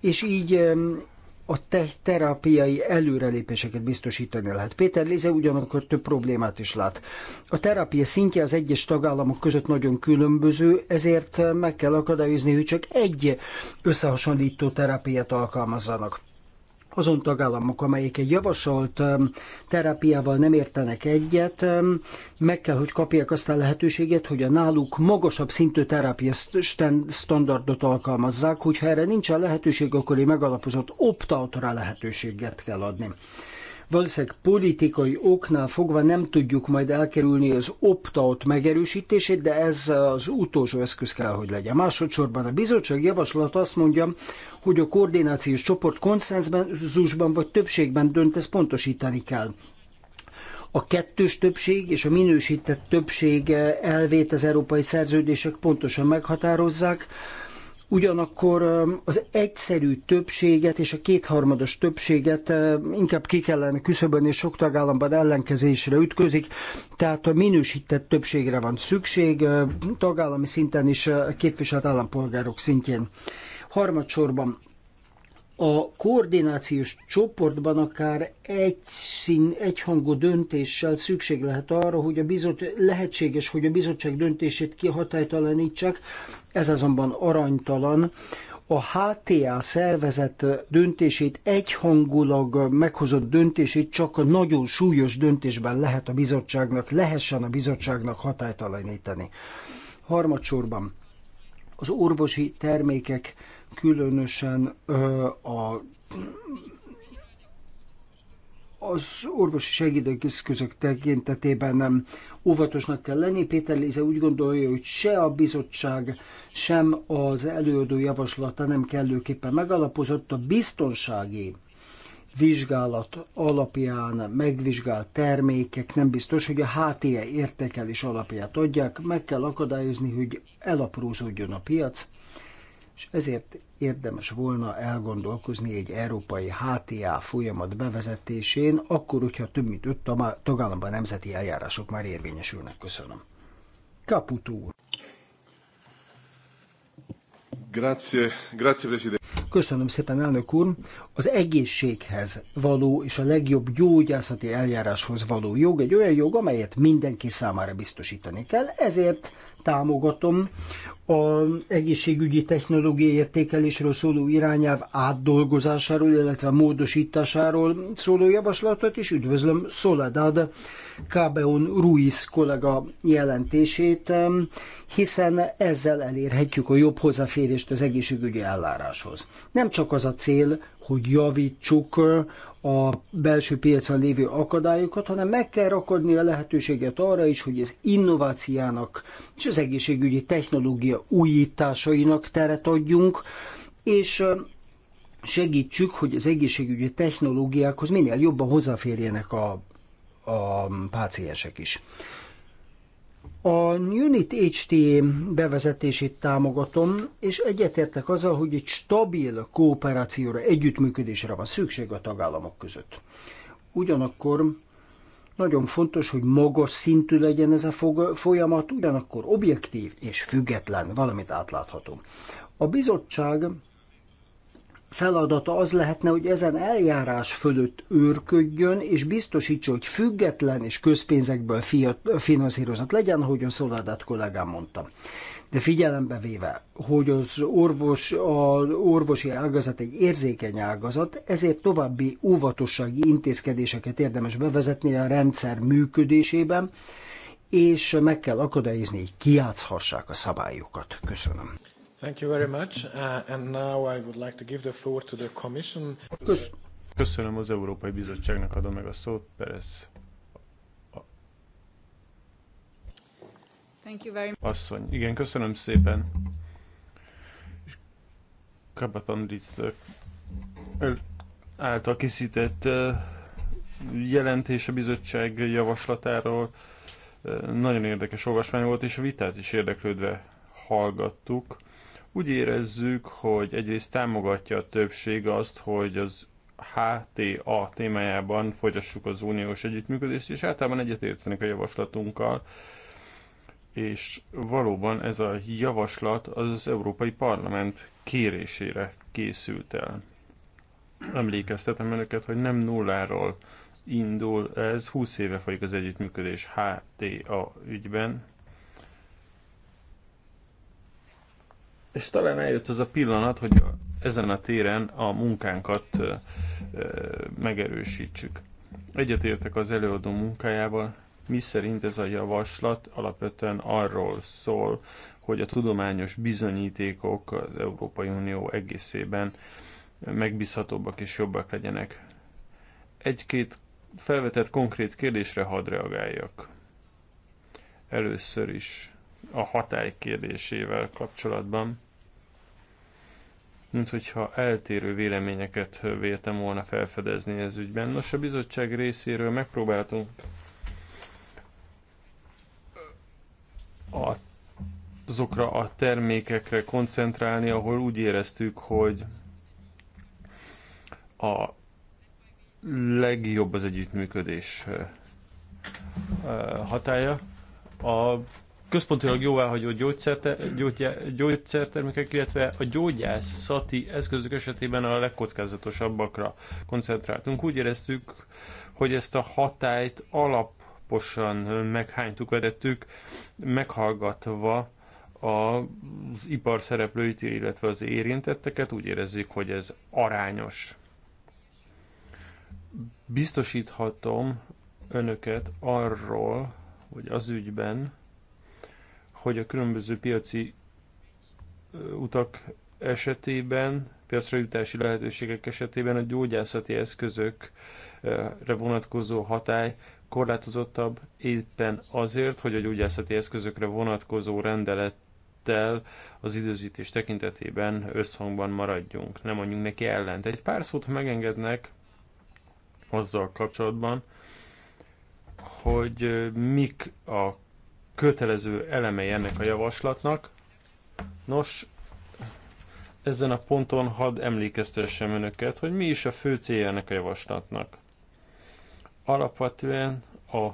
és így öm, a te terápiai előrelépéseket biztosítani lehet. Péter Léze ugyanakkor több problémát is lát. A terápia szintje az egyes tagállamok között nagyon különböző, ezért meg kell akadályozni, hogy csak egy összehasonlító terápiát alkalmazzanak azon tagállamok, amelyek egy javasolt terápiával nem értenek egyet, meg kell, hogy kapják azt a lehetőséget, hogy a náluk magasabb szintű terápia standardot alkalmazzák, hogyha erre nincsen lehetőség, akkor egy megalapozott optautora lehetőséget kell adni. Valószínűleg politikai oknál fogva nem tudjuk majd elkerülni az opt-out megerősítését, de ez az utolsó eszköz kell, hogy legyen. Másodszorban a bizottság javaslat azt mondja, hogy a koordinációs csoport konszenzusban vagy többségben dönt, ezt pontosítani kell a kettős többség és a minősített többség elvét az európai szerződések pontosan meghatározzák, ugyanakkor um, az egyszerű többséget és a kétharmados többséget um, inkább ki kellene küszöbölni, és sok tagállamban ellenkezésre ütközik, tehát a minősített többségre van szükség, um, tagállami szinten is uh, képviselt állampolgárok szintjén. Harmadsorban a koordinációs csoportban akár egy szín, egyhangú döntéssel szükség lehet arra, hogy a bizot, lehetséges, hogy a bizottság döntését kihatálytalanítsák, ez azonban aranytalan. A HTA szervezet döntését egyhangulag meghozott döntését csak a nagyon súlyos döntésben lehet a bizottságnak, lehessen a bizottságnak hatálytalanítani. Harmadsorban az orvosi termékek Különösen a az orvosi segédeszközök tekintetében nem óvatosnak kell lenni. Péter Léze úgy gondolja, hogy se a bizottság, sem az előadó javaslata nem kellőképpen megalapozott. A biztonsági vizsgálat alapján megvizsgált termékek nem biztos, hogy a HTE értékelés alapját adják, meg kell akadályozni, hogy elaprózódjon a piac és ezért érdemes volna elgondolkozni egy európai HTA folyamat bevezetésén, akkor, hogyha több mint öt tagállamban nemzeti eljárások már érvényesülnek. Köszönöm. Caputo Grazie, grazie Presidente. Köszönöm szépen, elnök úr! Az egészséghez való és a legjobb gyógyászati eljáráshoz való jog egy olyan jog, amelyet mindenki számára biztosítani kell, ezért támogatom. A egészségügyi technológiai értékelésről szóló irányelv átdolgozásáról, illetve módosításáról szóló javaslatot is üdvözlöm Soledad Cabeon Ruiz kollega jelentését, hiszen ezzel elérhetjük a jobb hozzáférést az egészségügyi elláráshoz. Nem csak az a cél, hogy javítsuk a belső piacon lévő akadályokat, hanem meg kell rakadni a lehetőséget arra is, hogy az innovációnak és az egészségügyi technológia újításainak teret adjunk, és segítsük, hogy az egészségügyi technológiákhoz minél jobban hozzáférjenek a, a páciensek is. A Unit HT bevezetését támogatom, és egyetértek azzal, hogy egy stabil kooperációra, együttműködésre van szükség a tagállamok között. Ugyanakkor nagyon fontos, hogy magas szintű legyen ez a folyamat, ugyanakkor objektív és független, valamit átlátható. A bizottság feladata az lehetne, hogy ezen eljárás fölött őrködjön, és biztosítsa, hogy független és közpénzekből fiat, finanszírozott legyen, a szolgáldát kollégám mondta. De figyelembe véve, hogy az orvos, az orvosi ágazat egy érzékeny ágazat, ezért további óvatossági intézkedéseket érdemes bevezetni a rendszer működésében, és meg kell akadályozni, hogy kiátszhassák a szabályokat. Köszönöm. Thank you very much. Uh, and now I would like to give the floor to the Commission. Köszönöm az Európai Bizottságnak, adom meg a szót, Perez. Thank you very much. Asszony, igen, köszönöm szépen. Kabatandris által készített jelentés a bizottság javaslatáról nagyon érdekes olvasmány volt, és a vitát is érdeklődve hallgattuk. Úgy érezzük, hogy egyrészt támogatja a többség azt, hogy az HTA témájában folytassuk az uniós együttműködést, és általában egyetértenek a javaslatunkkal, és valóban ez a javaslat az Európai Parlament kérésére készült el. Emlékeztetem önöket, hogy nem nulláról indul ez, 20 éve folyik az együttműködés HTA ügyben, És talán eljött az a pillanat, hogy ezen a téren a munkánkat megerősítsük. Egyetértek az előadó munkájával, mi szerint ez a javaslat alapvetően arról szól, hogy a tudományos bizonyítékok az Európai Unió egészében megbízhatóbbak és jobbak legyenek. Egy-két felvetett konkrét kérdésre hadd reagáljak. Először is a hatály kérdésével kapcsolatban, mint hogyha eltérő véleményeket véltem volna felfedezni ez ügyben. Nos, a bizottság részéről megpróbáltunk a azokra a termékekre koncentrálni, ahol úgy éreztük, hogy a legjobb az együttműködés hatája. A központilag jóváhagyó hagyó gyógyszertermékek, illetve a gyógyászati eszközök esetében a legkockázatosabbakra koncentráltunk. Úgy éreztük, hogy ezt a hatályt alaposan meghánytuk, vedettük, meghallgatva az ipar szereplőit, illetve az érintetteket, úgy érezzük, hogy ez arányos. Biztosíthatom önöket arról, hogy az ügyben hogy a különböző piaci utak esetében, piacra jutási lehetőségek esetében a gyógyászati eszközökre vonatkozó hatály korlátozottabb éppen azért, hogy a gyógyászati eszközökre vonatkozó rendelettel az időzítés tekintetében összhangban maradjunk, nem mondjunk neki ellent. Egy pár szót, ha megengednek azzal kapcsolatban, hogy mik a kötelező elemei ennek a javaslatnak. Nos, ezen a ponton hadd emlékeztessem önöket, hogy mi is a fő célja ennek a javaslatnak. Alapvetően a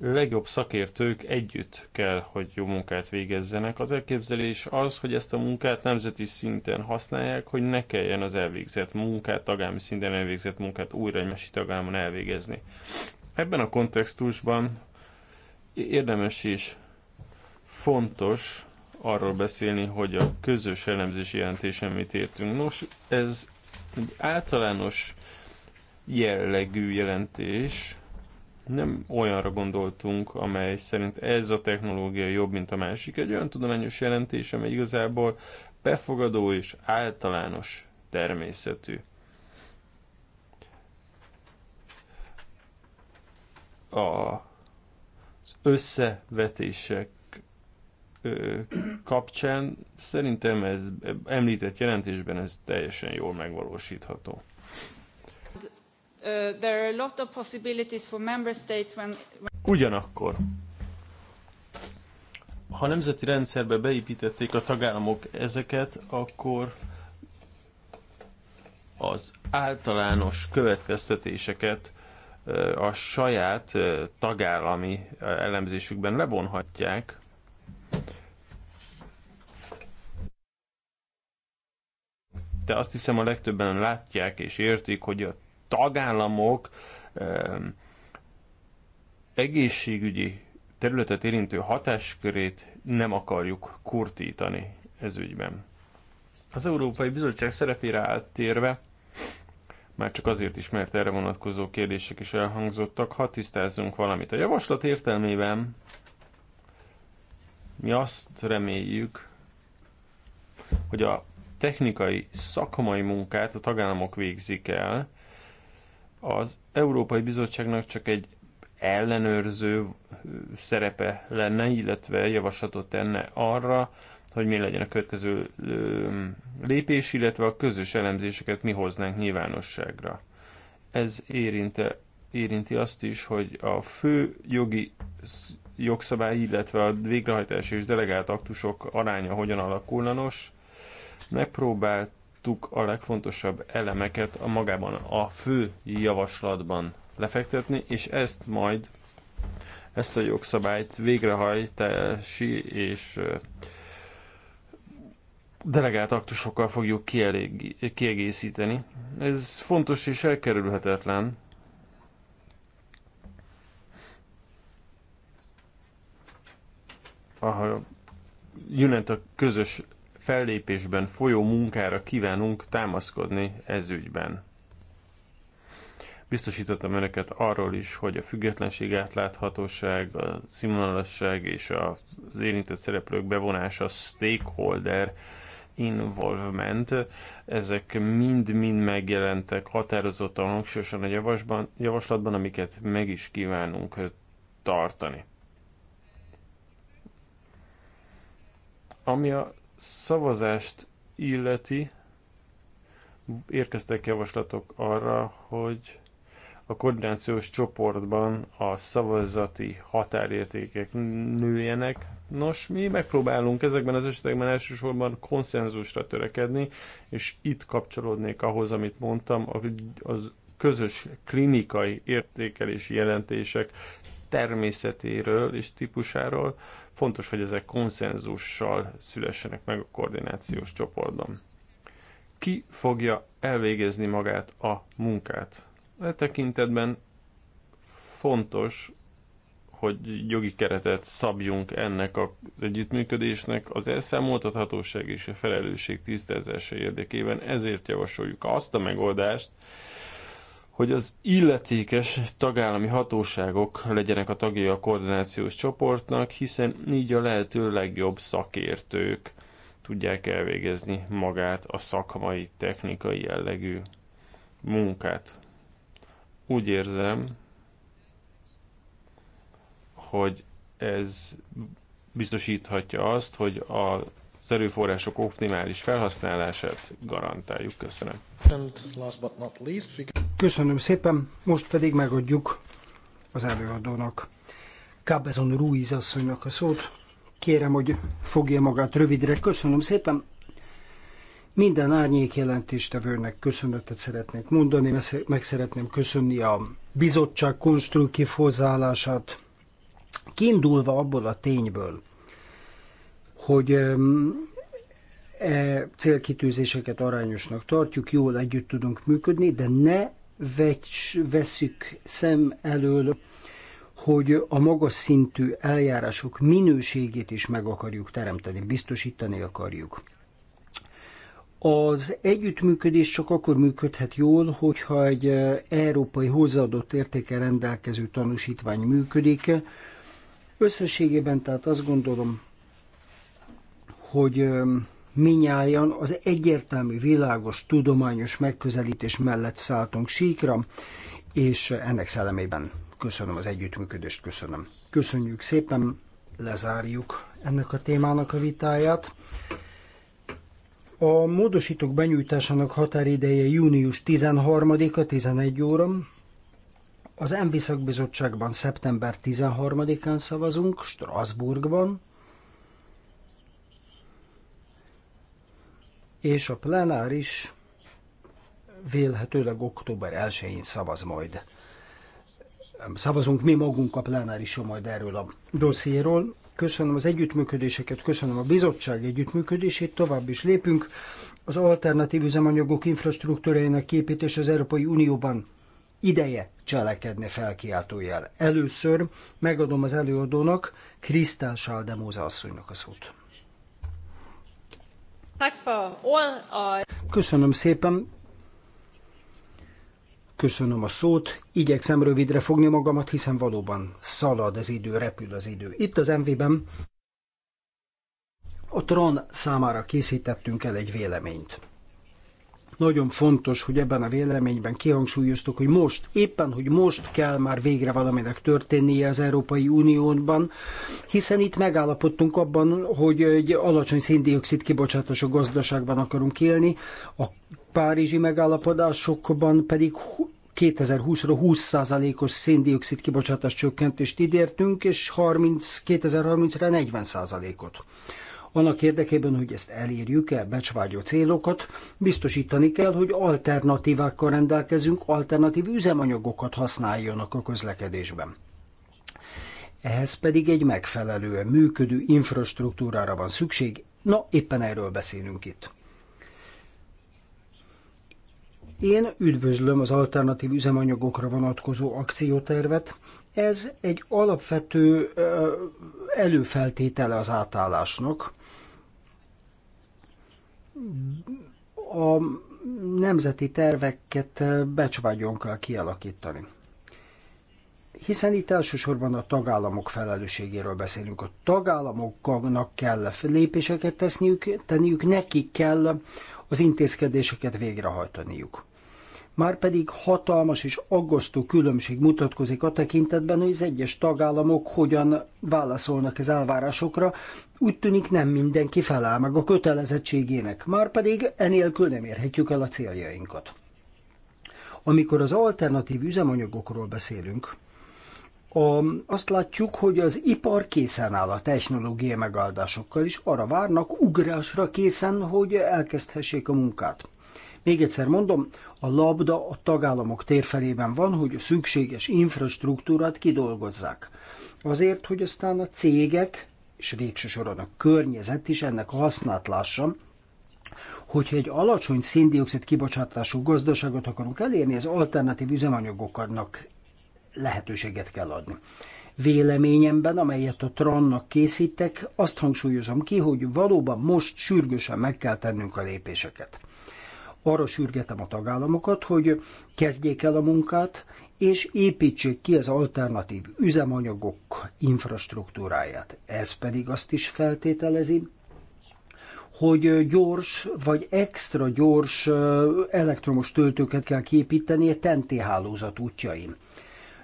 legjobb szakértők együtt kell, hogy jó munkát végezzenek. Az elképzelés az, hogy ezt a munkát nemzeti szinten használják, hogy ne kelljen az elvégzett munkát, tagállami szinten elvégzett munkát újra egymási másik tagállamon elvégezni. Ebben a kontextusban Érdemes és fontos arról beszélni, hogy a közös elemzési jelentésen mit értünk. Nos, ez egy általános jellegű jelentés, nem olyanra gondoltunk, amely szerint ez a technológia jobb, mint a másik. Egy olyan tudományos jelentés, amely igazából befogadó és általános természetű. A összevetések kapcsán szerintem ez említett jelentésben ez teljesen jól megvalósítható. Uh, Ugyanakkor, ha nemzeti rendszerbe beépítették a tagállamok ezeket, akkor az általános következtetéseket a saját tagállami elemzésükben levonhatják de azt hiszem a legtöbben látják és értik, hogy a tagállamok egészségügyi területet érintő hatáskörét nem akarjuk kurtítani ez ügyben. Az Európai Bizottság szerepére áttérve már csak azért is, mert erre vonatkozó kérdések is elhangzottak. Ha tisztázzunk valamit. A javaslat értelmében mi azt reméljük, hogy a technikai, szakmai munkát a tagállamok végzik el, az Európai Bizottságnak csak egy ellenőrző szerepe lenne, illetve javaslatot tenne arra, hogy mi legyen a következő lépés, illetve a közös elemzéseket mi hoznánk nyilvánosságra. Ez érinte, érinti azt is, hogy a fő jogi jogszabály, illetve a végrehajtás és delegált aktusok aránya hogyan alakulna. Nos, megpróbáltuk a legfontosabb elemeket a magában a fő javaslatban lefektetni, és ezt majd ezt a jogszabályt végrehajtási és delegált aktusokkal fogjuk kiegészíteni. Ez fontos és elkerülhetetlen, a jönet a közös fellépésben folyó munkára kívánunk támaszkodni ez ügyben. Biztosítottam önöket arról is, hogy a függetlenség átláthatóság, a színvonalasság és az érintett szereplők bevonása stakeholder involvement. Ezek mind-mind megjelentek határozottan, hangsúlyosan a javasban, javaslatban, amiket meg is kívánunk tartani. Ami a szavazást illeti, érkeztek javaslatok arra, hogy a koordinációs csoportban a szavazati határértékek nőjenek. Nos, mi megpróbálunk ezekben az esetekben elsősorban konszenzusra törekedni, és itt kapcsolódnék ahhoz, amit mondtam, az közös klinikai értékelési jelentések természetéről és típusáról. Fontos, hogy ezek konszenzussal szülessenek meg a koordinációs csoportban. Ki fogja elvégezni magát a munkát? E tekintetben fontos, hogy jogi keretet szabjunk ennek az együttműködésnek az elszámoltathatóság és a felelősség tisztelzése érdekében, ezért javasoljuk azt a megoldást, hogy az illetékes tagállami hatóságok legyenek a tagjai a koordinációs csoportnak, hiszen így a lehető legjobb szakértők tudják elvégezni magát a szakmai, technikai jellegű munkát. Úgy érzem, hogy ez biztosíthatja azt, hogy a az erőforrások optimális felhasználását garantáljuk. Köszönöm. Köszönöm szépen, most pedig megadjuk az előadónak, Cabezon Ruiz asszonynak a szót. Kérem, hogy fogja magát rövidre. Köszönöm szépen. Minden árnyék jelentéstevőnek köszönetet szeretnék mondani, meg szeretném köszönni a bizottság konstruktív hozzáállását, kiindulva abból a tényből, hogy e célkitűzéseket arányosnak tartjuk, jól együtt tudunk működni, de ne veszük szem elől, hogy a magas szintű eljárások minőségét is meg akarjuk teremteni, biztosítani akarjuk. Az együttműködés csak akkor működhet jól, hogyha egy eh, európai hozzáadott értéke rendelkező tanúsítvány működik. Összességében tehát azt gondolom, hogy eh, minnyáján az egyértelmű, világos, tudományos megközelítés mellett szálltunk síkra, és ennek szellemében köszönöm az együttműködést, köszönöm. Köszönjük szépen, lezárjuk ennek a témának a vitáját. A módosítók benyújtásának határideje június 13-a 11 óra. Az MV szakbizottságban szeptember 13-án szavazunk, Strasbourgban, és a plenáris vélhetőleg október 1-én szavaz majd. Szavazunk mi magunk a plenárison majd erről a dossziéról köszönöm az együttműködéseket, köszönöm a bizottság együttműködését, tovább is lépünk. Az alternatív üzemanyagok infrastruktúrájának képítés az Európai Unióban ideje cselekedni felkiáltójel. Először megadom az előadónak, Krisztál Sáldemóza asszonynak a szót. Köszönöm szépen, Köszönöm a szót, igyekszem rövidre fogni magamat, hiszen valóban szalad az idő, repül az idő. Itt az MV-ben a Tron számára készítettünk el egy véleményt. Nagyon fontos, hogy ebben a véleményben kihangsúlyoztuk, hogy most, éppen, hogy most kell már végre valaminek történnie az Európai uniónban, hiszen itt megállapodtunk abban, hogy egy alacsony széndiokszid kibocsátású gazdaságban akarunk élni, a párizsi megállapodásokban pedig 2020-ra 20%-os széndiokszid kibocsátás csökkentést ígértünk, és 30, 2030-ra 40%-ot. Annak érdekében, hogy ezt elérjük e becsvágyó célokat, biztosítani kell, hogy alternatívákkal rendelkezünk, alternatív üzemanyagokat használjanak a közlekedésben. Ehhez pedig egy megfelelően működő infrastruktúrára van szükség, na éppen erről beszélünk itt. Én üdvözlöm az alternatív üzemanyagokra vonatkozó akciótervet. Ez egy alapvető előfeltétele az átállásnak, a nemzeti terveket becsvágyon kell kialakítani. Hiszen itt elsősorban a tagállamok felelősségéről beszélünk. A tagállamoknak kell lépéseket teszniük, tenniük, nekik kell az intézkedéseket végrehajtaniuk. Márpedig hatalmas és aggasztó különbség mutatkozik a tekintetben, hogy az egyes tagállamok hogyan válaszolnak az elvárásokra, úgy tűnik nem mindenki feláll meg a kötelezettségének, márpedig enélkül nem érhetjük el a céljainkat. Amikor az alternatív üzemanyagokról beszélünk, a, azt látjuk, hogy az ipar készen áll a technológiai megoldásokkal is, arra várnak ugrásra készen, hogy elkezdhessék a munkát. Még egyszer mondom, a labda a tagállamok térfelében van, hogy a szükséges infrastruktúrát kidolgozzák. Azért, hogy aztán a cégek, és végső soron a környezet is ennek hasznát lássa, hogyha egy alacsony széndiokszid kibocsátású gazdaságot akarunk elérni, az alternatív üzemanyagoknak lehetőséget kell adni. Véleményemben, amelyet a Trannak készítek, azt hangsúlyozom ki, hogy valóban most sürgősen meg kell tennünk a lépéseket. Arra sürgetem a tagállamokat, hogy kezdjék el a munkát, és építsék ki az alternatív üzemanyagok infrastruktúráját. Ez pedig azt is feltételezi, hogy gyors vagy extra gyors elektromos töltőket kell kiépíteni a tenti hálózat útjain.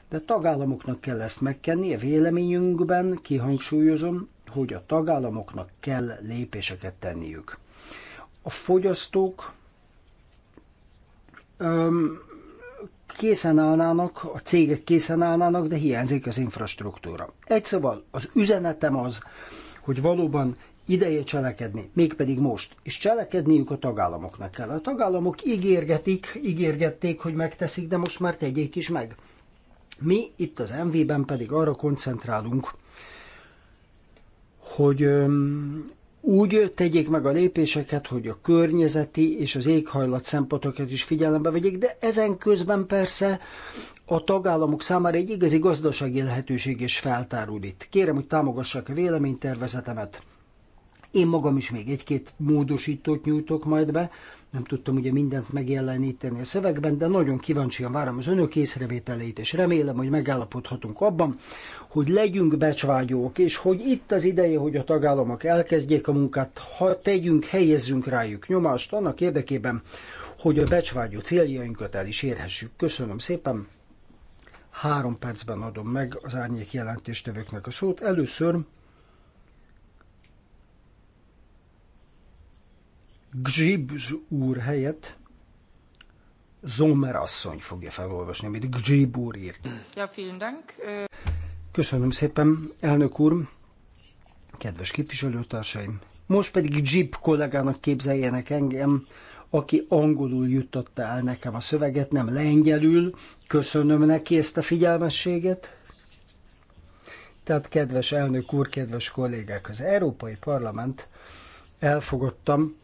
De tagállamoknak kell ezt megkenni, a véleményünkben kihangsúlyozom, hogy a tagállamoknak kell lépéseket tenniük. A fogyasztók készen állnának, a cégek készen állnának, de hiányzik az infrastruktúra. Egy szóval az üzenetem az, hogy valóban ideje cselekedni, mégpedig most. És cselekedniük a tagállamoknak kell. A tagállamok ígérgetik, ígérgették, hogy megteszik, de most már tegyék is meg. Mi itt az MV-ben pedig arra koncentrálunk, hogy öm, úgy tegyék meg a lépéseket, hogy a környezeti és az éghajlat szempontokat is figyelembe vegyék, de ezen közben persze a tagállamok számára egy igazi gazdasági lehetőség is feltárulít. Kérem, hogy támogassák a véleménytervezetemet. Én magam is még egy-két módosítót nyújtok majd be, nem tudtam ugye mindent megjeleníteni a szövegben, de nagyon kíváncsian várom az önök észrevételeit, és remélem, hogy megállapodhatunk abban, hogy legyünk becsvágyók, és hogy itt az ideje, hogy a tagállamok elkezdjék a munkát, ha tegyünk, helyezzünk rájuk nyomást, annak érdekében, hogy a becsvágyó céljainkat el is érhessük. Köszönöm szépen! Három percben adom meg az árnyék jelentéstevőknek a szót. Először Gzsibzs úr helyett Zomer asszony fogja felolvasni, amit Gzsib úr írt. Ja, vielen Dank. Köszönöm szépen, elnök úr, kedves képviselőtársaim. Most pedig Gzsib kollégának képzeljenek engem, aki angolul juttatta el nekem a szöveget, nem lengyelül. Köszönöm neki ezt a figyelmességet. Tehát, kedves elnök úr, kedves kollégák, az Európai Parlament elfogadtam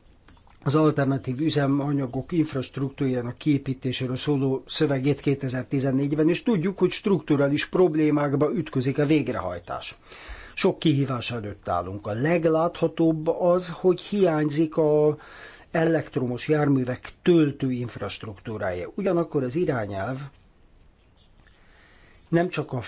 az alternatív üzemanyagok infrastruktúrájának kiépítéséről szóló szövegét 2014-ben, és tudjuk, hogy strukturális problémákba ütközik a végrehajtás. Sok kihívás előtt állunk. A legláthatóbb az, hogy hiányzik a elektromos járművek töltő infrastruktúrája. Ugyanakkor az irányelv nem csak a,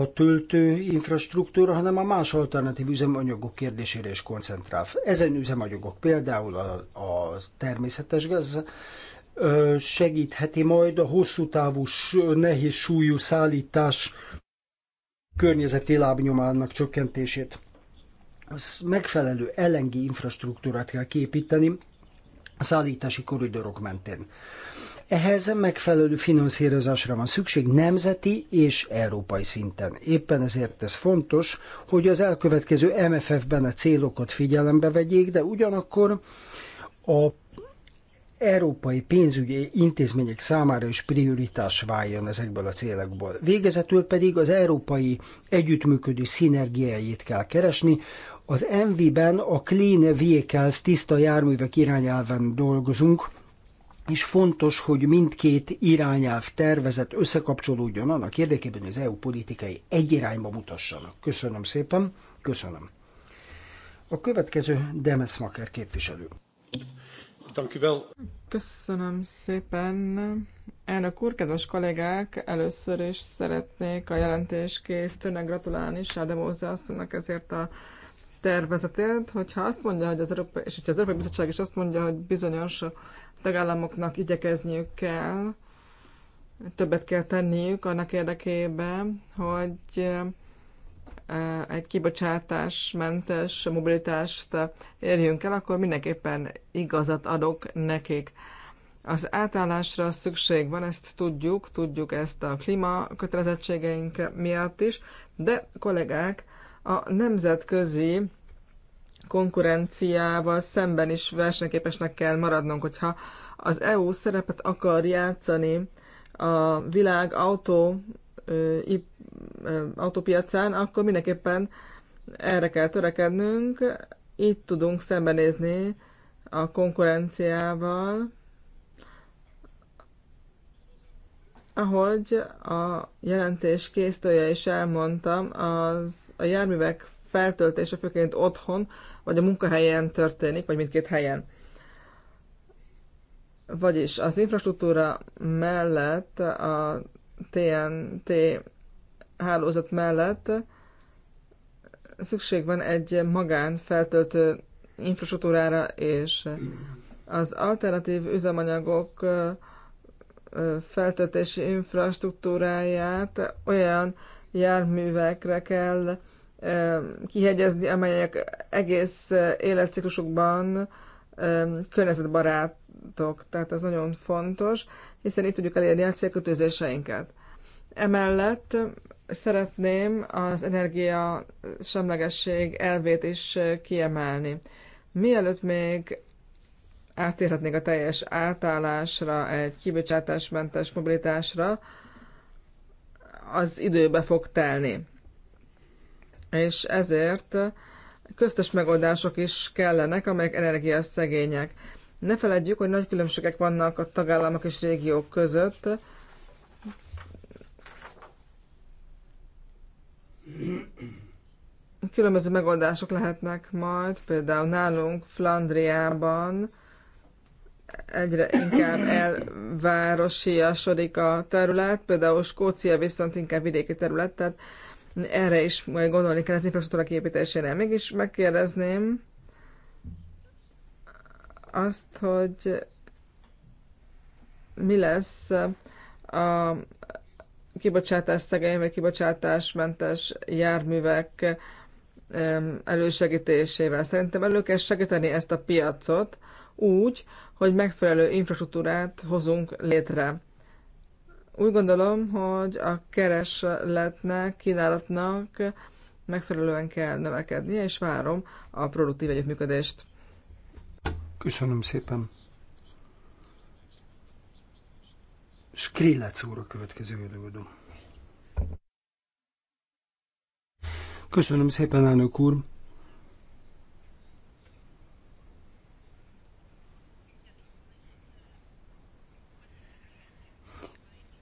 a töltő infrastruktúra, hanem a más alternatív üzemanyagok kérdésére is koncentrál. Ezen üzemanyagok például a, a természetes gáz segítheti majd a hosszú távú, nehéz súlyú szállítás környezeti lábnyomának csökkentését. Az megfelelő LNG infrastruktúrát kell képíteni a szállítási koridorok mentén. Ehhez megfelelő finanszírozásra van szükség nemzeti és európai szinten. Éppen ezért ez fontos, hogy az elkövetkező MFF-ben a célokat figyelembe vegyék, de ugyanakkor a európai pénzügyi intézmények számára is prioritás váljon ezekből a célokból. Végezetül pedig az európai együttműködő szinergiáit kell keresni. Az MV-ben a Clean Vehicles tiszta járművek irányelven dolgozunk, és fontos, hogy mindkét irányelv tervezet összekapcsolódjon annak érdekében, hogy az EU politikai egy irányba mutassanak. Köszönöm szépen, köszönöm. A következő Maker képviselő. Köszönöm szépen. Elnök úr, kedves kollégák, először is szeretnék a jelentés készítőnek gratulálni Sádemóza asszonynak ezért a tervezetét, hogyha azt mondja, hogy az Európai, és hogyha az Európai Bizottság is azt mondja, hogy bizonyos tagállamoknak igyekezniük kell, többet kell tenniük annak érdekében, hogy eh, egy kibocsátásmentes mobilitást érjünk el, akkor mindenképpen igazat adok nekik. Az átállásra szükség van, ezt tudjuk, tudjuk ezt a klíma kötelezettségeink miatt is, de kollégák, a nemzetközi konkurenciával szemben is versenyképesnek kell maradnunk, hogyha az EU szerepet akar játszani a világ autó, ö, ö, autópiacán, akkor mindenképpen erre kell törekednünk, itt tudunk szembenézni a konkurenciával, Ahogy a jelentés készítője is elmondta, az a járművek feltöltése főként otthon, vagy a munkahelyen történik, vagy mindkét helyen. Vagyis az infrastruktúra mellett, a TNT hálózat mellett szükség van egy magán feltöltő infrastruktúrára, és az alternatív üzemanyagok feltöltési infrastruktúráját olyan járművekre kell kihegyezni, amelyek egész életciklusukban környezetbarátok. Tehát ez nagyon fontos, hiszen itt tudjuk elérni a célkötőzéseinket. Emellett szeretném az energia semlegesség elvét is kiemelni. Mielőtt még átérhetnénk a teljes átállásra, egy kibocsátásmentes mobilitásra, az időbe fog telni. És ezért köztes megoldások is kellenek, amelyek szegények. Ne feledjük, hogy nagy különbségek vannak a tagállamok és régiók között. Különböző megoldások lehetnek majd, például nálunk Flandriában egyre inkább elvárosiasodik a terület, például Skócia viszont inkább vidéki terület, tehát erre is majd gondolni kell az infrastruktúra kiépítésére. Mégis megkérdezném azt, hogy mi lesz a kibocsátás szegény vagy kibocsátásmentes járművek elősegítésével. Szerintem elő kell segíteni ezt a piacot úgy, hogy megfelelő infrastruktúrát hozunk létre. Úgy gondolom, hogy a keresletnek, kínálatnak megfelelően kell növekednie, és várom a produktív együttműködést. Köszönöm szépen. Skrillec úr a következő előadó. Köszönöm szépen, elnök úr.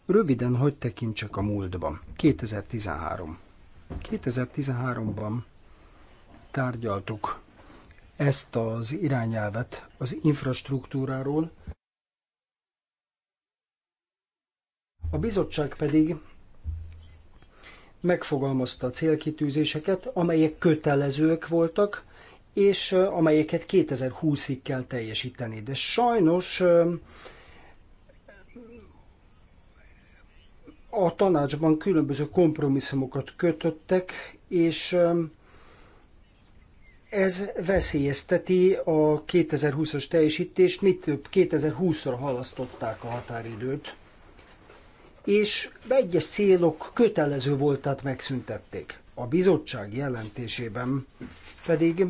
Röviden hogy tekintsek a múltban. 2013. 2013-ban tárgyaltuk ezt az irányelvet az infrastruktúráról, a bizottság pedig megfogalmazta a célkitűzéseket, amelyek kötelezőek voltak, és eh, amelyeket 2020-ig kell teljesíteni. De sajnos eh, a tanácsban különböző kompromisszumokat kötöttek, és um, ez veszélyezteti a 2020-as teljesítést, mit több 2020-ra halasztották a határidőt, és egyes célok kötelező voltát megszüntették. A bizottság jelentésében pedig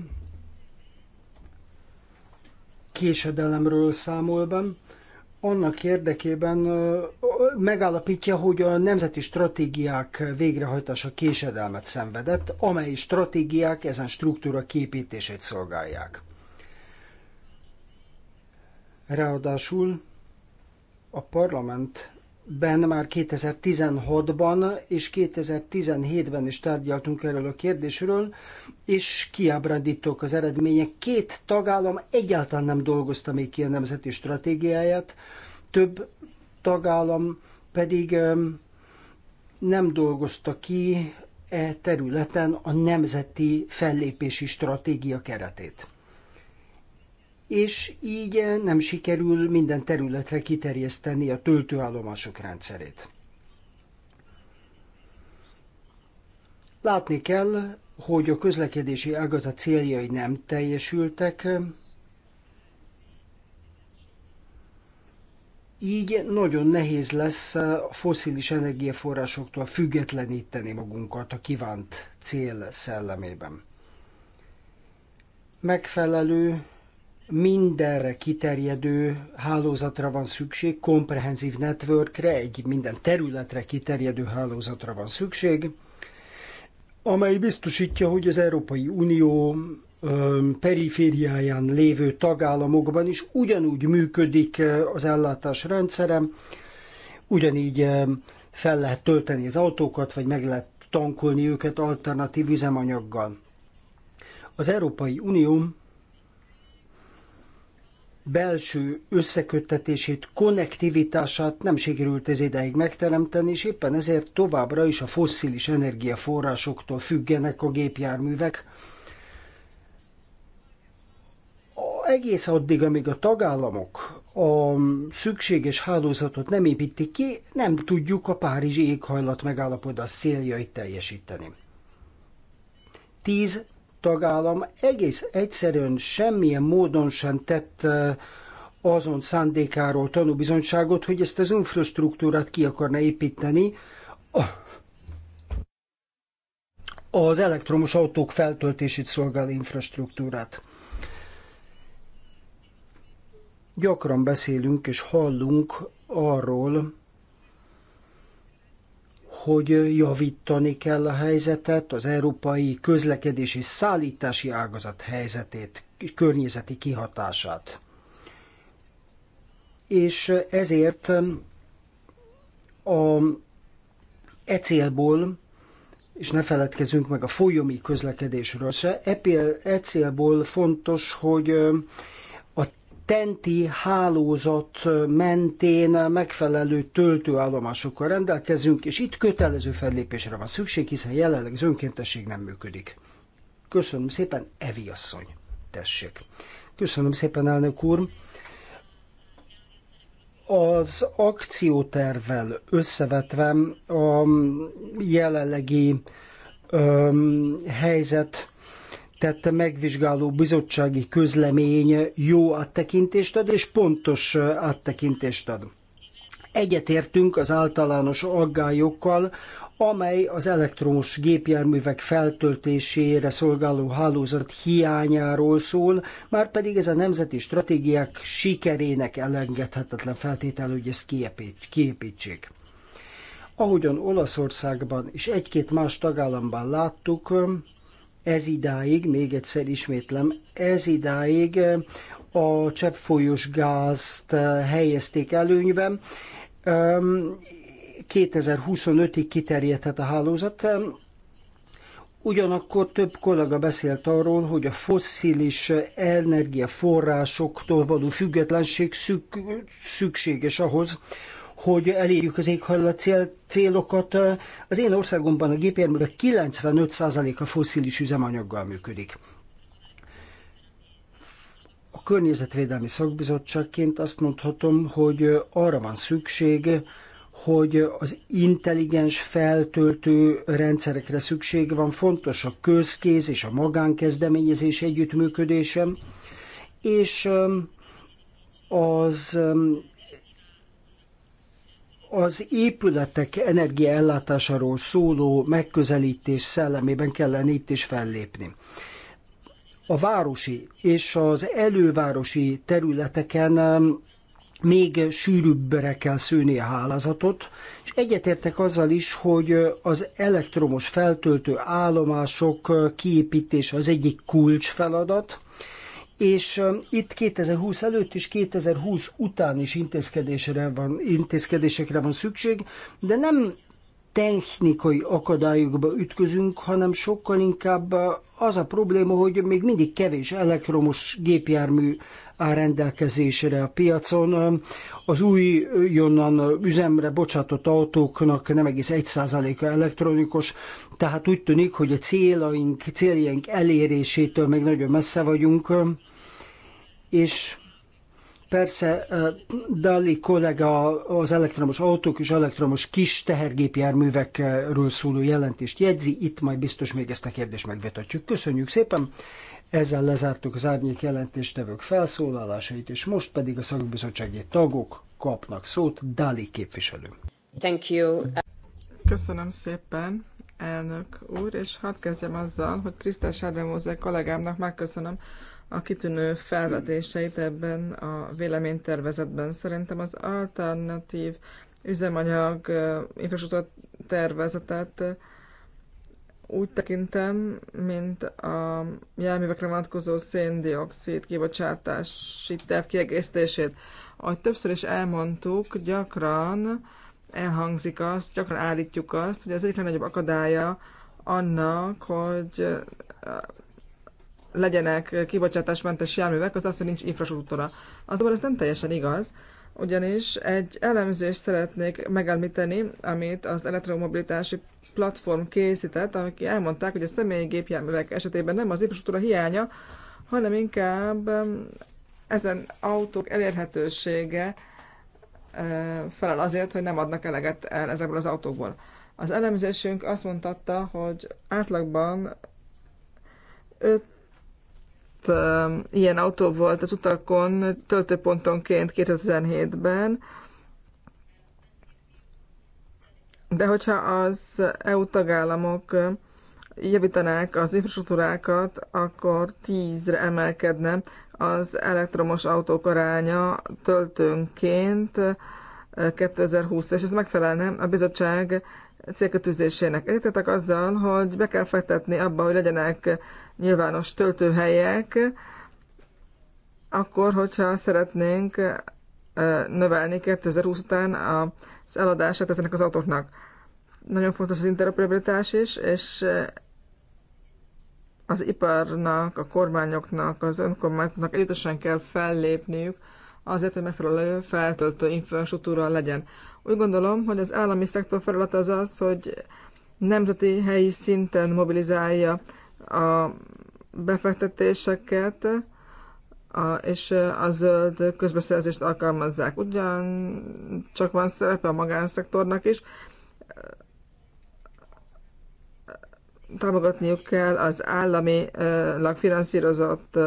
késedelemről számol be, annak érdekében megállapítja, hogy a nemzeti stratégiák végrehajtása késedelmet szenvedett, amely stratégiák ezen struktúra képítését szolgálják. Ráadásul a parlament ben már 2016-ban és 2017-ben is tárgyaltunk erről a kérdésről, és kiábrándítók az eredmények. Két tagállam egyáltalán nem dolgozta még ki a nemzeti stratégiáját, több tagállam pedig nem dolgozta ki e területen a nemzeti fellépési stratégia keretét és így eh, nem sikerül minden területre kiterjeszteni a töltőállomások rendszerét. Látni kell, hogy a közlekedési ágazat céljai nem teljesültek, így nagyon nehéz lesz a foszilis energiaforrásoktól függetleníteni magunkat a kívánt cél szellemében. Megfelelő mindenre kiterjedő hálózatra van szükség, komprehenzív networkre, egy minden területre kiterjedő hálózatra van szükség, amely biztosítja, hogy az Európai Unió perifériáján lévő tagállamokban is ugyanúgy működik az ellátás rendszerem, ugyanígy fel lehet tölteni az autókat, vagy meg lehet tankolni őket alternatív üzemanyaggal. Az Európai Unió belső összeköttetését, konnektivitását nem sikerült ez ideig megteremteni, és éppen ezért továbbra is a fosszilis energiaforrásoktól függenek a gépjárművek. Egész addig, amíg a tagállamok a szükséges hálózatot nem építik ki, nem tudjuk a Párizsi éghajlat megállapodás céljait teljesíteni. 10 tagállam egész egyszerűen semmilyen módon sem tett azon szándékáról tanúbizonyságot, hogy ezt az infrastruktúrát ki akarna építeni az elektromos autók feltöltését szolgáló infrastruktúrát. Gyakran beszélünk és hallunk arról, hogy javítani kell a helyzetet, az európai közlekedési szállítási ágazat helyzetét, környezeti kihatását. És ezért um, a e célból, és ne feledkezünk meg a folyomi közlekedésről, szóval e célból fontos, hogy um, tenti hálózat mentén megfelelő töltőállomásokkal rendelkezünk, és itt kötelező fellépésre van szükség, hiszen jelenleg az önkéntesség nem működik. Köszönöm szépen, Evi asszony. Tessék. Köszönöm szépen, elnök úr. Az akciótervvel összevetve a jelenlegi öm, helyzet tette megvizsgáló bizottsági közlemény jó áttekintést ad, és pontos áttekintést ad. Egyetértünk az általános aggályokkal, amely az elektromos gépjárművek feltöltésére szolgáló hálózat hiányáról szól, már pedig ez a nemzeti stratégiák sikerének elengedhetetlen feltétel, hogy ezt kiépítsék. Ahogyan Olaszországban és egy-két más tagállamban láttuk, ez idáig, még egyszer ismétlem, ez idáig eh, a cseppfolyós gázt eh, helyezték előnyben. 2025-ig kiterjedhet a hálózat. Ugyanakkor több kollega beszélt arról, hogy a fosszilis eh, energiaforrásoktól való függetlenség szükséges ahhoz, hogy elérjük az éghajlat cél, célokat. Az én országomban a gépjárművek 95%-a foszilis üzemanyaggal működik. A Környezetvédelmi Szakbizottságként azt mondhatom, hogy arra van szükség, hogy az intelligens feltöltő rendszerekre szükség van, fontos a közkéz és a magánkezdeményezés együttműködése, és um, az um, az épületek energiaellátásáról szóló megközelítés szellemében kellene itt is fellépni. A városi és az elővárosi területeken um, még sűrűbbre kell szűni a hálózatot, és egyetértek azzal is, hogy az elektromos feltöltő állomások uh, kiépítése az egyik kulcsfeladat, és itt 2020 előtt és 2020 után is intézkedésre van, intézkedésekre van szükség, de nem technikai akadályokba ütközünk, hanem sokkal inkább az a probléma, hogy még mindig kevés elektromos gépjármű áll rendelkezésre a piacon. Az új jönnan üzemre bocsátott autóknak nem egész egy a elektronikus, tehát úgy tűnik, hogy a célaink, céljaink elérésétől még nagyon messze vagyunk, és persze eh, Dali kollega az elektromos autók és elektromos kis tehergépjárművekről szóló jelentést jegyzi, itt majd biztos még ezt a kérdést megvetetjük. Köszönjük szépen, ezzel lezártuk az árnyék jelentéstevők felszólalásait, és most pedig a szakbizottsági tagok kapnak szót. Dali képviselő. Thank you. Köszönöm szépen, elnök úr, és hadd kezdjem azzal, hogy Krisztás Sádremózé kollégámnak megköszönöm a kitűnő felvetéseit ebben a véleménytervezetben. Szerintem az alternatív üzemanyag infrastruktúra tervezetet úgy tekintem, mint a járművekre vonatkozó széndiokszid kibocsátási terv kiegészítését. Ahogy többször is elmondtuk, gyakran elhangzik azt, gyakran állítjuk azt, hogy az egyik legnagyobb akadálya annak, hogy legyenek kibocsátásmentes járművek, az az, hogy nincs infrastruktúra. Azonban ez nem teljesen igaz, ugyanis egy elemzést szeretnék megelmíteni, amit az elektromobilitási platform készített, amik elmondták, hogy a személyi gépjárművek esetében nem az infrastruktúra hiánya, hanem inkább ezen autók elérhetősége felel azért, hogy nem adnak eleget el ezekből az autókból. Az elemzésünk azt mondta, hogy átlagban 5 ilyen autó volt az utakon töltőpontonként 2007-ben, de hogyha az EU tagállamok javítanák az infrastruktúrákat, akkor tízre emelkedne az elektromos autók aránya töltőnként 2020 és ez megfelelne a bizottság célkötőzésének. Egyetetek azzal, hogy be kell fektetni abba, hogy legyenek nyilvános töltőhelyek, akkor, hogyha szeretnénk növelni 2020 után az eladását ezeknek az autóknak. Nagyon fontos az interoperabilitás is, és az iparnak, a kormányoknak, az önkormányzatnak együttesen kell fellépniük azért, hogy megfelelő feltöltő infrastruktúra legyen. Úgy gondolom, hogy az állami szektor feladata az az, hogy nemzeti helyi szinten mobilizálja a befektetéseket, a, és a zöld közbeszerzést alkalmazzák. Ugyan csak van szerepe a magánszektornak is. Támogatniuk kell az állami finanszírozott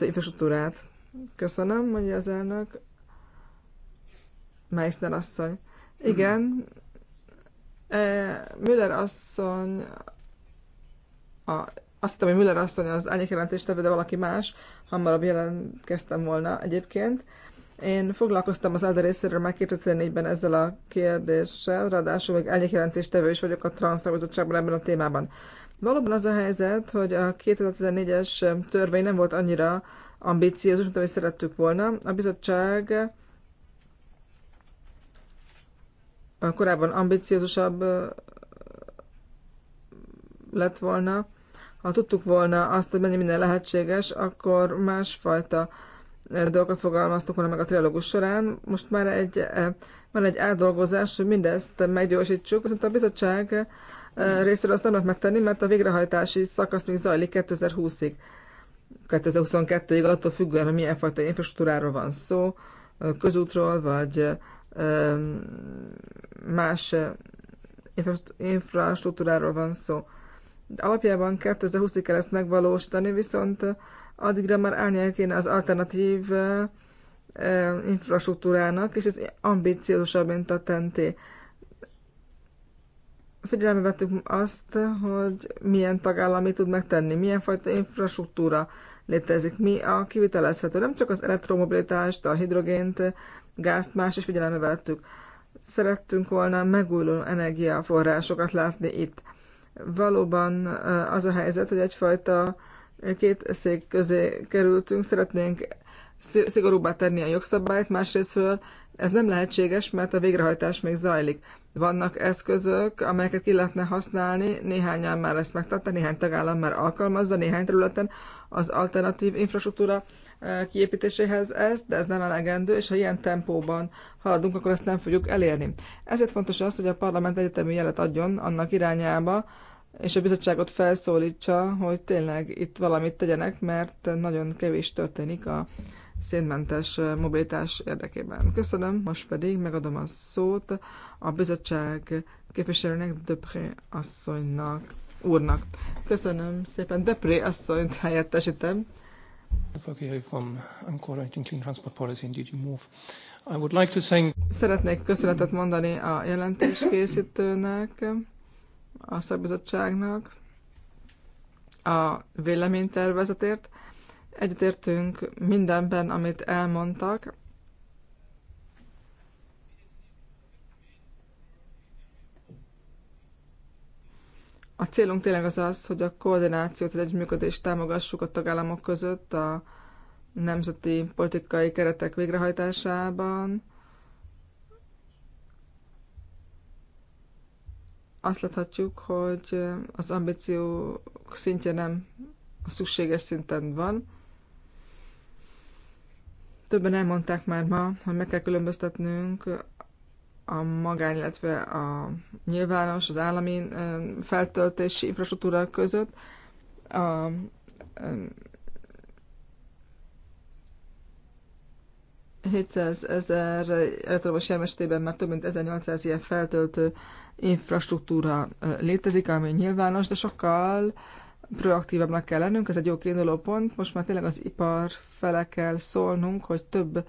infrastruktúrát. Köszönöm, mondja az elnök. Meissner asszony. Igen, hmm. e, Müller asszony a, azt hittem, hogy Müller asszony az ányék tevő, de valaki más, hamarabb jelentkeztem volna egyébként. Én foglalkoztam az Elder részéről már 2004-ben ezzel a kérdéssel, ráadásul még ányék tevő is vagyok a transzszagozottságban ebben a témában. Valóban az a helyzet, hogy a 2014-es törvény nem volt annyira ambíciózus, mint amit szerettük volna. A bizottság korábban ambíciózusabb lett volna, ha tudtuk volna azt, hogy mennyi minden lehetséges, akkor másfajta eh, dolgokat fogalmaztuk volna meg a trilógus során. Most már egy, eh, van egy átdolgozás, hogy mindezt meggyorsítsuk, viszont a bizottság eh, részéről azt nem lehet megtenni, mert a végrehajtási szakasz még zajlik 2020-ig. 2022-ig attól függően, hogy milyen fajta infrastruktúráról van szó, közútról, vagy más infrastruktúráról van szó. Alapjában 2020-ig kell ezt megvalósítani, viszont addigra már állnia kéne az alternatív infrastruktúrának, és ez ambiciózusabb, mint a TNT. Figyelembe vettük azt, hogy milyen tagállami tud megtenni, milyen fajta infrastruktúra létezik, mi a kivitelezhető. Nem csak az elektromobilitást, a hidrogént, gázt, más is figyelembe vettük. Szerettünk volna megújuló energiaforrásokat látni itt valóban az a helyzet, hogy egyfajta két szék közé kerültünk, szeretnénk szigorúbbá tenni a jogszabályt, másrésztről ez nem lehetséges, mert a végrehajtás még zajlik. Vannak eszközök, amelyeket ki lehetne használni, néhányan már lesz megtartani, néhány tagállam már alkalmazza, néhány területen az alternatív infrastruktúra kiépítéséhez ez, de ez nem elegendő, és ha ilyen tempóban haladunk, akkor ezt nem fogjuk elérni. Ezért fontos az, hogy a parlament egyetemű jelet adjon annak irányába, és a bizottságot felszólítsa, hogy tényleg itt valamit tegyenek, mert nagyon kevés történik a szénmentes mobilitás érdekében. Köszönöm, most pedig megadom a szót a bizottság képviselőnek, Döpré asszonynak, úrnak. Köszönöm szépen, Döpré asszonyt helyettesítem. Szeretnék köszönetet mondani a jelentéskészítőnek a szakbizottságnak a véleménytervezetért. Egyetértünk mindenben, amit elmondtak. A célunk tényleg az az, hogy a koordinációt, az együttműködést támogassuk a tagállamok között a nemzeti politikai keretek végrehajtásában, azt láthatjuk, hogy az ambíció szintje nem a szükséges szinten van. Többen elmondták már ma, hogy meg kell különböztetnünk a magány, illetve a nyilvános, az állami feltöltési infrastruktúra között. A, ezer elektromos jelmestében már több mint 1800 ilyen feltöltő infrastruktúra létezik, ami nyilvános, de sokkal proaktívabbnak kell lennünk, ez egy jó kiinduló pont. Most már tényleg az ipar fele kell szólnunk, hogy több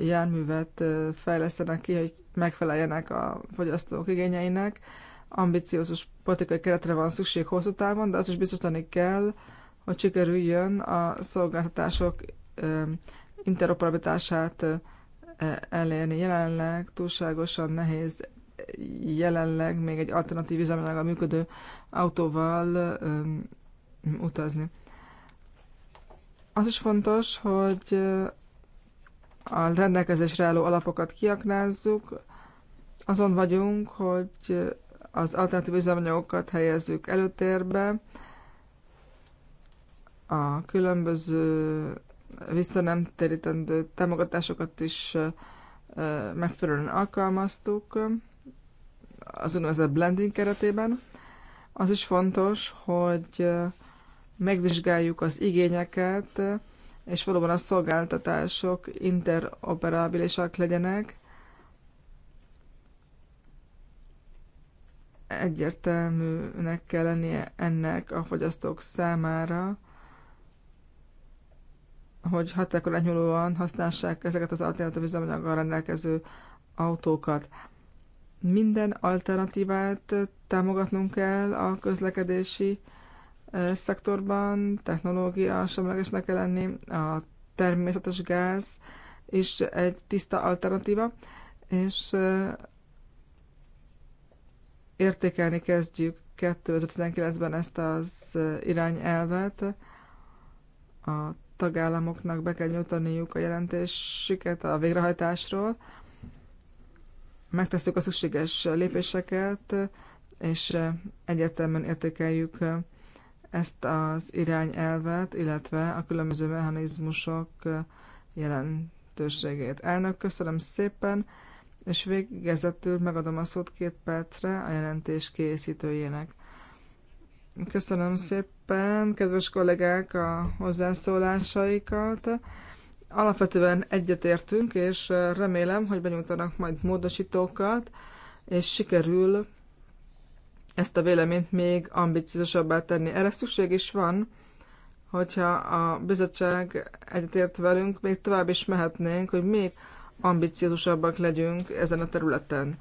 járművet fejlesztenek ki, hogy megfeleljenek a fogyasztók igényeinek. Ambiciózus politikai keretre van szükség hosszú távon, de azt is biztosítani kell, hogy sikerüljön a szolgáltatások interoperabilitását elérni. Jelenleg túlságosan nehéz jelenleg még egy alternatív üzemanyaggal működő autóval utazni. Az is fontos, hogy a rendelkezésre álló alapokat kiaknázzuk, azon vagyunk, hogy az alternatív üzemanyagokat helyezzük előtérbe, a különböző vissza támogatásokat is megfelelően alkalmaztuk az úgynevezett blending keretében. Az is fontos, hogy megvizsgáljuk az igényeket, és valóban a szolgáltatások interoperabilisak legyenek. Egyértelműnek kell lennie ennek a fogyasztók számára, hogy hatákon nyúlóan használják ezeket az alternatív üzemanyaggal rendelkező autókat. Minden alternatívát támogatnunk kell a közlekedési szektorban, technológia semlegesnek kell lenni, a természetes gáz is egy tiszta alternatíva, és értékelni kezdjük 2019-ben ezt az irányelvet. A tagállamoknak be kell nyújtaniuk a jelentésüket a végrehajtásról, megtesszük a szükséges lépéseket, és egyértelműen értékeljük ezt az irányelvet, illetve a különböző mechanizmusok jelentőségét. Elnök, köszönöm szépen, és végezetül megadom a szót két percre a jelentés készítőjének. Köszönöm szépen, kedves kollégák, a hozzászólásaikat. Alapvetően egyetértünk, és remélem, hogy benyújtanak majd módosítókat, és sikerül ezt a véleményt még ambiciózusabbá tenni. Erre szükség is van, hogyha a bizottság egyetért velünk, még tovább is mehetnénk, hogy még ambiciózusabbak legyünk ezen a területen.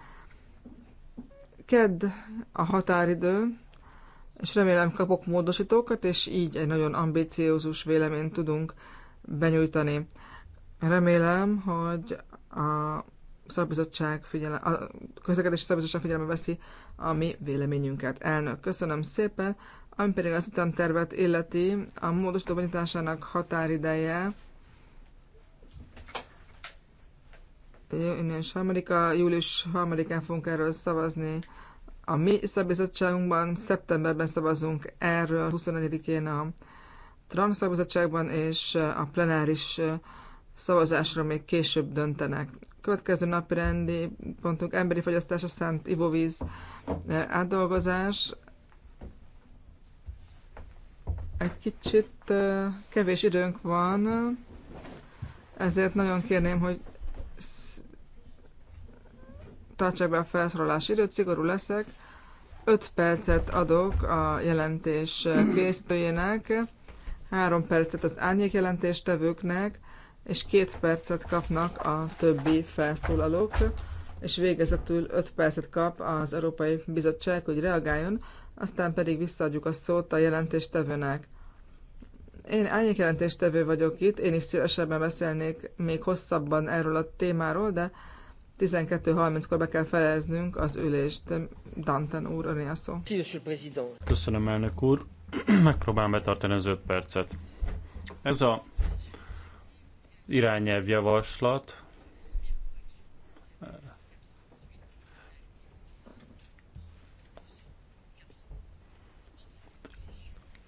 Kedd a határidő, és remélem kapok módosítókat, és így egy nagyon ambiciózus véleményt tudunk benyújtani. Remélem, hogy a szabizottság figyelem, a közlekedési szabizottság figyelembe veszi a mi véleményünket. Elnök, köszönöm szépen. Ami pedig az ütemtervet illeti, a módosító bonyításának határideje június 3 július 3-án fogunk erről szavazni. A mi szabizottságunkban szeptemberben szavazunk erről, 21-én a transzakbizottságban, és a plenáris szavazásra még később döntenek. Következő napi rendi pontunk emberi fogyasztása szánt ivóvíz átdolgozás. Egy kicsit kevés időnk van, ezért nagyon kérném, hogy tartsák be a felszorolási időt, szigorú leszek. 5 percet adok a jelentés készítőjének három percet az árnyék jelentéstevőknek, és két percet kapnak a többi felszólalók, és végezetül öt percet kap az Európai Bizottság, hogy reagáljon, aztán pedig visszaadjuk a szót a jelentéstevőnek. Én árnyék jelentéstevő vagyok itt, én is szívesebben beszélnék még hosszabban erről a témáról, de 12.30-kor be kell feleznünk az ülést. Danten úr, a szó. Köszönöm, elnök úr. Megpróbálom betartani az 5 percet. Ez a javaslat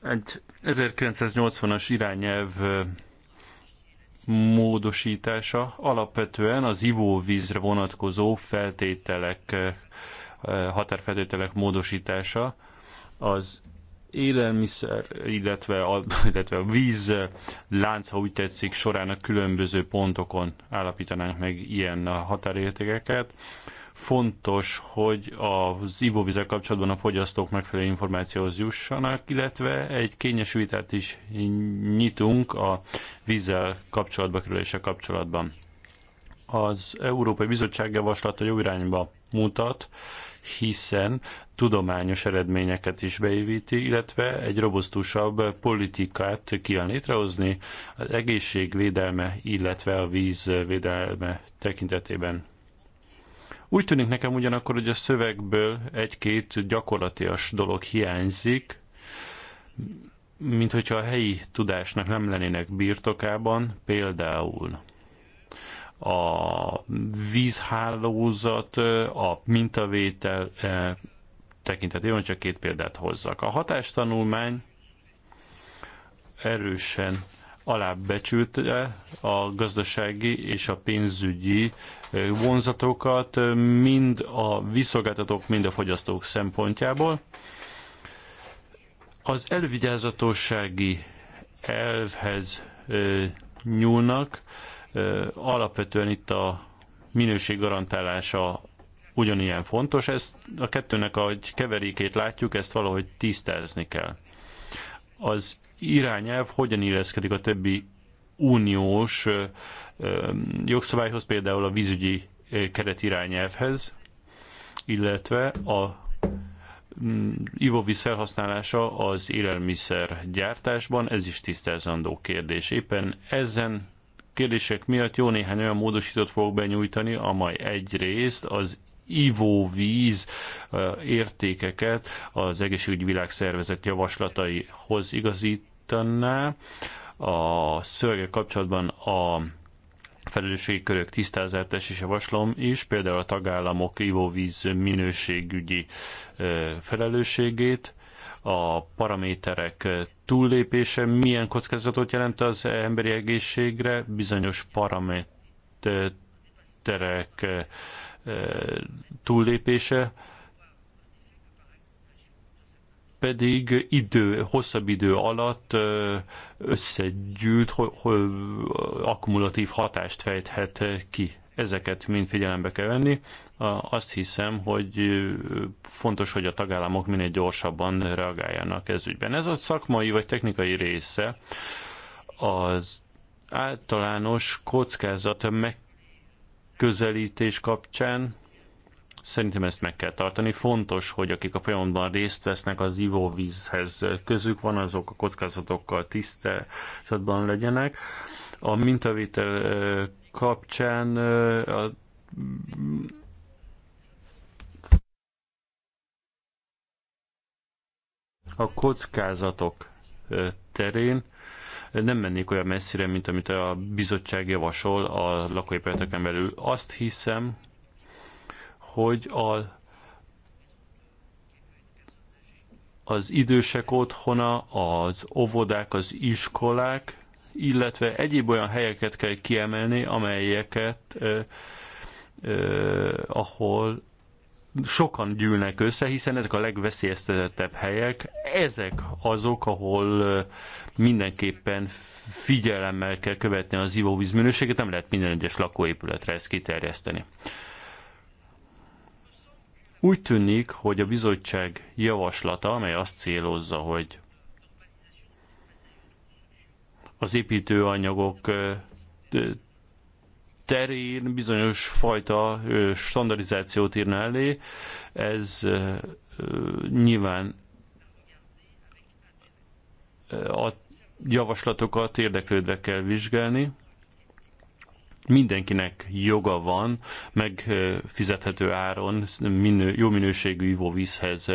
egy 1980-as irányelv módosítása alapvetően az ivóvízre vonatkozó feltételek, eh, határfeltételek módosítása az élelmiszer, illetve a, illetve a víz lánc, ha úgy tetszik, során a különböző pontokon állapítanánk meg ilyen határértékeket. Fontos, hogy az ivóvizek kapcsolatban a fogyasztók megfelelő információhoz jussanak, illetve egy kényes vitát is nyitunk a vízzel kapcsolatba kerülése kapcsolatban. Az Európai Bizottság javaslata jó irányba mutat, hiszen tudományos eredményeket is beépíti, illetve egy robusztusabb politikát kíván létrehozni az egészségvédelme, illetve a vízvédelme tekintetében. Úgy tűnik nekem ugyanakkor, hogy a szövegből egy-két gyakorlatias dolog hiányzik, mint hogyha a helyi tudásnak nem lennének birtokában, például a vízhálózat, a mintavétel tekintetében csak két példát hozzak. A hatástanulmány erősen alábecsülte a gazdasági és a pénzügyi vonzatokat mind a visszolgáltatók, mind a fogyasztók szempontjából. Az elővigyázatossági elvhez nyúlnak, alapvetően itt a minőség garantálása ugyanilyen fontos. Ezt a kettőnek a keverékét látjuk, ezt valahogy tisztázni kell. Az irányelv hogyan illeszkedik a többi uniós jogszabályhoz, például a vízügyi irányelvhez, illetve a mm, ivóvíz felhasználása az élelmiszer gyártásban, ez is tisztázandó kérdés. Éppen ezen kérdések miatt jó néhány olyan módosítót fogok benyújtani, amely egyrészt az ivóvíz értékeket az egészségügyi világszervezet javaslataihoz igazítaná. A szörgek kapcsolatban a felelősségi körök tisztázátás is javaslom is, például a tagállamok ivóvíz minőségügyi felelősségét, a paraméterek túllépése milyen kockázatot jelent az emberi egészségre, bizonyos paraméterek túllépése pedig idő, hosszabb idő alatt összegyűlt, akkumulatív hatást fejthet ki. Ezeket mind figyelembe kell venni. Azt hiszem, hogy fontos, hogy a tagállamok minél gyorsabban reagáljanak ez ügyben. Ez a szakmai vagy technikai része az általános kockázat meg közelítés kapcsán. Szerintem ezt meg kell tartani. Fontos, hogy akik a folyamatban részt vesznek az ivóvízhez közük van, azok a kockázatokkal tisztázatban legyenek. A mintavétel kapcsán a a kockázatok terén nem mennék olyan messzire, mint amit a bizottság javasol a pereteken belül. Azt hiszem, hogy a az idősek otthona, az óvodák, az iskolák, illetve egyéb olyan helyeket kell kiemelni, amelyeket, eh, eh, ahol sokan gyűlnek össze, hiszen ezek a legveszélyeztetettebb helyek, ezek azok, ahol mindenképpen figyelemmel kell követni az ivóvíz minőséget, nem lehet minden egyes lakóépületre ezt kiterjeszteni. Úgy tűnik, hogy a bizottság javaslata, amely azt célozza, hogy az építőanyagok terén bizonyos fajta standardizációt írna elé, ez nyilván a javaslatokat érdeklődve kell vizsgálni. Mindenkinek joga van megfizethető áron minő, jó minőségű ivóvízhez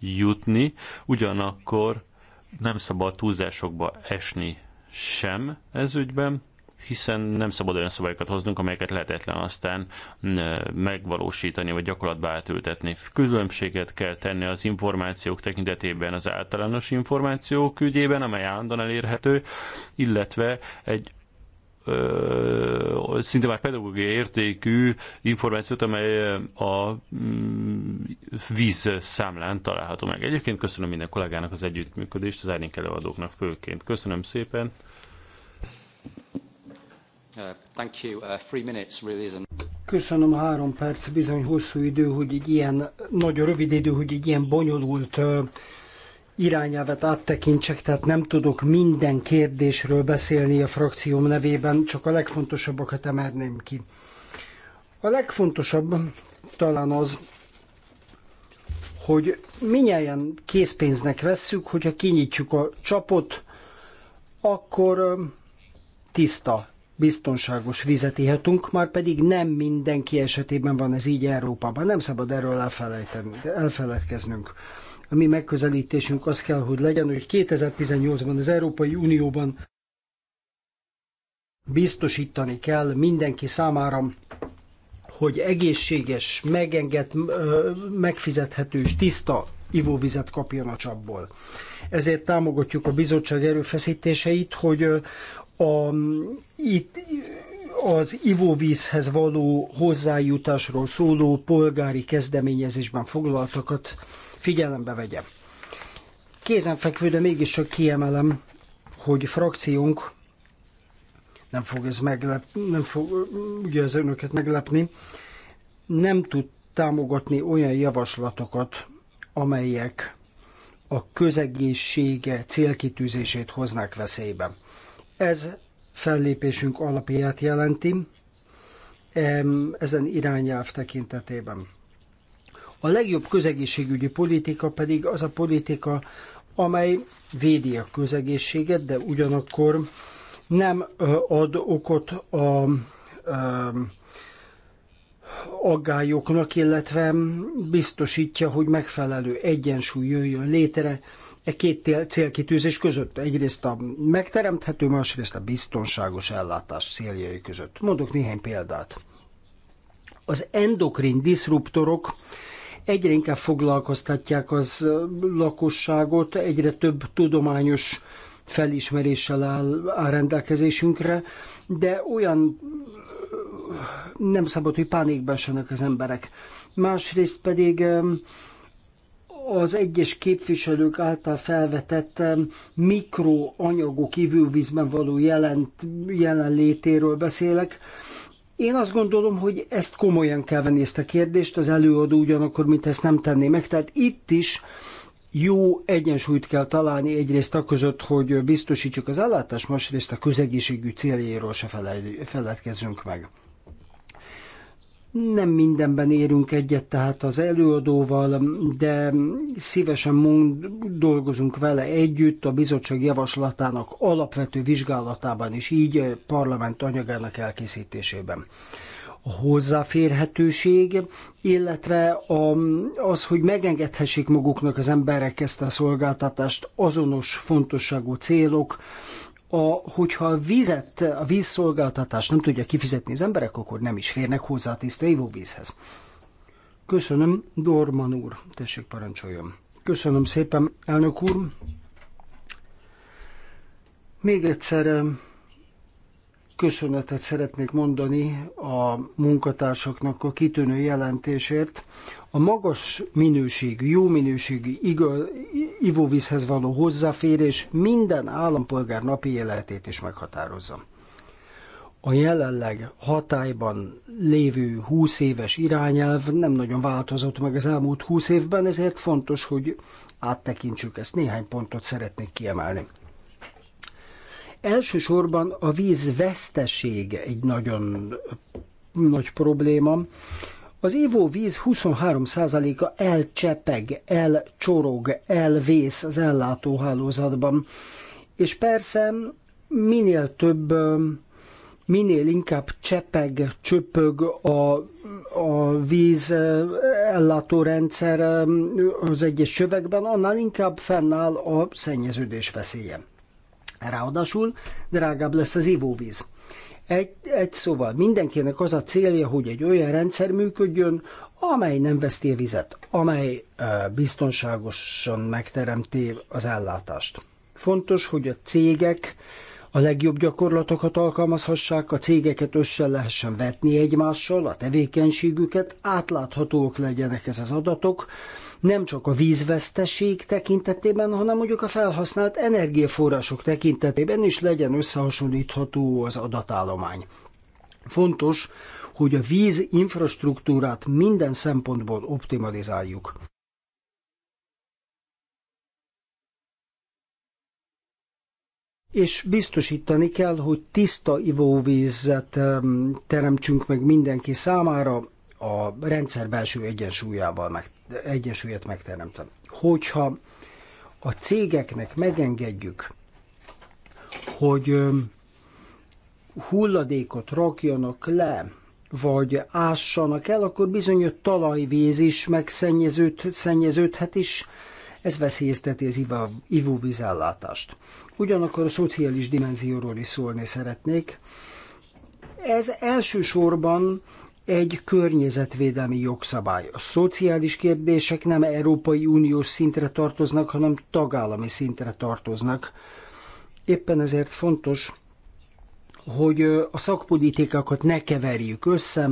jutni, ugyanakkor nem szabad túlzásokba esni sem ez ügyben hiszen nem szabad olyan szabályokat hoznunk, amelyeket lehetetlen aztán megvalósítani vagy gyakorlatba átültetni. Különbséget kell tenni az információk tekintetében az általános információk ügyében, amely állandóan elérhető, illetve egy szinte már pedagógiai értékű információt, amely a mm, víz számlán található meg. Egyébként köszönöm minden kollégának az együttműködést, az árnyék előadóknak főként. Köszönöm szépen! Uh, uh, Köszönöm, három perc bizony hosszú idő, hogy egy ilyen, nagyon rövid idő, hogy egy ilyen bonyolult irányelvet áttekintsek, tehát nem tudok minden kérdésről beszélni a frakcióm nevében, csak a legfontosabbakat emelném ki. A legfontosabb talán az, hogy minnyáján készpénznek vesszük, hogyha kinyitjuk a csapot, akkor tiszta biztonságos vizet ihatunk, már pedig nem mindenki esetében van ez így Európában. Nem szabad erről elfeledkeznünk. A mi megközelítésünk az kell, hogy legyen, hogy 2018-ban az Európai Unióban biztosítani kell mindenki számára, hogy egészséges, megengedt, megfizethető és tiszta ivóvizet kapjon a csapból. Ezért támogatjuk a bizottság erőfeszítéseit, hogy a, itt az ivóvízhez való hozzájutásról szóló polgári kezdeményezésben foglaltakat figyelembe vegye. Kézenfekvő, de mégiscsak kiemelem, hogy frakciónk nem fog ez meglep, nem fog ugye az önöket meglepni, nem tud támogatni olyan javaslatokat, amelyek a közegészsége célkitűzését hoznák veszélybe. Ez fellépésünk alapját jelenti ezen irányelv tekintetében. A legjobb közegészségügyi politika pedig az a politika, amely védi a közegészséget, de ugyanakkor nem ad okot a, a aggályoknak, illetve biztosítja, hogy megfelelő egyensúly jöjjön létre e két célkitűzés között. Egyrészt a megteremthető, másrészt a biztonságos ellátás céljai között. Mondok néhány példát. Az endokrin diszruptorok egyre inkább foglalkoztatják az lakosságot, egyre több tudományos felismeréssel áll a rendelkezésünkre, de olyan nem szabad, hogy pánikba esenek az emberek. Másrészt pedig az egyes képviselők által felvetett mikroanyagok ivővízben való jelent, jelenlétéről beszélek. Én azt gondolom, hogy ezt komolyan kell venni ezt a kérdést, az előadó ugyanakkor, mint ezt nem tenné meg. Tehát itt is jó egyensúlyt kell találni egyrészt a között, hogy biztosítsuk az ellátást, másrészt a közegészségügy céljéről se feledkezzünk meg. Nem mindenben érünk egyet tehát az előadóval, de szívesen mond, dolgozunk vele együtt a bizottság javaslatának alapvető vizsgálatában is így parlament anyagának elkészítésében a hozzáférhetőség, illetve a, az, hogy megengedhessék maguknak az emberek ezt a szolgáltatást, azonos fontosságú célok, a, hogyha a vizet, a vízszolgáltatást nem tudja kifizetni az emberek, akkor nem is férnek hozzá a tiszta ivóvízhez. Köszönöm, Dorman úr, tessék parancsoljon. Köszönöm szépen, elnök úr. Még egyszer eh, köszönetet szeretnék mondani a munkatársaknak a kitűnő jelentésért. A magas minőségű, jó minőségű ivóvízhez való hozzáférés minden állampolgár napi életét is meghatározza. A jelenleg hatályban lévő 20 éves irányelv nem nagyon változott meg az elmúlt 20 évben, ezért fontos, hogy áttekintsük ezt. Néhány pontot szeretnék kiemelni. Elsősorban a víz vesztesége egy nagyon nagy probléma. Az ivóvíz 23%-a elcsepeg, elcsorog, elvész az ellátóhálózatban. És persze minél több, minél inkább csepeg, csöpög a, a víz ellátórendszer az egyes csövekben, annál inkább fennáll a szennyeződés veszélye. Ráadásul drágább lesz az ivóvíz. Egy, egy szóval mindenkinek az a célja, hogy egy olyan rendszer működjön, amely nem veszti a vizet, amely biztonságosan megteremti az ellátást. Fontos, hogy a cégek a legjobb gyakorlatokat alkalmazhassák, a cégeket össze lehessen vetni egymással, a tevékenységüket, átláthatók legyenek ez az adatok, nem csak a vízveszteség tekintetében, hanem mondjuk a felhasznált energiaforrások tekintetében is legyen összehasonlítható az adatállomány. Fontos, hogy a víz infrastruktúrát minden szempontból optimalizáljuk. és biztosítani kell, hogy tiszta ivóvízet teremtsünk meg mindenki számára, a rendszer belső egyensúlyával meg, egyensúlyát megteremtem. Hogyha a cégeknek megengedjük, hogy hulladékot rakjanak le, vagy ássanak el, akkor bizony a talajvíz is megszennyeződ, is, ez veszélyezteti az ivóvízellátást. Ugyanakkor a szociális dimenzióról is szólni szeretnék. Ez elsősorban egy környezetvédelmi jogszabály. A szociális kérdések nem Európai Uniós szintre tartoznak, hanem tagállami szintre tartoznak. Éppen ezért fontos, hogy a szakpolitikákat ne keverjük össze.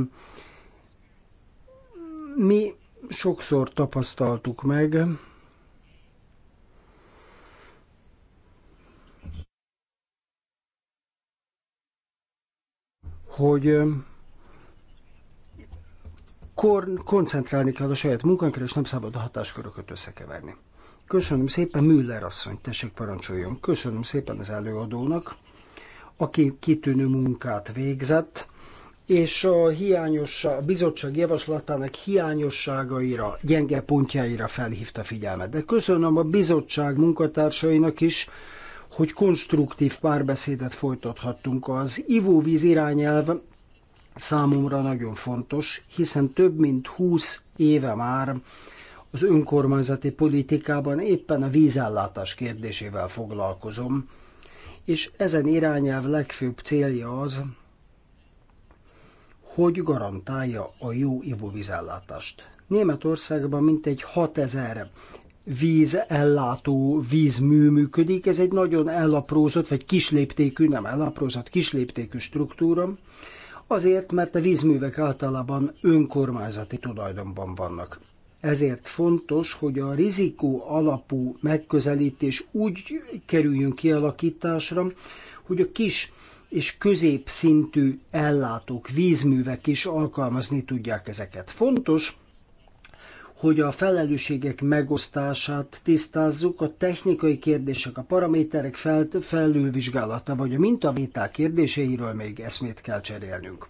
Mi sokszor tapasztaltuk meg, hogy akkor koncentrálni kell a saját munkánkra, és nem szabad a hatásköröket összekeverni. Köszönöm szépen, Müller asszony, tessék parancsoljon. Köszönöm szépen az előadónak, aki kitűnő munkát végzett, és a hiányos, a bizottság javaslatának hiányosságaira, gyenge pontjaira felhívta figyelmet. De köszönöm a bizottság munkatársainak is, hogy konstruktív párbeszédet folytathattunk. Az ivóvíz irányelv számomra nagyon fontos, hiszen több mint húsz éve már az önkormányzati politikában éppen a vízellátás kérdésével foglalkozom, és ezen irányelv legfőbb célja az, hogy garantálja a jó ivóvízellátást. Németországban mintegy 6000 vízellátó vízmű működik, ez egy nagyon elaprózott, vagy kisléptékű, nem elaprózott, kisléptékű struktúra, azért, mert a vízművek általában önkormányzati tulajdonban vannak. Ezért fontos, hogy a rizikó alapú megközelítés úgy kerüljön kialakításra, hogy a kis és középszintű ellátók, vízművek is alkalmazni tudják ezeket. Fontos, hogy a felelősségek megosztását tisztázzuk, a technikai kérdések, a paraméterek fel, felülvizsgálata vagy a mintavétel kérdéseiről még eszmét kell cserélnünk.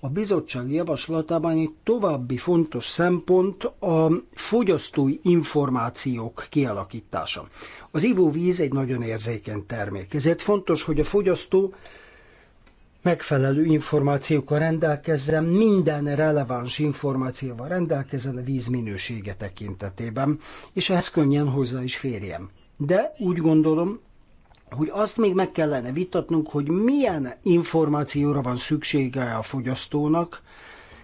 A bizottság javaslatában egy további fontos szempont a fogyasztói információk kialakítása. Az ivóvíz egy nagyon érzékeny termék, ezért fontos, hogy a fogyasztó megfelelő információkkal rendelkezzen, minden releváns információval rendelkezzen a víz minősége tekintetében, és ehhez könnyen hozzá is férjem. De úgy gondolom, hogy azt még meg kellene vitatnunk, hogy milyen információra van szüksége a fogyasztónak,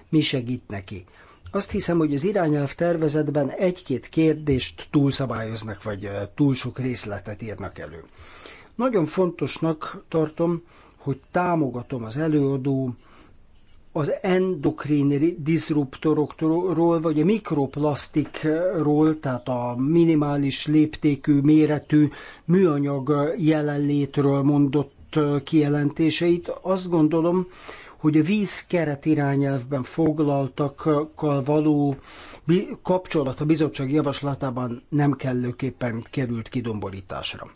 mi segít neki. Azt hiszem, hogy az irányelv tervezetben egy-két kérdést túlszabályoznak, vagy eh, túl sok részletet írnak elő. Nagyon fontosnak tartom, hogy támogatom az előadó az endokrin diszruptoroktól, vagy a mikroplasztikról, tehát a minimális léptékű, méretű műanyag jelenlétről mondott kijelentéseit. Azt gondolom, hogy a víz keret irányelvben foglaltakkal való kapcsolat a bizottság javaslatában nem kellőképpen került kidomborításra.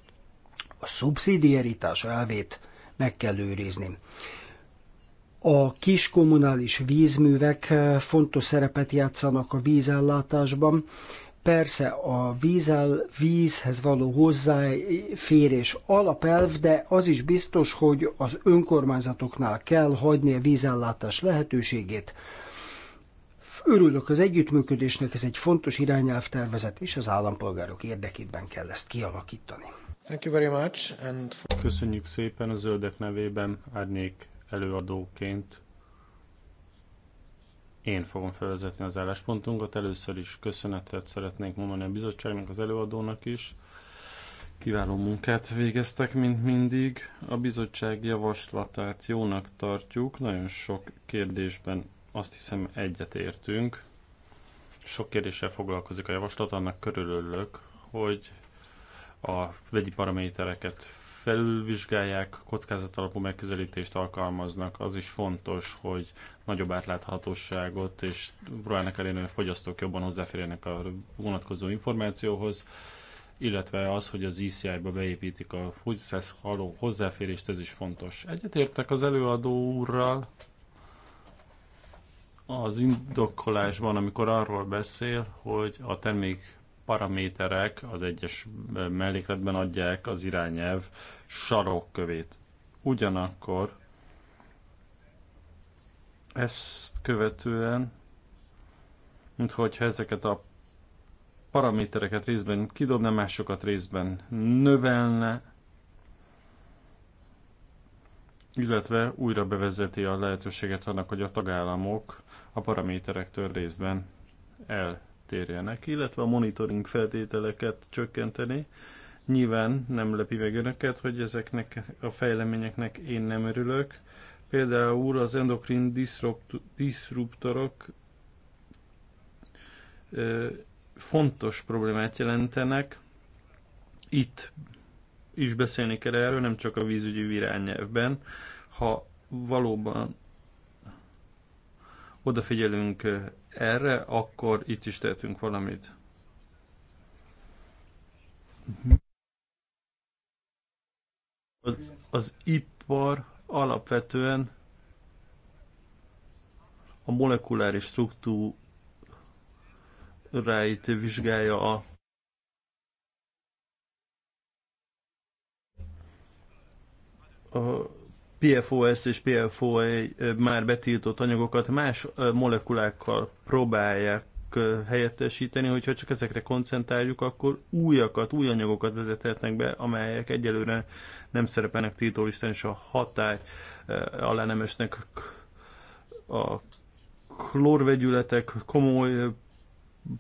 A szubszidiaritás elvét meg kell őrizni. A kis kommunális vízművek eh, fontos szerepet játszanak a vízellátásban. Persze a vízel, vízhez való hozzáférés alapelv, de az is biztos, hogy az önkormányzatoknál kell hagyni a vízellátás lehetőségét. Örülök az együttműködésnek, ez egy fontos irányelvtervezet, és az állampolgárok érdekében kell ezt kialakítani. Thank you very much. And for... Köszönjük szépen a zöldek nevében, árnyék előadóként. Én fogom felvezetni az álláspontunkat. Először is köszönetet szeretnék mondani a bizottságnak, az előadónak is. Kiváló munkát végeztek, mint mindig. A bizottság javaslatát jónak tartjuk. Nagyon sok kérdésben azt hiszem egyetértünk. Sok kérdéssel foglalkozik a javaslat, annak körülölök, hogy a vegyi paramétereket felülvizsgálják, alapú megközelítést alkalmaznak, az is fontos, hogy nagyobb átláthatóságot és próbálnak elérni, hogy a fogyasztók jobban hozzáférjenek a vonatkozó információhoz, illetve az, hogy az ECI-ba beépítik a haló hozzáférést, ez is fontos. Egyetértek az előadó úrral az indokolásban, amikor arról beszél, hogy a termék paraméterek az egyes mellékletben adják az irányelv sarokkövét. Ugyanakkor ezt követően, mint hogy ezeket a paramétereket részben kidobna, másokat részben növelne, illetve újra bevezeti a lehetőséget annak, hogy a tagállamok a paraméterektől részben el térjenek, illetve a monitoring feltételeket csökkenteni. Nyilván nem lepi meg önöket, hogy ezeknek a fejleményeknek én nem örülök. Például az endokrin diszruptorok fontos problémát jelentenek. Itt is beszélni kell erről, nem csak a vízügyi virányelvben. Ha valóban odafigyelünk erre, akkor itt is tehetünk valamit. Az, az ipar alapvetően a molekuláris struktúráit vizsgálja a a PFOS és PFOA már betiltott anyagokat más molekulákkal próbálják helyettesíteni, hogyha csak ezekre koncentráljuk, akkor újakat, új anyagokat vezethetnek be, amelyek egyelőre nem szerepelnek tiltólistán, és a hatály alá nem esnek a klorvegyületek komoly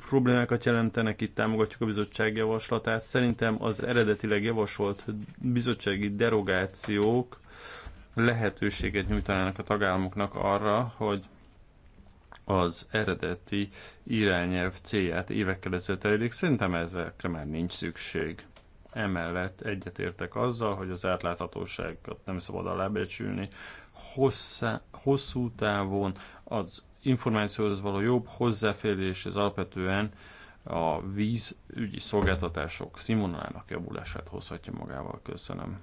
problémákat jelentenek, itt támogatjuk a bizottság javaslatát. Szerintem az eredetileg javasolt bizottsági derogációk lehetőséget nyújtanának a tagállamoknak arra, hogy az eredeti irányelv célját évekkel ezelőtt elérjék. szerintem ezekre már nincs szükség. Emellett egyetértek azzal, hogy az átláthatóságot nem szabad alábecsülni. Hosszá, hosszú távon az információhoz való jobb hozzáférés, ez alapvetően a vízügyi szolgáltatások színvonalának javulását hozhatja magával. Köszönöm.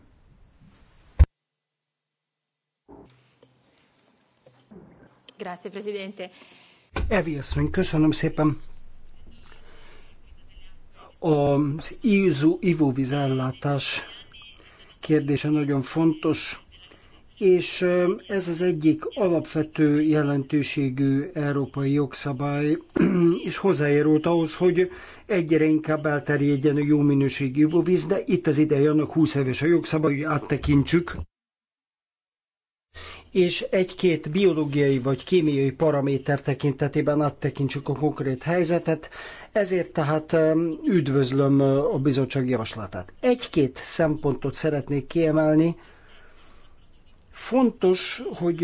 Grazie, Presidente. Evi asszony, köszönöm szépen. Az ivóvíz ellátás kérdése nagyon fontos, és ez az egyik alapvető jelentőségű európai jogszabály, és hozzájárult ahhoz, hogy egyre inkább elterjedjen a jó minőségű ivóvíz, de itt az ideje annak 20 éves a jogszabály, hogy áttekintsük és egy-két biológiai vagy kémiai paraméter tekintetében áttekintsük a konkrét helyzetet, ezért tehát üdvözlöm a bizottság javaslatát. Egy-két szempontot szeretnék kiemelni. Fontos, hogy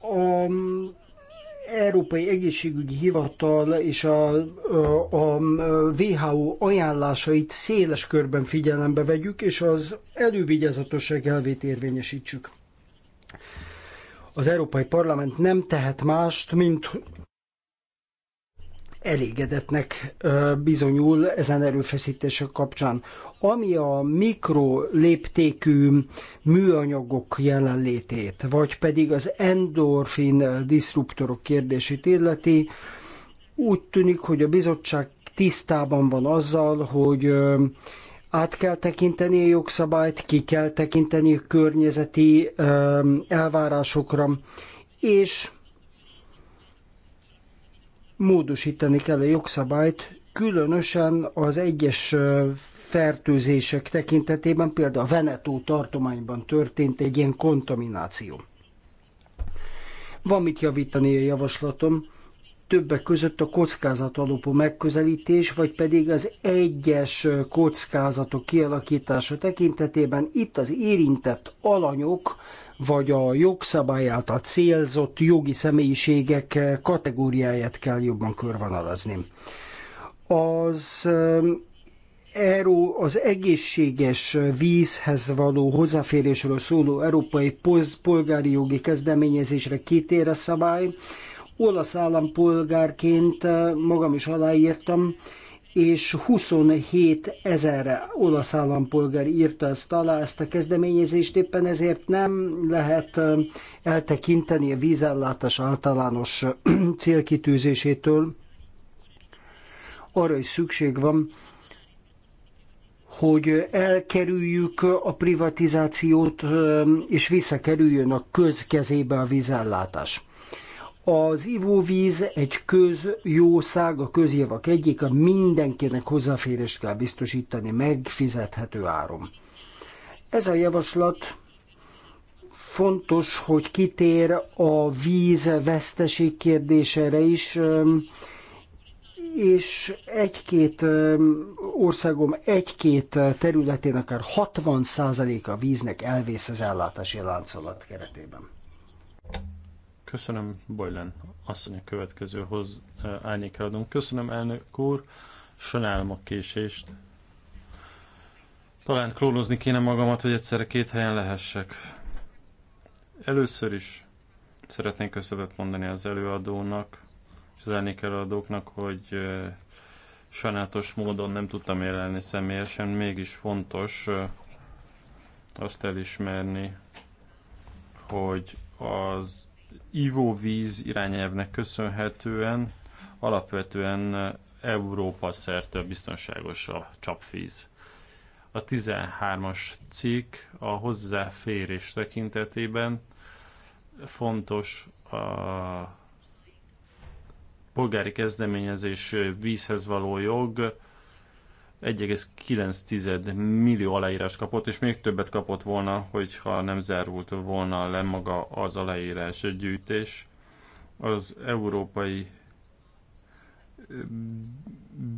a Európai Egészségügyi Hivatal és a, a, a WHO ajánlásait széles körben figyelembe vegyük, és az elővigyázatosság elvét érvényesítsük. Az Európai Parlament nem tehet mást, mint elégedetnek bizonyul ezen erőfeszítések kapcsán. Ami a mikro léptékű műanyagok jelenlétét, vagy pedig az endorfin diszruptorok kérdését illeti, úgy tűnik, hogy a bizottság tisztában van azzal, hogy át kell tekinteni a jogszabályt, ki kell tekinteni a környezeti elvárásokra, és módosítani kell a jogszabályt, különösen az egyes fertőzések tekintetében, például a Venetó tartományban történt egy ilyen kontamináció. Van mit javítani a javaslatom, többek között a kockázat alapú megközelítés, vagy pedig az egyes kockázatok kialakítása tekintetében itt az érintett alanyok, vagy a jogszabály által célzott jogi személyiségek kategóriáját kell jobban körvonalazni. Az um, Euró az egészséges vízhez való hozzáférésről szóló európai polgári jogi kezdeményezésre kitér a szabály, olasz állampolgárként eh, magam is aláírtam, és 27 ezer olasz állampolgár írta ezt alá, ezt a kezdeményezést, éppen ezért nem lehet eh, eltekinteni a vízellátás általános célkitűzésétől. Arra is szükség van, hogy elkerüljük a privatizációt, eh, és visszakerüljön a közkezébe a vízellátás. Az ivóvíz egy közjószág, a közjavak egyik, a mindenkinek hozzáférést kell biztosítani megfizethető áron. Ez a javaslat fontos, hogy kitér a víz veszteség kérdésére is, és egy-két országom egy-két területén akár 60% a víznek elvész az ellátási láncolat keretében. Köszönöm, Bojlen asszony a következőhoz árnyékra adom. Köszönöm, elnök úr, sajnálom a késést. Talán klónozni kéne magamat, hogy egyszerre két helyen lehessek. Először is szeretnék köszönet mondani az előadónak és az elnék előadóknak, hogy sajnálatos módon nem tudtam élelni személyesen, mégis fontos azt elismerni, hogy az ivóvíz irányelvnek köszönhetően alapvetően Európa szerte biztonságos a csapvíz. A 13-as cikk a hozzáférés tekintetében fontos a polgári kezdeményezés vízhez való jog 1,9 millió aláírás kapott, és még többet kapott volna, hogyha nem zárult volna le maga az aláírás gyűjtés. Az Európai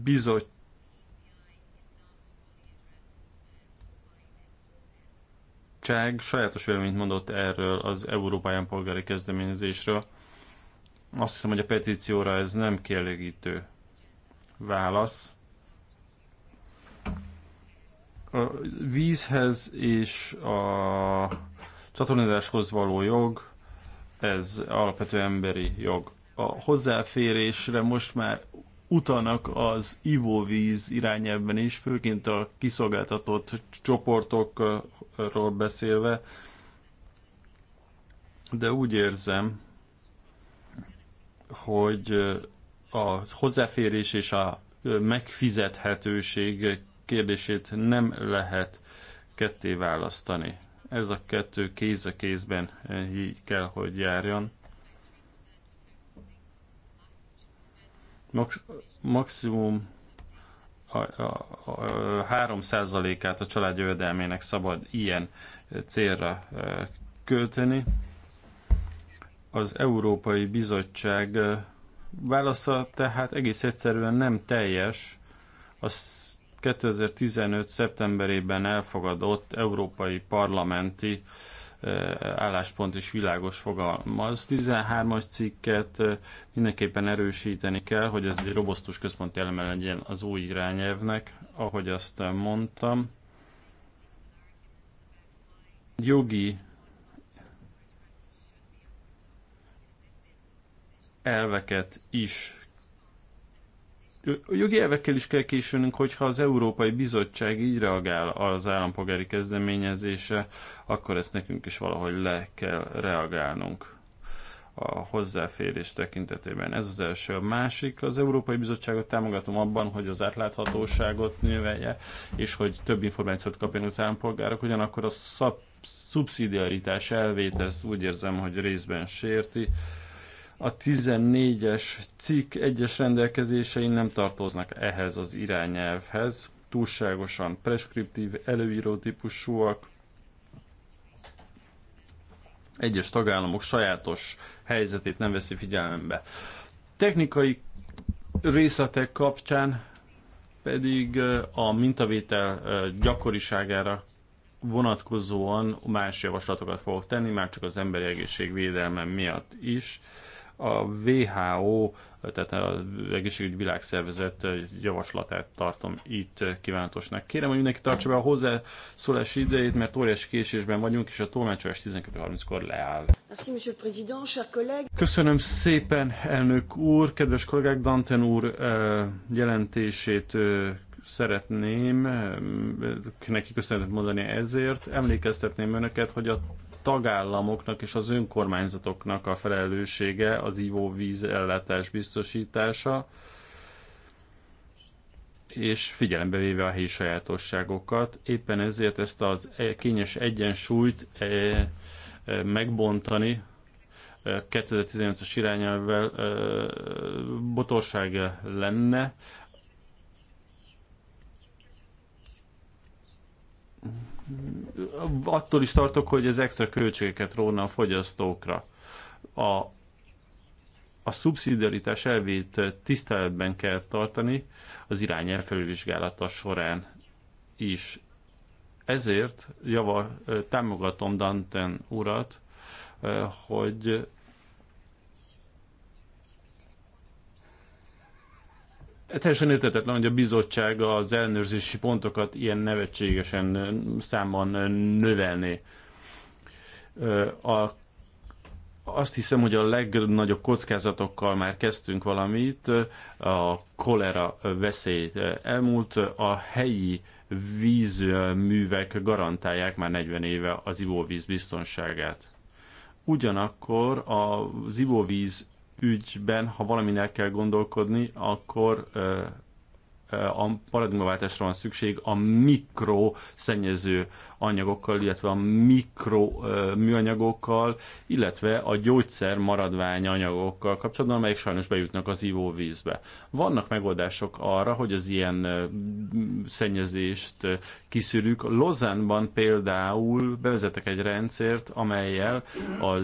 Bizottság sajátos véleményt mondott erről az Európai Polgári Kezdeményezésről. Azt hiszem, hogy a petícióra ez nem kielégítő válasz a vízhez és a csatornázáshoz való jog, ez alapvető emberi jog. A hozzáférésre most már utanak az ivóvíz irányelvben is, főként a kiszolgáltatott csoportokról beszélve, de úgy érzem, hogy a hozzáférés és a megfizethetőség kérdését nem lehet ketté választani. Ez a kettő kéz a kézben eh, így kell, hogy járjon. Max, maximum a, a, a 3%-át a család jövedelmének szabad ilyen eh, célra eh, költeni. Az Európai Bizottság válasza tehát egész egyszerűen nem teljes. A 2015. szeptemberében elfogadott európai parlamenti eh, álláspont is világos fogalmaz. 13-as cikket eh, mindenképpen erősíteni kell, hogy ez egy robosztus központi eleme legyen az új irányelvnek, ahogy azt mondtam. Jogi elveket is Jogi elvekkel is kell későnünk, hogyha az Európai Bizottság így reagál az állampolgári kezdeményezése, akkor ezt nekünk is valahogy le kell reagálnunk a hozzáférés tekintetében. Ez az első. A másik, az Európai Bizottságot támogatom abban, hogy az átláthatóságot növelje, és hogy több információt kapjanak az állampolgárok, ugyanakkor a szab- szubszidiaritás elvét, ezt úgy érzem, hogy részben sérti. Uh, a 14-es cikk egyes rendelkezései nem tartoznak ehhez az irányelvhez, túlságosan preskriptív, előíró típusúak, egyes tagállamok sajátos helyzetét nem veszi figyelembe. Technikai részletek kapcsán pedig a mintavétel gyakoriságára vonatkozóan más javaslatokat fogok tenni, már csak az emberi egészség védelme miatt is a WHO, tehát az Egészségügyi Világszervezet javaslatát tartom itt kívánatosnak. Kérem, hogy mindenki tartsa be a hozzászólási idejét, mert óriási késésben vagyunk, és a tolmácsolás 12.30-kor leáll. Köszönöm szépen, elnök úr, kedves kollégák, Danten úr eh, jelentését eh, szeretném eh, neki köszönetet mondani ezért. Emlékeztetném önöket, hogy a tagállamoknak és az önkormányzatoknak a felelőssége az ivóvíz ellátás biztosítása, és figyelembe véve a helyi sajátosságokat. Éppen ezért ezt az e- kényes egyensúlyt e- e- megbontani 2018-as irányelvvel botorság lenne attól is tartok, hogy ez extra költségeket róna a fogyasztókra. A, a szubszidiaritás elvét tiszteletben kell tartani az irány felülvizsgálata során is. Ezért javar, támogatom Danten urat, hogy Teljesen értetetlen, hogy a bizottság az ellenőrzési pontokat ilyen nevetségesen számban növelné. A, azt hiszem, hogy a legnagyobb kockázatokkal már kezdtünk valamit, a kolera veszély elmúlt, a helyi vízművek garantálják már 40 éve az ivóvíz biztonságát. Ugyanakkor az ivóvíz ügyben, ha valamin el kell gondolkodni, akkor a paradigmaváltásra van szükség a mikro szennyező anyagokkal, illetve a mikro műanyagokkal, illetve a gyógyszer maradvány anyagokkal kapcsolatban, amelyek sajnos bejutnak az ivóvízbe. Vannak megoldások arra, hogy az ilyen szennyezést kiszűrjük. Lozánban például bevezetek egy rendszert, amelyel a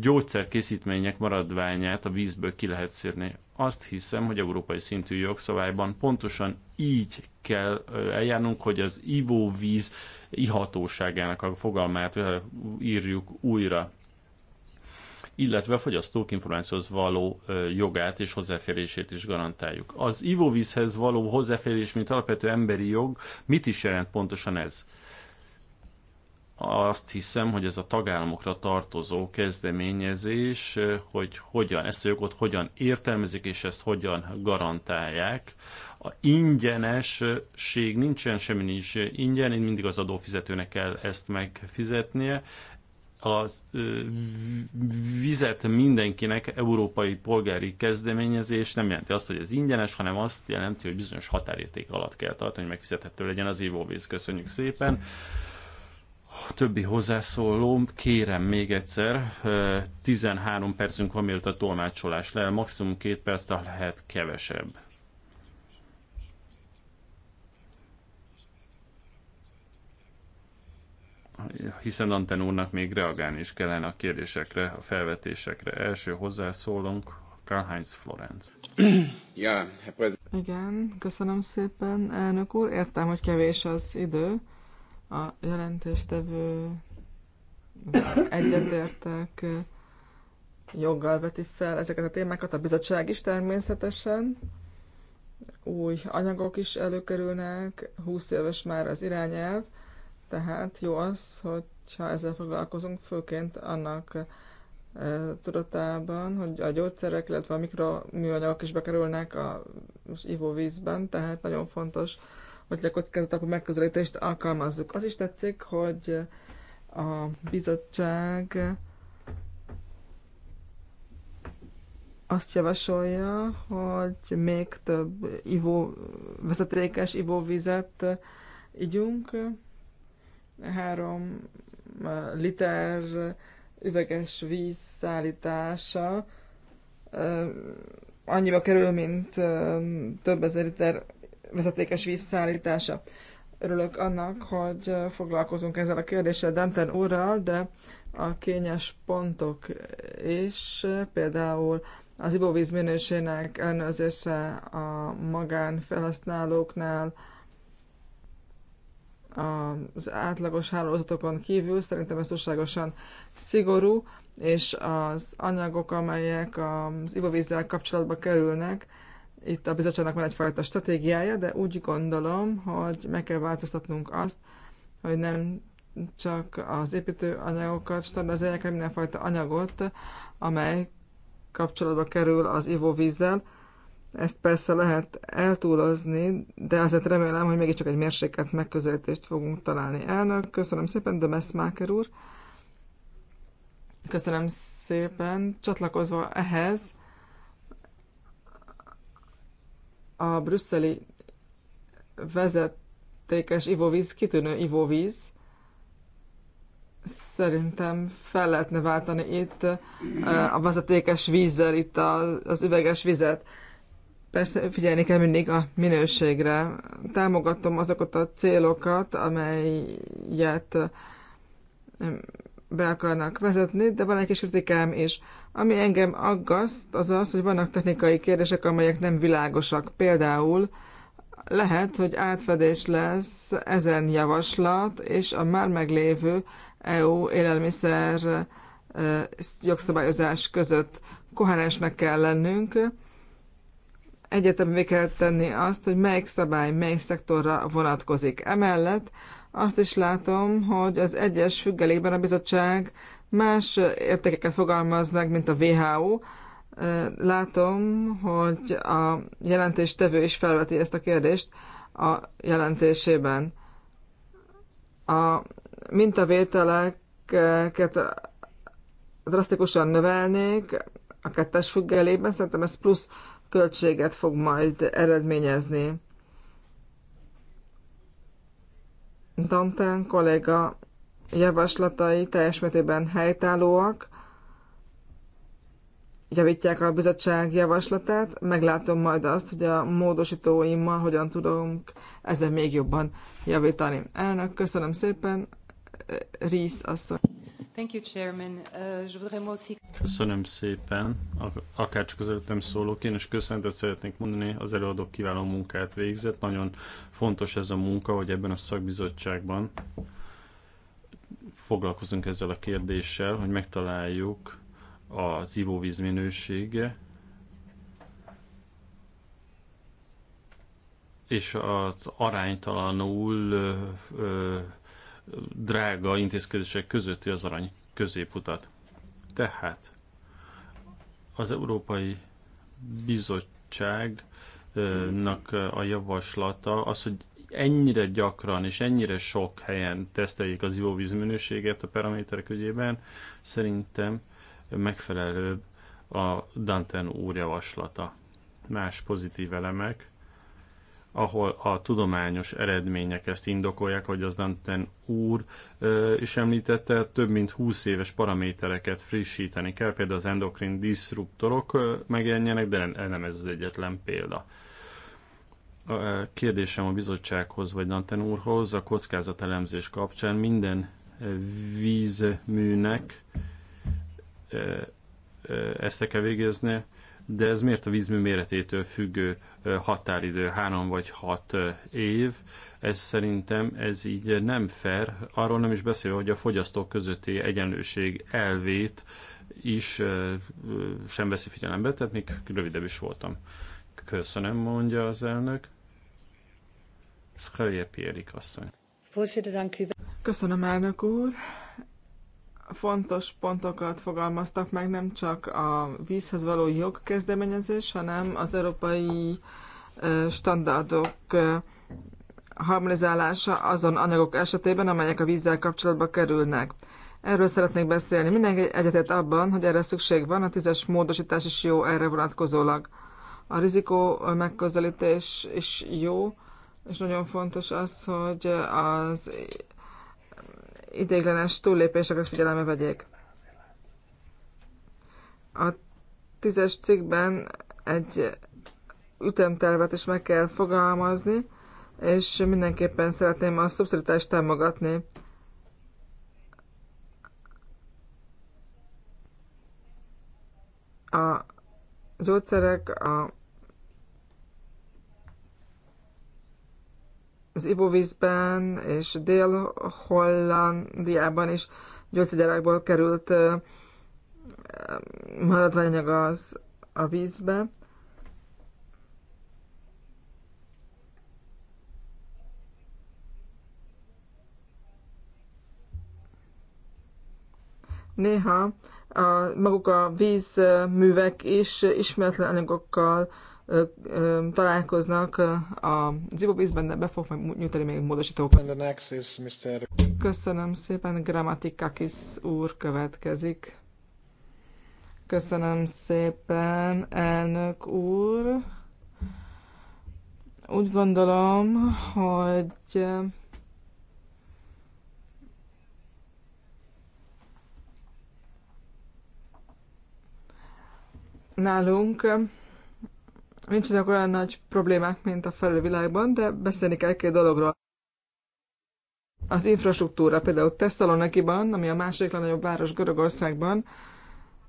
gyógyszerkészítmények maradványát a vízből ki lehet szírni. Azt hiszem, hogy európai szintű jogszabályban pontosan így kell eljárnunk, hogy az ivóvíz ihatóságának a fogalmát írjuk újra illetve a fogyasztók információhoz való jogát és hozzáférését is garantáljuk. Az ivóvízhez való hozzáférés, mint alapvető emberi jog, mit is jelent pontosan ez? azt hiszem, hogy ez a tagállamokra tartozó kezdeményezés, eh, hogy hogyan, ezt a jogot hogyan értelmezik, és ezt hogyan garantálják. A ingyenesség nincsen, semmi nincs ingyen, mindig az adófizetőnek kell ezt megfizetnie. A eh, vizet mindenkinek európai polgári kezdeményezés nem jelenti azt, hogy ez ingyenes, hanem azt jelenti, hogy bizonyos határérték alatt kell tartani, hogy megfizethető legyen az ivóvíz. Köszönjük szépen! többi hozzászólóm, kérem még egyszer, 13 percünk van, mielőtt a tolmácsolás le, maximum két perc, de lehet kevesebb. Hiszen Anten úrnak még reagálni is kellene a kérdésekre, a felvetésekre. Első hozzászólónk, Karl-Heinz Florenz. Igen, köszönöm szépen, elnök úr. Értem, hogy kevés az idő a jelentéstevő egyetértek, joggal veti fel ezeket a témákat, a bizottság is természetesen. Új anyagok is előkerülnek, 20 éves már az irányelv, tehát jó az, hogyha ezzel foglalkozunk, főként annak e, tudatában, hogy a gyógyszerek, illetve a mikroműanyagok is bekerülnek a ivóvízben, tehát nagyon fontos hogy a kockázatalapú megközelítést alkalmazzuk. Az is tetszik, hogy a bizottság azt javasolja, hogy még több ivó, vezetékes ivóvizet igyunk. Három liter üveges víz szállítása annyiba kerül, mint több ezer liter vezetékes vízszállítása. Örülök annak, hogy foglalkozunk ezzel a kérdéssel Danten úrral, de a kényes pontok és például az ivóvíz minősének ellenőrzése a magánfelhasználóknál, az átlagos hálózatokon kívül, szerintem ez túlságosan szigorú, és az anyagok, amelyek az ivóvízzel kapcsolatba kerülnek, itt a bizottságnak van egyfajta stratégiája, de úgy gondolom, hogy meg kell változtatnunk azt, hogy nem csak az építőanyagokat, standardizálják, hanem mindenfajta anyagot, amely kapcsolatba kerül az ivóvízzel. Ezt persze lehet eltúlozni, de azért remélem, hogy mégiscsak egy mérsékelt megközelítést fogunk találni. Elnök, köszönöm szépen, de Messmaker úr. Köszönöm szépen. Csatlakozva ehhez, a brüsszeli vezetékes ivóvíz kitűnő ivóvíz. Szerintem fel lehetne váltani itt eh, a vezetékes vízzel, itt az üveges vizet. Persze figyelni kell mindig a minőségre. Támogatom azokat a célokat, amelyet be akarnak vezetni, de van egy kis kritikám is. És ami engem aggaszt, az az, hogy vannak technikai kérdések, amelyek nem világosak. Például lehet, hogy átfedés lesz ezen javaslat és a már meglévő EU élelmiszer jogszabályozás között koherensnek kell lennünk. Egyetemvé kell tenni azt, hogy melyik szabály mely szektorra vonatkozik. Emellett azt is látom, hogy az egyes függelékben a bizottság más értékeket fogalmaz meg, mint a WHO. Látom, hogy a jelentéstevő is felveti ezt a kérdést a jelentésében. A mintavételeket drasztikusan növelnék a kettes függelében, szerintem ez plusz költséget fog majd eredményezni. Dantán kolléga javaslatai teljes mértékben helytállóak, javítják a bizottság javaslatát, meglátom majd azt, hogy a módosítóimmal hogyan tudunk ezen még jobban javítani. Elnök, köszönöm szépen, Rész asszony. Thank you, Chairman. Uh, köszönöm szépen, akárcsak az előttem szólok, Én is köszönetet szeretnék mondani, az előadók kiváló munkát végzett. Nagyon fontos ez a munka, hogy ebben a szakbizottságban foglalkozunk ezzel a kérdéssel, hogy megtaláljuk az ivóvíz minősége és az aránytalanul ö, ö, drága intézkedések közötti az arany középutat. Tehát az Európai Bizottságnak a javaslata az, hogy ennyire gyakran és ennyire sok helyen teszteljék az ivóvíz minőségét a paraméterek ügyében, szerintem megfelelőbb a Danten úr javaslata. Más pozitív elemek, ahol a tudományos eredmények ezt indokolják, hogy az Danten úr ö, is említette, több mint 20 éves paramétereket frissíteni kell, például az endokrin diszruptorok megjelenjenek, de nem ez az egyetlen példa. A kérdésem a bizottsághoz, vagy danten úrhoz, a kockázatelemzés kapcsán minden e, vízműnek e, e, ezt kell végezni, de ez miért a vízmű méretétől függő határidő, három vagy hat év? Ez szerintem ez így nem fair, arról nem is beszélve, hogy a fogyasztók közötti egyenlőség elvét is sem veszi figyelembe, tehát még rövidebb is voltam. Köszönöm, mondja az elnök. Szkrelje Pierik asszony. Köszönöm, elnök úr. Fontos pontokat fogalmaztak meg nem csak a vízhez való jogkezdeményezés, hanem az európai standardok harmonizálása azon anyagok esetében, amelyek a vízzel kapcsolatba kerülnek. Erről szeretnék beszélni. Mindenki egyetett abban, hogy erre szükség van, a tízes módosítás is jó erre vonatkozólag. A rizikó megközelítés is jó, és nagyon fontos az, hogy az ideiglenes túllépéseket figyelembe vegyék. A tízes cikkben egy ütemtervet is meg kell fogalmazni, és mindenképpen szeretném a szubszidiást támogatni. A gyógyszerek, a az ibovízben és Dél-Hollandiában is gyógyszergyárakból került maradványanyag az a vízbe. Néha a, maguk a vízművek is ismeretlen anyagokkal találkoznak a zivóvízben, de be fog meg nyújtani még módosítók. Köszönöm szépen, Grammatikakis úr következik. Köszönöm szépen, elnök úr. Úgy gondolom, hogy nálunk nincsenek olyan nagy problémák, mint a felülvilágban, de beszélni kell két dologról. Az infrastruktúra, például Tesszalonikiban, ami a másik legnagyobb város Görögországban,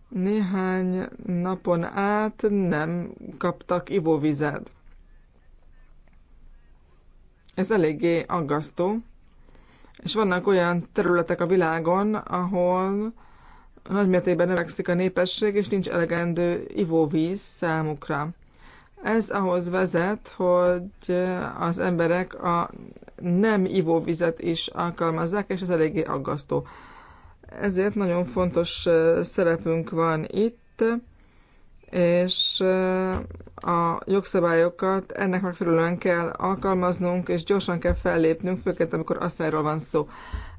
néhány napon át nem kaptak ivóvizet. Ez eléggé aggasztó, és vannak olyan területek a világon, ahol nagymértékben növekszik a népesség, és nincs elegendő ivóvíz számukra. Ez ahhoz vezet, hogy az emberek a nem ivóvizet is alkalmazzák, és ez eléggé aggasztó. Ezért nagyon fontos szerepünk van itt, és a jogszabályokat ennek megfelelően kell alkalmaznunk, és gyorsan kell fellépnünk, főként amikor asszályról van szó.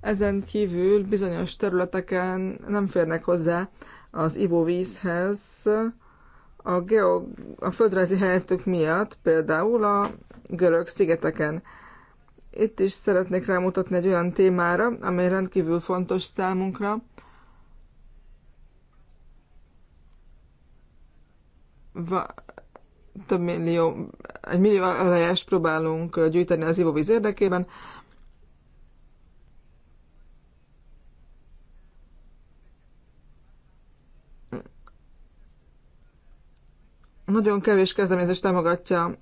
Ezen kívül bizonyos területeken nem férnek hozzá az ivóvízhez, a, geo, a földrajzi helyzetük miatt, például a görög szigeteken. Itt is szeretnék rámutatni egy olyan témára, amely rendkívül fontos számunkra. Va, több millió, egy millió alájást próbálunk gyűjteni az ivóvíz érdekében. Nagyon kevés kezdeményezés támogatja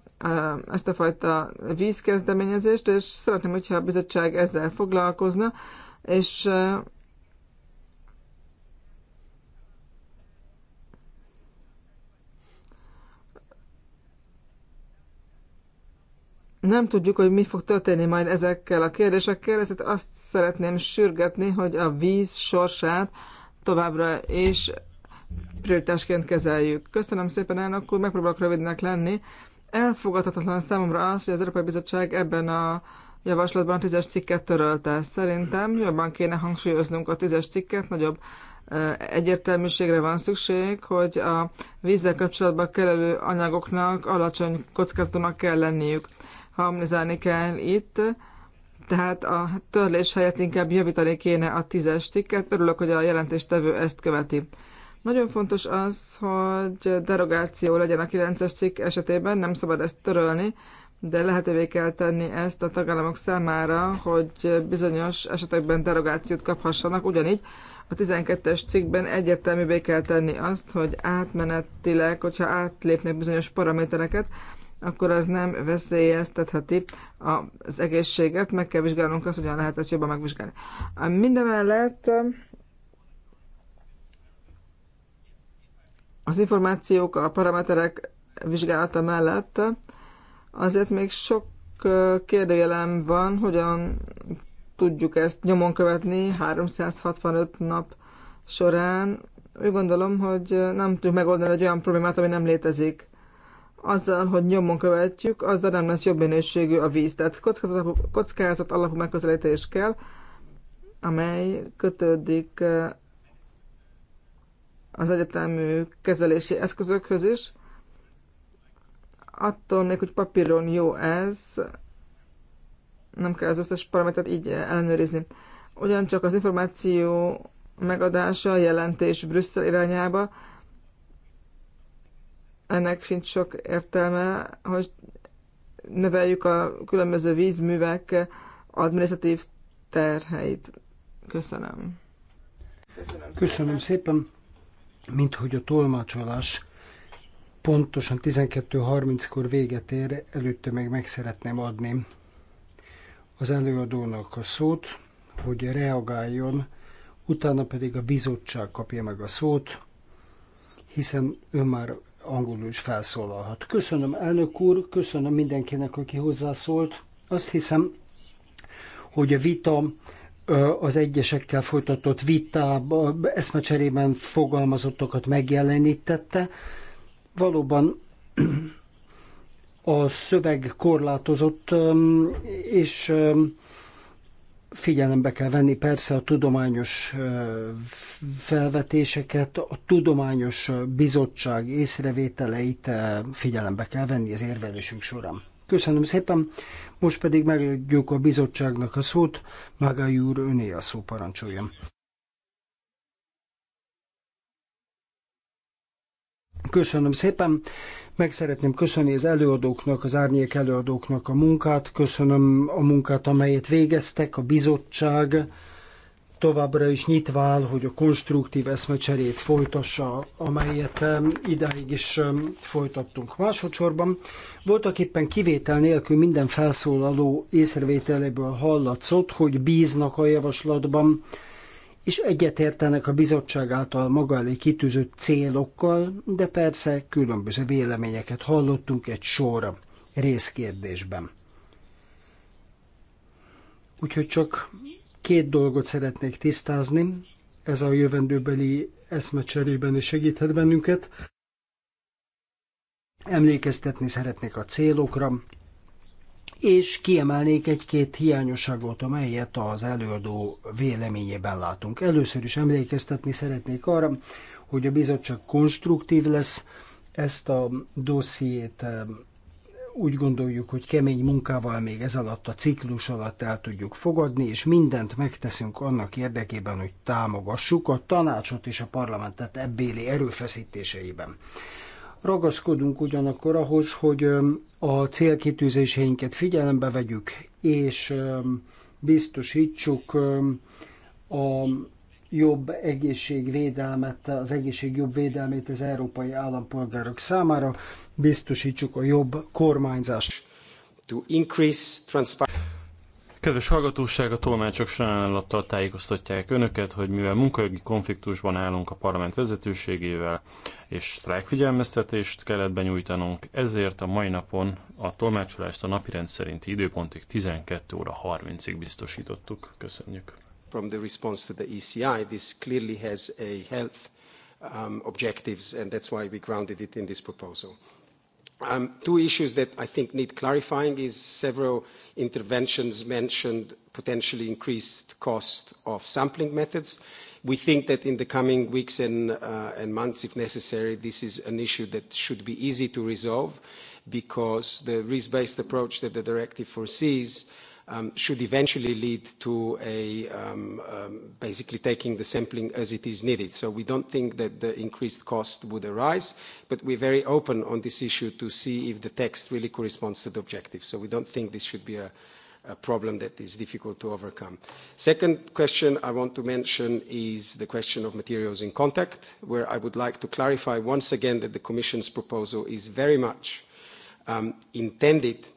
ezt a fajta vízkezdeményezést, és szeretném, hogyha a bizottság ezzel foglalkozna, és nem tudjuk, hogy mi fog történni majd ezekkel a kérdésekkel, ezért azt szeretném sürgetni, hogy a víz sorsát továbbra is prioritásként kezeljük. Köszönöm szépen, elnök úr, megpróbálok rövidnek lenni. Elfogadhatatlan számomra az, hogy az Európai Bizottság ebben a javaslatban a tízes cikket törölte. Szerintem jobban kéne hangsúlyoznunk a tízes cikket, nagyobb egyértelműségre van szükség, hogy a vízzel kapcsolatban kerülő anyagoknak alacsony kockázatonak kell lenniük. Harmonizálni kell itt, tehát a törlés helyett inkább javítani kéne a tízes cikket. Örülök, hogy a jelentéstevő ezt követi. Nagyon fontos az, hogy derogáció legyen a 9-es cikk esetében, nem szabad ezt törölni, de lehetővé kell tenni ezt a tagállamok számára, hogy bizonyos esetekben derogációt kaphassanak, ugyanígy a 12-es cikkben egyértelművé kell tenni azt, hogy átmenetileg, hogyha átlépnek bizonyos paramétereket, akkor az nem veszélyeztetheti az egészséget, meg kell vizsgálnunk azt, hogyan lehet ezt jobban megvizsgálni. Mindemellett az információk, a paraméterek vizsgálata mellett azért még sok kérdőjelem van, hogyan tudjuk ezt nyomon követni 365 nap során. Úgy gondolom, hogy nem tudjuk megoldani egy olyan problémát, ami nem létezik. Azzal, hogy nyomon követjük, azzal nem lesz jobb minőségű a víz. Tehát kockázat alapú, kockázat alapú megközelítés kell, amely kötődik az egyetemű kezelési eszközökhöz is. Attól még, hogy papíron jó ez, nem kell az összes paramétert így ellenőrizni. Ugyancsak az információ megadása, jelentés Brüsszel irányába, ennek sincs sok értelme, hogy növeljük a különböző vízművek administratív terheit. Köszönöm. Köszönöm Köszönöm szépen mint hogy a tolmácsolás pontosan 12.30-kor véget ér, előtte még meg szeretném adni az előadónak a szót, hogy reagáljon, utána pedig a bizottság kapja meg a szót, hiszen ő már angolul is felszólalhat. Köszönöm elnök úr, köszönöm mindenkinek, aki hozzászólt. Azt hiszem, hogy a vita az egyesekkel folytatott vitába, eszmecserében fogalmazottakat megjelenítette. Valóban a szöveg korlátozott, és figyelembe kell venni persze a tudományos felvetéseket, a tudományos bizottság észrevételeit figyelembe kell venni az érvelésünk során. Köszönöm szépen. Most pedig megadjuk a bizottságnak a szót. maga úr, öné a szó parancsoljon. Köszönöm szépen. Meg szeretném köszönni az előadóknak, az árnyék előadóknak a munkát. Köszönöm a munkát, amelyet végeztek, a bizottság továbbra is nyitva áll, hogy a konstruktív eszmecserét folytassa, amelyet idáig is folytattunk. Másodszorban voltak éppen kivétel nélkül minden felszólaló észrevételéből hallatszott, hogy bíznak a javaslatban, és egyetértenek a bizottság által maga elé kitűzött célokkal, de persze különböző véleményeket hallottunk egy sor részkérdésben. Úgyhogy csak Két dolgot szeretnék tisztázni, ez a jövendőbeli eszmecserében is segíthet bennünket. Emlékeztetni szeretnék a célokra, és kiemelnék egy-két hiányosságot, amelyet az előadó véleményében látunk. Először is emlékeztetni szeretnék arra, hogy a bizottság konstruktív lesz, ezt a dossziét úgy gondoljuk, hogy kemény munkával még ez alatt a ciklus alatt el tudjuk fogadni, és mindent megteszünk annak érdekében, hogy támogassuk a tanácsot és a parlamentet ebbéli erőfeszítéseiben. Ragaszkodunk ugyanakkor ahhoz, hogy a célkitűzéseinket figyelembe vegyük, és biztosítsuk a jobb egészségvédelmet, az egészség jobb védelmét az európai állampolgárok számára, biztosítsuk a jobb kormányzást. To increase transparency. Kedves hallgatóság, a tolmácsok sajnálattal tájékoztatják önöket, hogy mivel munkajogi konfliktusban állunk a parlament vezetőségével, és sztrájkfigyelmeztetést kellett benyújtanunk, ezért a mai napon a tolmácsolást a napirend szerinti időpontig 12 óra 30-ig biztosítottuk. Köszönjük! from the response to the ECI. This clearly has a health um, objectives, and that's why we grounded it in this proposal. Um, two issues that I think need clarifying is several interventions mentioned potentially increased cost of sampling methods. We think that in the coming weeks and uh, months, if necessary, this is an issue that should be easy to resolve because the risk-based approach that the directive foresees um, should eventually lead to a um, um, basically taking the sampling as it is needed. So we don't think that the increased cost would arise, but we're very open on this issue to see if the text really corresponds to the objective. So we don't think this should be a, a problem that is difficult to overcome. Second question I want to mention is the question of materials in contact, where I would like to clarify once again that the Commission's proposal is very much um, intended –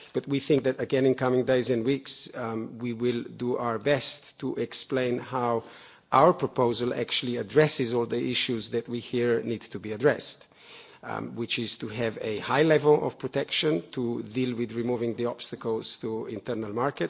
But we think that, again, in coming days and weeks, um, we will do our best to explain how our proposal actually addresses all the issues that we hear need to be addressed. Um, which is to have a high level of protection to deal with removing the obstacles to internal market,